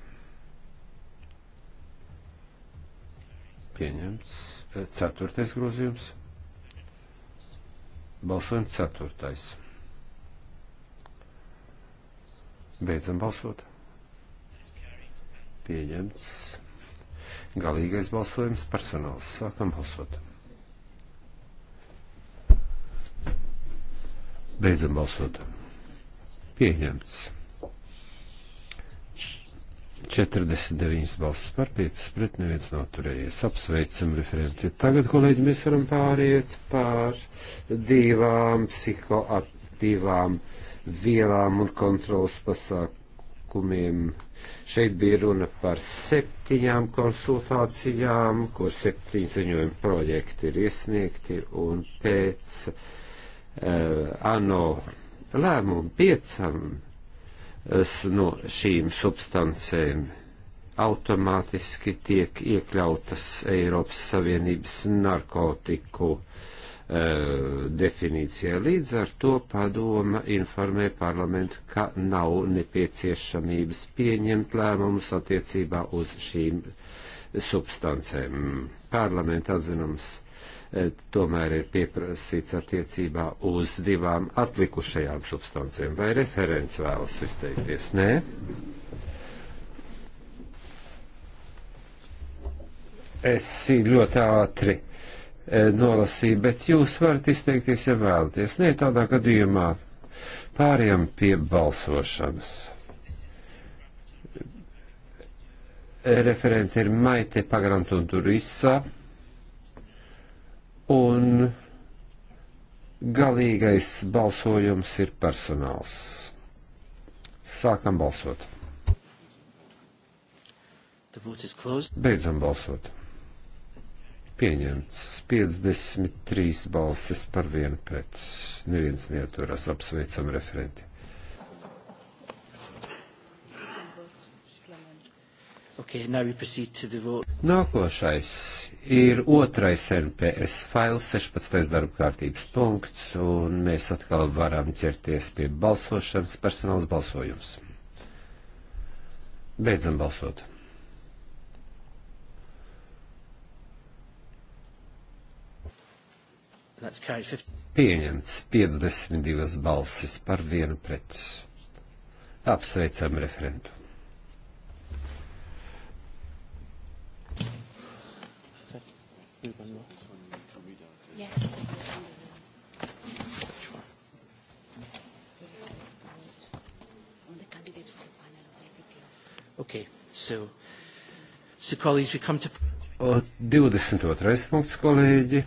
Pieņemts. Eh, ceturtais grozījums. Balsojam ceturtais. Beidzam balsot. Pieņemts. Galīgais balsojums personāls. Sākam balsot. Beidzam balsot. Pieņemts. 49 balsis par 5 pret neviens nav turējies. Apsveicam referenti. Tagad, kolēģi, mēs varam pāriet pār divām psihoaktīvām uh, vielām un kontrolas pasākumiem. Šeit bija runa par septiņām konsultācijām, kur septiņi ziņojumi projekti ir iesniegti, un pēc uh, ANO lēmumu piecam no šīm substancēm automātiski tiek iekļautas Eiropas Savienības narkotiku uh, Eh, definīcijā. Līdz ar to padoma informē parlamentu, ka nav nepieciešamības pieņemt lēmumus attiecībā uz šīm substancēm. Parlamenta atzinums eh, tomēr ir pieprasīts attiecībā uz divām atlikušajām substancēm. Vai referents vēlas izteikties? Nē. Es ļoti ātri E, nolasīju, bet jūs varat izteikties, ja vēlaties. Nē, tādā gadījumā pāriem pie balsošanas. E, referenti ir Maite Pagrantunturisa un galīgais balsojums ir personāls. Sākam balsot. Beidzam balsot. Pieņemts 53 balsis par vienu pret. Neviens neaturas. Apsveicam referenti. Okay, Nākošais ir otrais NPS fails, 16. darba kārtības punkts, un mēs atkal varam ķerties pie balsošanas, personāls balsojums. Beidzam balsot. Pieņemts 52 balsis par vienu pret. Apsveicam referentu. Yes. Okay, so, so colleagues, we come to... O 22. punkts, kolēģi.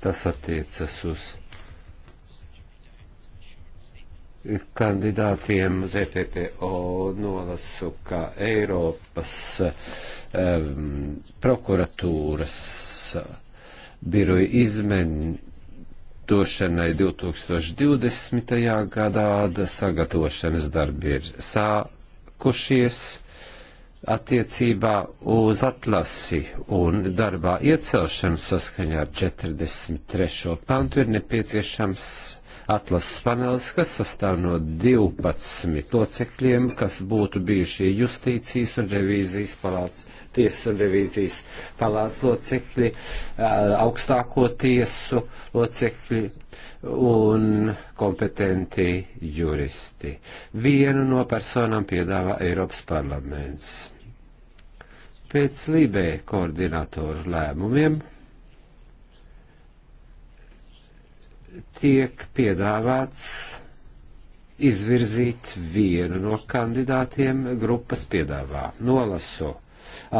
Tas attiecas uz kandidātiem uz EPPO nolasu, ka Eiropas um, prokuratūras biroja izmantošanai 2020. gadā sagatavošanas darbi ir sākušies attiecībā uz atlasi un darbā iecelšanu saskaņā ar 43. pantu ir nepieciešams atlases panels, kas sastāv no 12 locekļiem, kas būtu bijušie justīcijas un revīzijas palāts, tiesas un revīzijas palāts locekļi, augstāko tiesu locekļi un kompetenti juristi. Vienu no personām piedāvā Eiropas parlaments. Pēc Lībē koordinatoru lēmumiem tiek piedāvāts izvirzīt vienu no kandidātiem grupas piedāvā. Nolasu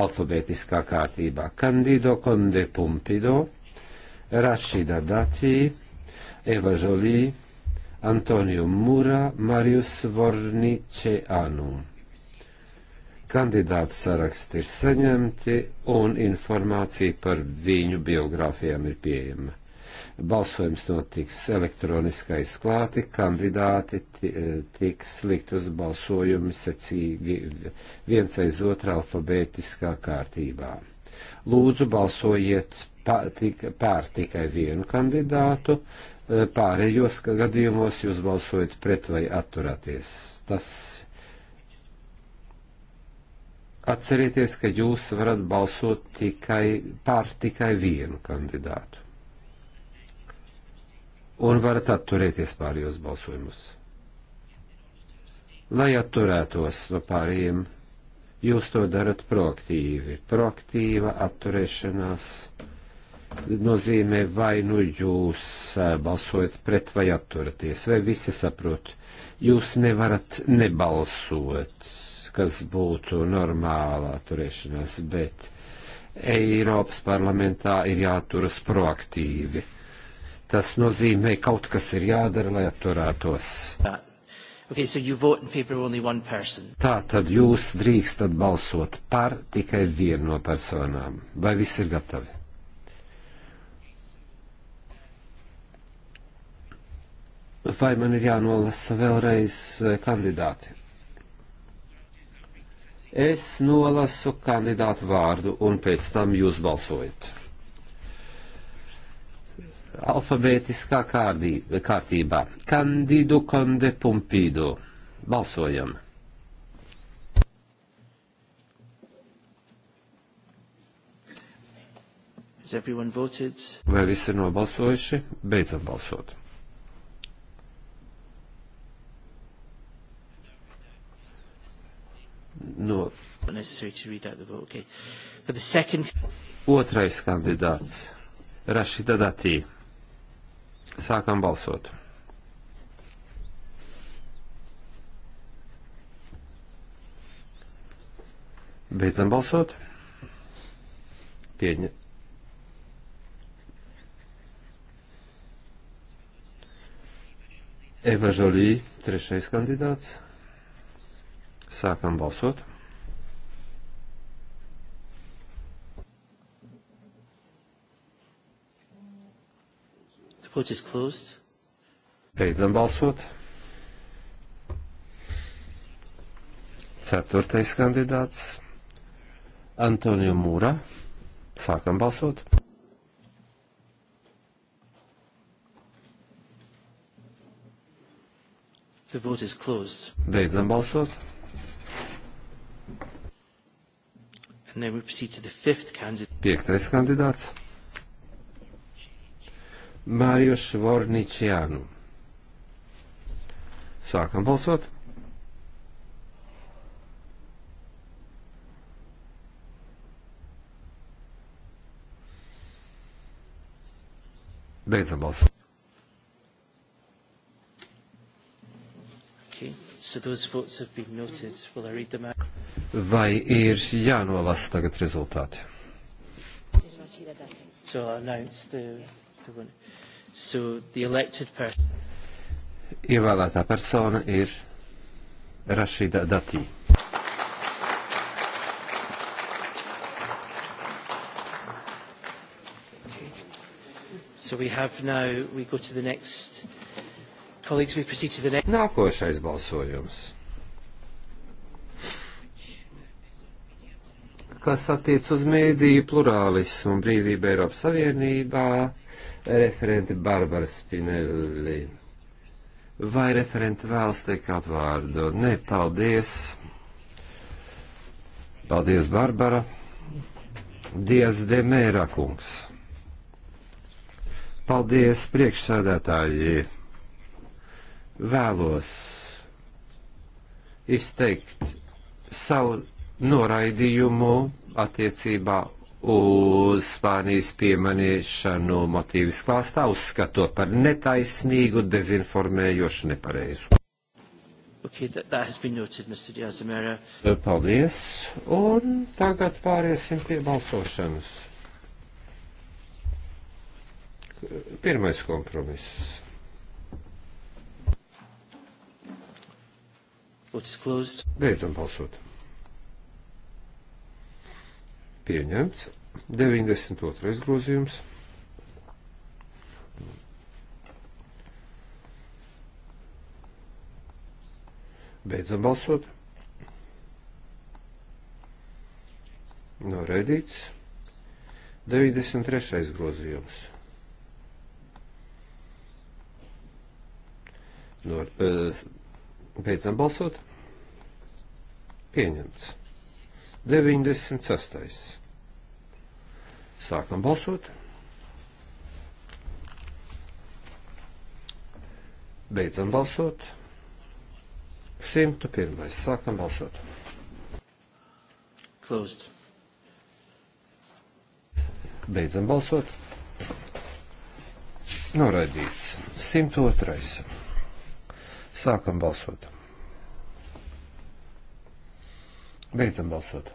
alfabētiskā kārtībā Candido Conde Pumpido, Rashida Dati, Eva Jolie, Antonio Mura, Marius Vorniceanu. Kandidātu saraksti ir saņemti un informācija par viņu biogrāfijām ir pieejama. Balsojums notiks elektroniskais klāti, kandidāti e, tiks likt uz balsojumu secīgi viens aiz otrā alfabētiskā kārtībā. Lūdzu, balsojiet pār tikai vienu kandidātu, e, pārējos gadījumos jūs balsojat pret vai atturaties. Tas atcerieties, ka jūs varat balsot tikai pār tikai vienu kandidātu un varat atturēties pārējos balsojumus. Lai atturētos no pārējiem, jūs to darat proaktīvi. Proaktīva atturēšanās nozīmē vai nu jūs balsojat pret vai atturaties, vai visi saprot, jūs nevarat nebalsot, kas būtu normāla atturēšanās, bet Eiropas parlamentā ir jāturas proaktīvi. Tas nozīmē, kaut kas ir jādara, lai apturētos. Uh, okay, so Tā tad jūs drīkstat balsot par tikai vienu no personām. Vai viss ir gatavi? Vai man ir jānolasa vēlreiz eh, kandidāti? Es nolasu kandidātu vārdu un pēc tam jūs balsojat alfabētiskā kārdī, kārtībā. Kandidu konde pumpīdu. Balsojam. Vai visi ir nobalsojuši? Beidzam balsot. No. Okay. Second... Otrais kandidāts - Rašida Datī. Sākam balsot. Beidzam balsot. Pieņem. Eva Žolī, trešais kandidāts. Sākam balsot. The vote is closed. Beidzam balsot. Ceturtais kandidāts Antonio Mūra. Sākam balsot. The vote is closed. Beidzam balsot. And then we proceed to the fifth candidate. Piektais kandidāts. Mārio Švorničiānu. Sākam balsot. Beidzam balsot. Okay. So those votes have been noted. Will I read them out? Vai ir jānolasa tagad rezultāti? So I'll announce the yes everyone. So the elected person. Ievēlētā persona ir Rašida Datī. So we have now, we go to the next, colleagues, we proceed to the next. Nākošais balsojums. Kas attiec uz mēdīju plurālismu un brīvību Eiropas Savienībā, referenti Barbara Spinelli. Vai referenti vēlas teikt kādu vārdu? Nē, paldies. Paldies, Barbara. Dievs Demērā kungs. Paldies, priekšsēdētāji. Vēlos izteikt savu noraidījumu attiecībā uz Spānijas piemanīšanu motīvis klāstā, uzskato par netaisnīgu, dezinformējošu, nepareizu. Okay, that, that noted, Paldies, un tagad pāriesim pie balsošanas. Pirmais kompromiss. Beidzam balsot pieņemts. 92. grozījums. Beidzam balsot. Noraidīts. 93. grozījums. Nor, eh, beidzam balsot. Pieņemts. 96. Sākam balsot. Beidzam balsot. 101. Sākam balsot. Closed. Beidzam balsot. Noraidīts. 102. Sākam balsot. Beidzam balsot.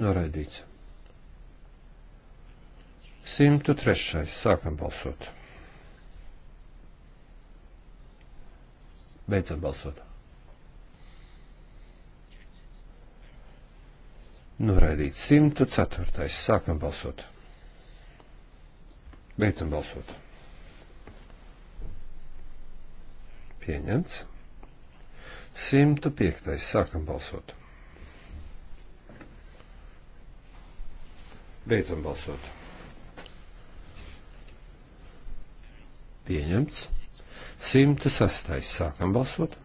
Noraidīts. 103. Sākam balsot. Beidzam balsot. Noraidīts 104. Sākam balsot. Beidzam balsot. Pieņemts. 105. Sākam balsot. Beidzam balsot. Pieņemts. 106. Sākam balsot.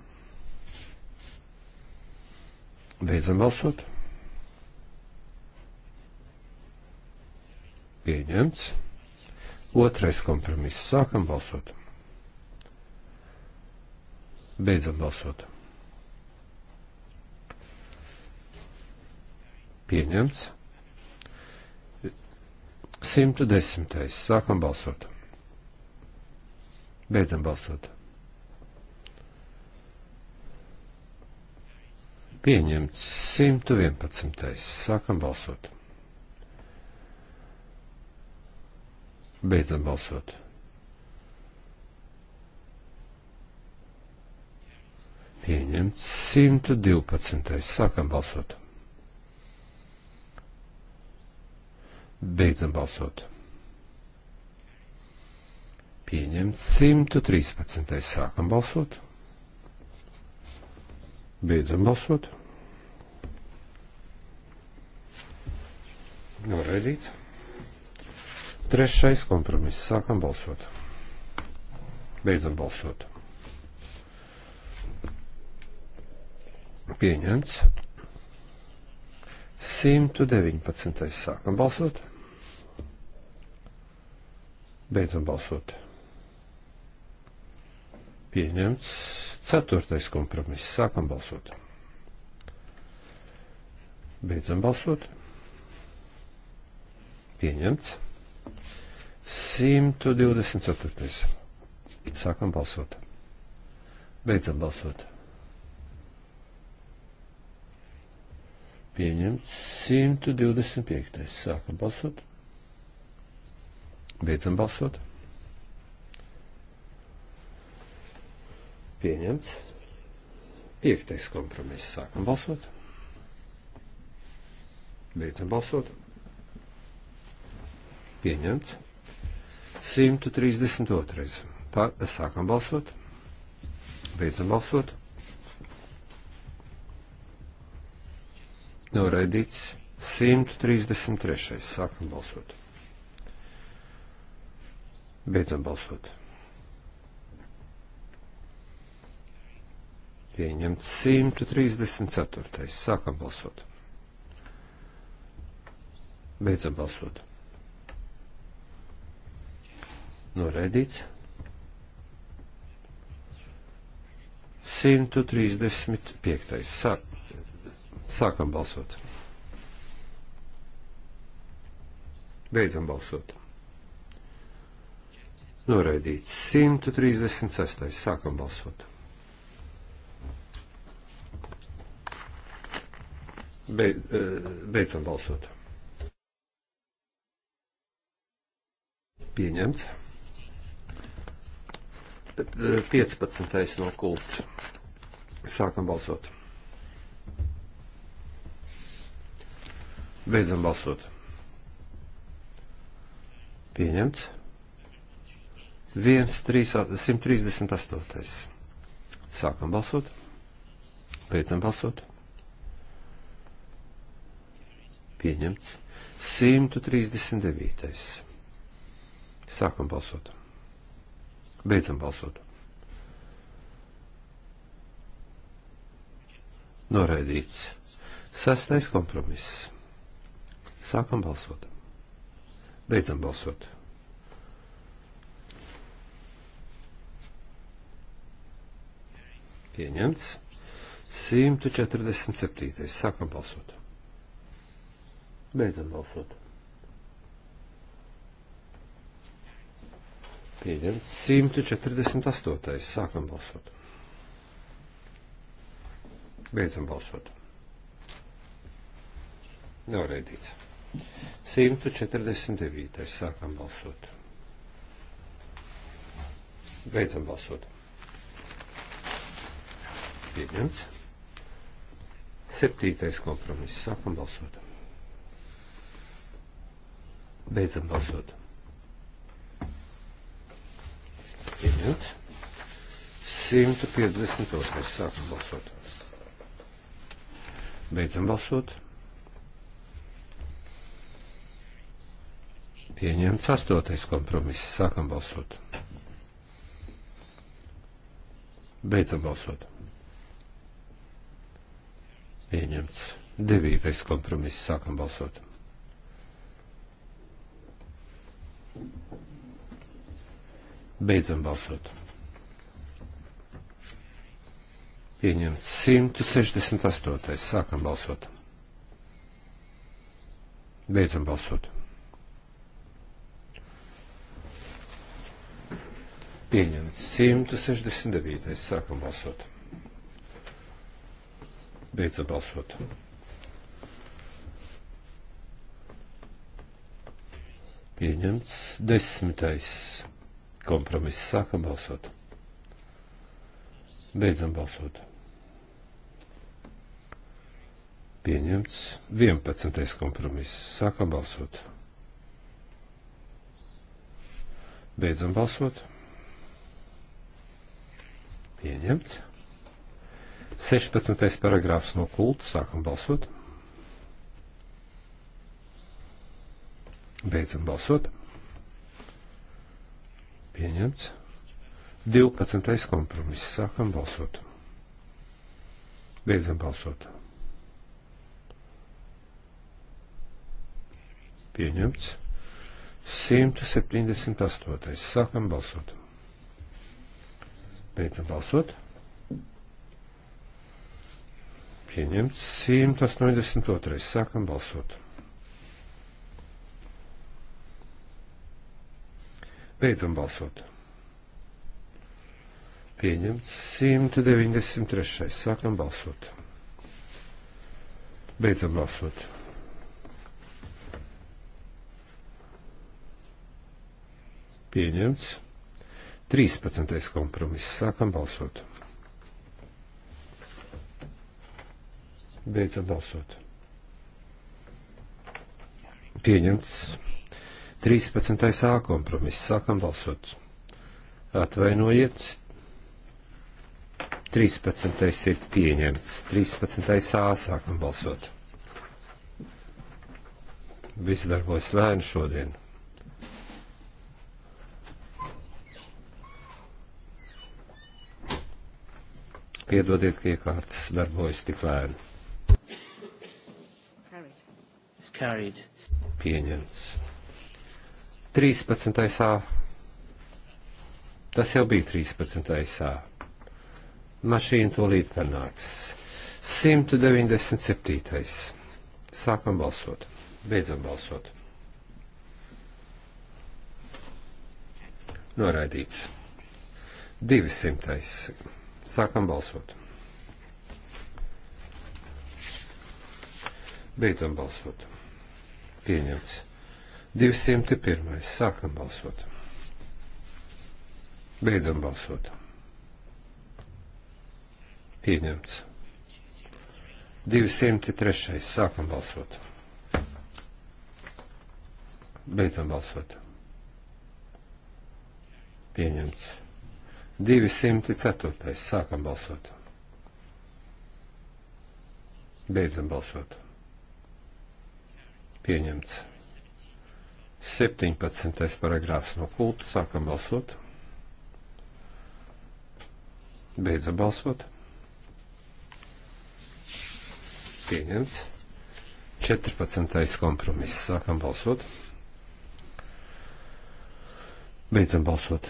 Beidzam balsot. Pieņemts. Otrais kompromiss. Sākam balsot. Beidzam balsot. Pieņemts. 110. Sākam balsot. Beidzam balsot. Pieņemts 111. Sākam balsot. Beidzam balsot. Pieņemts 112. Sākam balsot. Beidzam balsot. Pieņemts 113. Sākam balsot. Beidzam balsot. Noraidīts. Trešais kompromiss. Sākam balsot. Beidzam balsot. Pieņemts. 119. Sākam balsot. Beidzam balsot. Pieņemts. Ceturtais kompromiss. Sākam balsot. Beidzam balsot. Pieņemts. 124. Sākam balsot. Beidzam balsot. Pieņemts 125. Sākam balsot. Beidzam balsot. Pieņemts. Piektais kompromiss. Sākam balsot. Beidzam balsot. Pieņemts. 132. Pa, sākam balsot. Beidzam balsot. Noraidīts. 133. Sākam balsot. Beidzam balsot. Pieņemts 134. Sākam balsot. Beidzam balsot. Noraidīts. 135. Sāk, sākam balsot. Beidzam balsot. Noraidīts 136. Sākam balsot. Beid, e, beidzam balsot. Pieņemts. 15. E, no kulta. Sākam balsot. Beidzam balsot. Pieņemts. 138. Sākam balsot. Beidzam balsot. Pieņemts. 139. Sākam balsot. Beidzam balsot. Noraidīts. Sastais kompromiss. Sākam balsot. Beidzam balsot. Pieņemts. 147. Sākam balsot. Beidzam balsot. Pieņemts. 148. Sākam balsot. Beidzam balsot. Noraidīts. 149. Sākam balsot. Beidzam balsot pieņemts. Septītais kompromiss. Sākam balsot. Beidzam balsot. Pieņemts. 152. Sākam balsot. Beidzam balsot. Pieņemts astotais kompromiss. Sākam balsot. Beidzam balsot. Pieņemts. Devītais kompromiss. Sākam balsot. Beidzam balsot. Pieņemts 168. Sākam balsot. Beidzam balsot. Pieņemts 169. Sākam balsot. Beidzot balsot. Pieņemts desmitais kompromiss. Sākam balsot. Beidzam balsot. Pieņemts 11. kompromiss. Sākam balsot. Beidzam balsot. Pieņemts 16. paragrāfs no kulta. Sākam balsot. Beidzam balsot. Pieņemts. 12. kompromiss. Sākam balsot. Beidzam balsot. Pieņemts. 178. Sākam balsot. Beidzam balsot. pieņemts 182. Sākam balsot. Beidzam balsot. Pieņemts 193. Sākam balsot. Beidzam balsot. Pieņemts 13. kompromiss. Sākam balsot. Beidzam balsot. Pieņemts. 13. A kompromiss. Sākam balsot. Atvainojiet. 13. ir pieņemts. 13. A sākam balsot. Viss darbojas lēni šodien. Piedodiet, ka iekārtas darbojas tik lēni. Pieņemts. 13. A. Tas jau bija 13. A. Mašīna tūlīt nenāks. 197. Sākam balsot. Beidzam balsot. Noraidīts. 200. Sākam balsot. Beidzam balsot pieņemts. 201. Sākam balsot. Beidzam balsot. Pieņemts. 203. Sākam balsot. Beidzam balsot. Pieņemts. 204. Sākam balsot. Beidzam balsot. Pieņemts. 17. paragrāfs no kulta. Sākam balsot. Beidzam balsot. Pieņemts. 14. kompromiss. Sākam balsot. Beidzam balsot.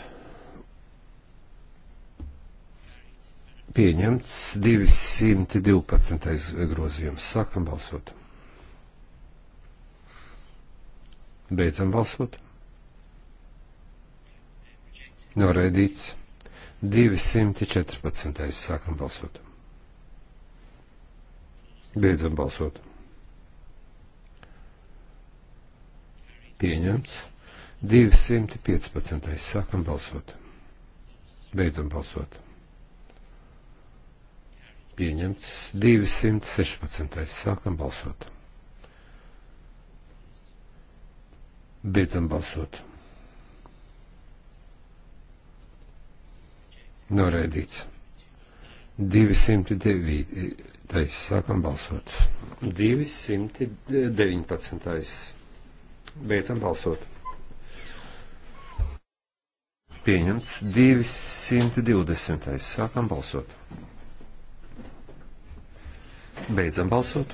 Pieņemts 212. grozījums. Sākam balsot. Beidzam balsot. Noraidīts. 214. Sākam balsot. Beidzam balsot. Pieņemts. 215. Sākam balsot. Beidzam balsot. Pieņemts. 216. Sākam balsot. Beidzam balsot. Noraidīts. 209. Sākam balsot. 219. Beidzam balsot. Pieņemts 220. Sākam balsot. Beidzam balsot.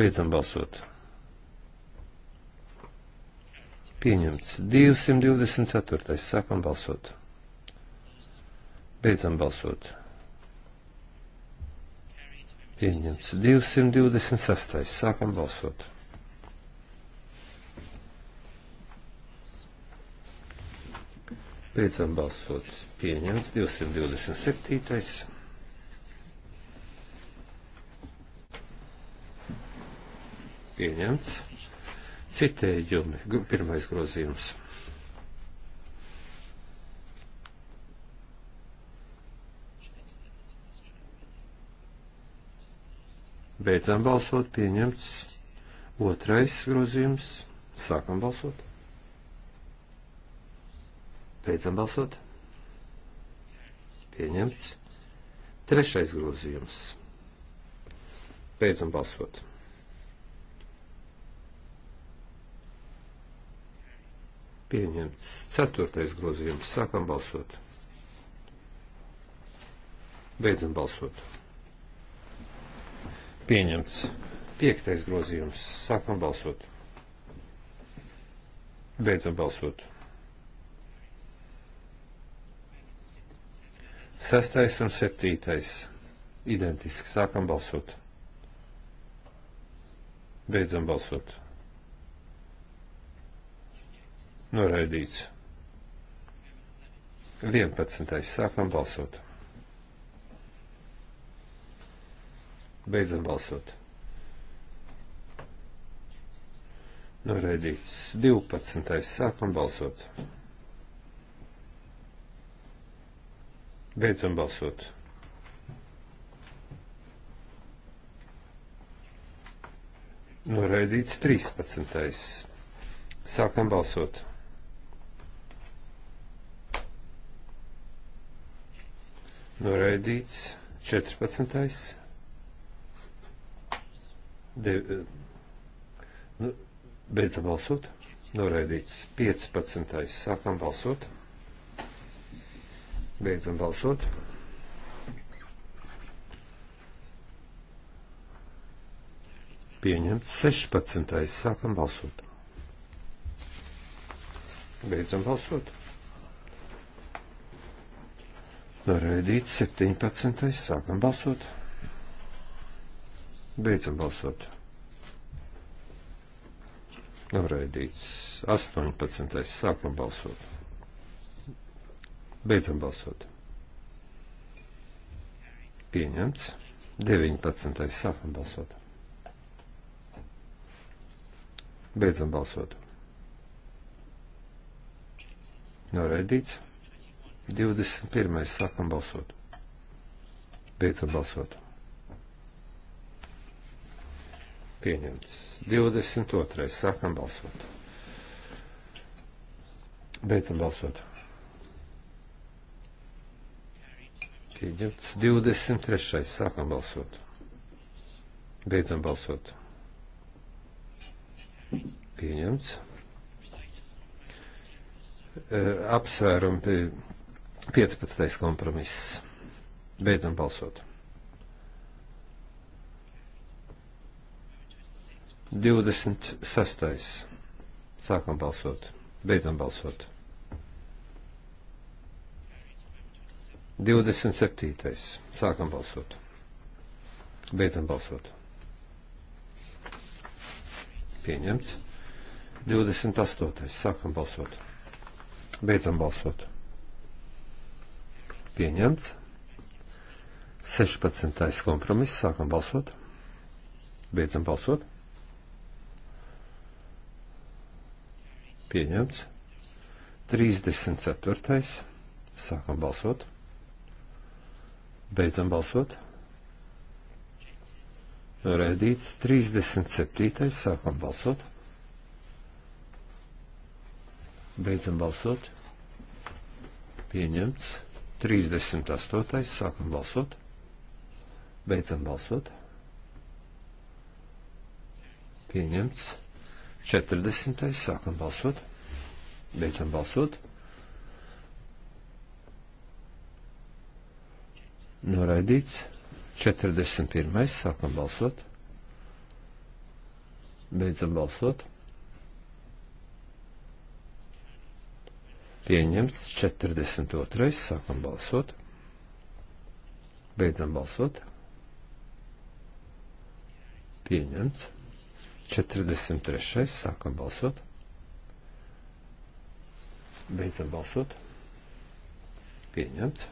Beidzam balsot. Pieņemts. 224. Sākam balsot. Beidzam balsot. Pieņemts. 226. Sākam balsot. Beidzam balsot. Pieņemts. 227. pieņemts. Citējumi. Pirmais grozījums. Beidzām balsot, pieņemts otrais grozījums. Sākam balsot. Beidzam balsot. Pieņemts trešais grozījums. Beidzam balsot. Pieņemts. Ceturtais grozījums. Sākam balsot. Beidzam balsot. Pieņemts. Piektais grozījums. Sākam balsot. Beidzam balsot. Sestais un septītais. Identiski. Sākam balsot. Beidzam balsot. Noraidīts. 11. Sākam balsot. Beidzam balsot. Noraidīts. 12. Sākam balsot. Beidzam balsot. Noraidīts 13. Sākam balsot. noraidīts 14. De, nu, beidzam balsot. Noraidīts 15. Sākam balsot. Beidzam balsot. Pieņemts 16. Sākam balsot. Beidzam balsot. Noraidīts 17. Sākam balsot. Beidzam balsot. Noraidīts 18. Sākam balsot. Beidzam balsot. Pieņemts 19. Sākam balsot. Beidzam balsot. Noraidīts 21. sākam balsot. Beidzam balsot. Pieņemts. 22. sākam balsot. Beidzam balsot. Pieņemts. 23. sākam balsot. Beidzam balsot. Pieņemts. Apsvērumi pie 15. kompromiss. Beidzam balsot. 26. Sākam balsot. Beidzam balsot. 27. Sākam balsot. Beidzam balsot. Pieņemts. 28. Sākam balsot. Beidzam balsot pieņemts. 16. kompromiss. Sākam balsot. Beidzam balsot. Pieņemts. 34. Sākam balsot. Beidzam balsot. Redīts 37. Sākam balsot. Beidzam balsot. Pieņemts. 38. Sākam balsot. Beidzam balsot. Pieņemts. 40. Sākam balsot. Beidzam balsot. Noraidīts. 41. Sākam balsot. Beidzam balsot. pieņemts 42. Sākam balsot. Beidzam balsot. Pieņemts 43. Sākam balsot. Beidzam balsot. Pieņemts.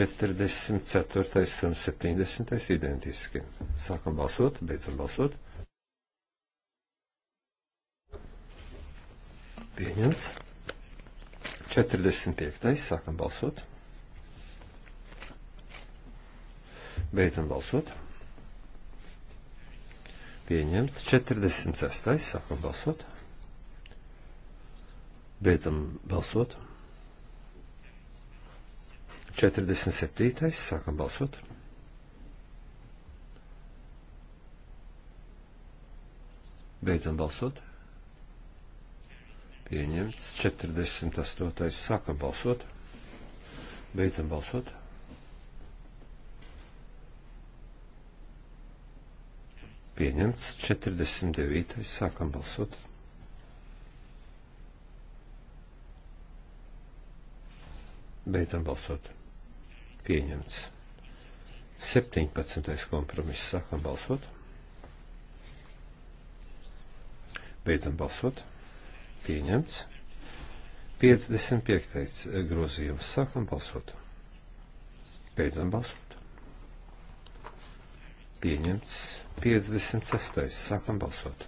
44. un 70. identiski. Sākam balsot, beidzam balsot. Pieņemts. 45. Sākam balsot. Beidzam balsot. Pieņemts. 46. Sākam balsot. Beidzam balsot. 47. Sākam balsot. Beidzam balsot. Pieņemts 48. Sākam balsot. Beidzam balsot. Pieņemts 49. Sākam balsot. Beidzam balsot. Pieņemts. 17. kompromiss. Sākam balsot. Beidzam balsot pieņemts. 55. grozījums. Sākam balsot. Beidzam balsot. Pieņemts. 56. Sākam balsot.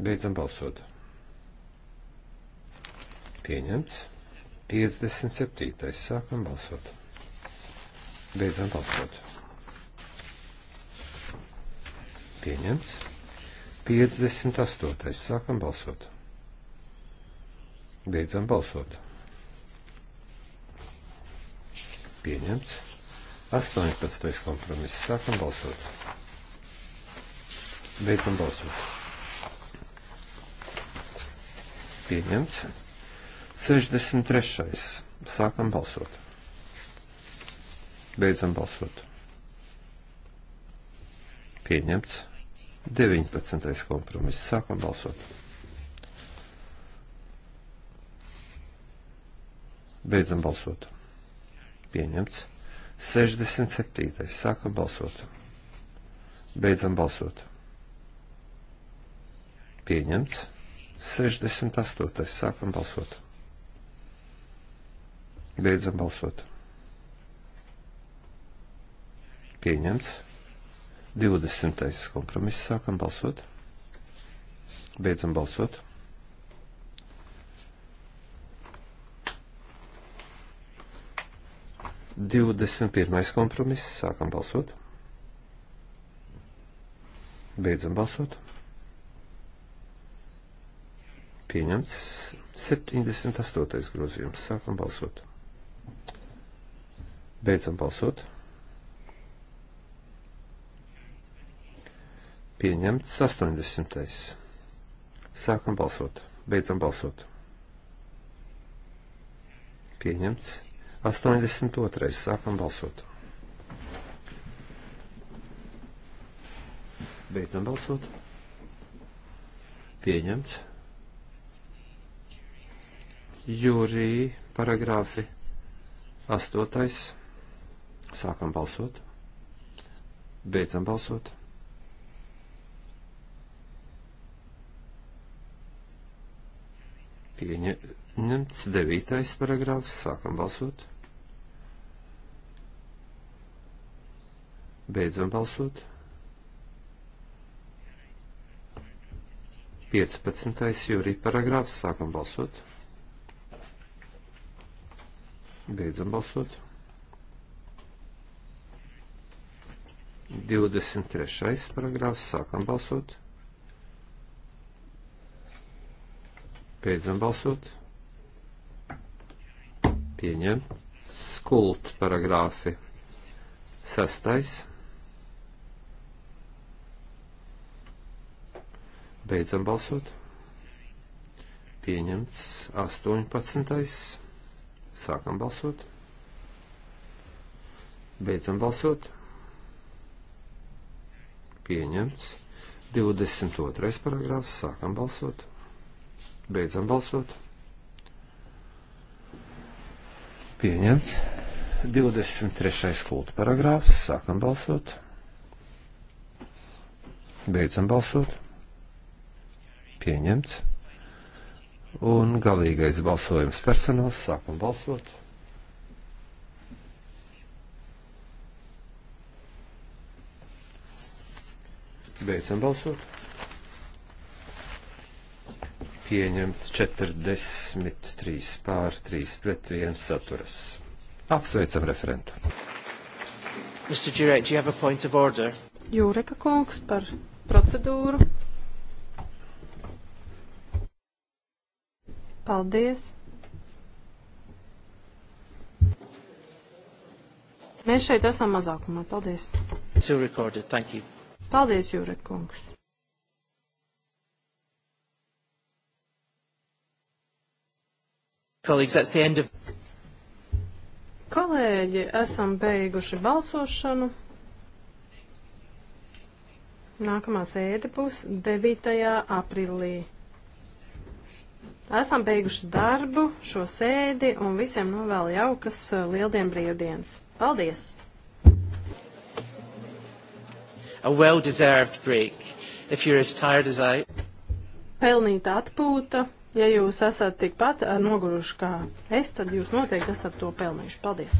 Beidzam balsot. Pieņemts. 57. Sākam balsot. Beidzam balsot. Pieņemts. 58. Sākam balsot. Beidzam balsot. Pieņemts. 18. kompromiss. Sākam balsot. Beidzam balsot. Pieņemts. 63. Sākam balsot. Beidzam balsot. Pieņemts. 19. kompromiss. Sākam balsot. Beidzam balsot. Pieņemts. 67. Sākam balsot. Beidzam balsot. Pieņemts. 68. Sākam balsot. Beidzam balsot. Pieņemts. 20. kompromiss sākam balsot. Beidzam balsot. Divdesmit pirmais kompromiss. Sākam balsot. Beidzam balsot. Pieņemts 78. grozījums. Sākam balsot. Beidzam balsot. pieņemts 80. Sākam balsot. Beidzam balsot. Pieņemts 82. Sākam balsot. Beidzam balsot. Pieņemts. Jūrī paragrāfi 8. Sākam balsot. Beidzam balsot. Pieņemts devītais paragrāfs. Sākam balsot. Beidzam balsot. 15. jūrī paragrāfs. Sākam balsot. Beidzam balsot. 23. paragrāfs. Sākam balsot. Beidzam balsot. Pieņemt. Skult paragrāfi. Sastais. Beidzam balsot. Pieņemts 18. Sākam balsot. Beidzam balsot. Pieņemts 22. paragrāfs. Sākam balsot. Beidzam balsot. Pieņemts. 23. kulta paragrāfs. Sākam balsot. Beidzam balsot. Pieņemts. Un galīgais balsojums personāls. Sākam balsot. Beidzam balsot pieņemts 43 pār 3 pret 1 saturas. Apsveicam referentu. Mr. Jurek, do you have a point of order? Jūreka kungs par procedūru. Paldies. Mēs šeit esam mazākumā. Paldies. Paldies, Jūrek kungs. Colleagues, that's the end of... Kolēģi, esam beiguši balsošanu. Nākamā sēde būs 9. aprīlī. Esam beiguši darbu, šo sēdi un visiem novēlu jaukas eh, lieldien brīvdienas. Paldies! A well-deserved break, if you're as tired as I. Pelnīta atpūta. Ja jūs esat tikpat eh, noguruši kā es, tad jūs noteikti esat to pelnījuši. Paldies!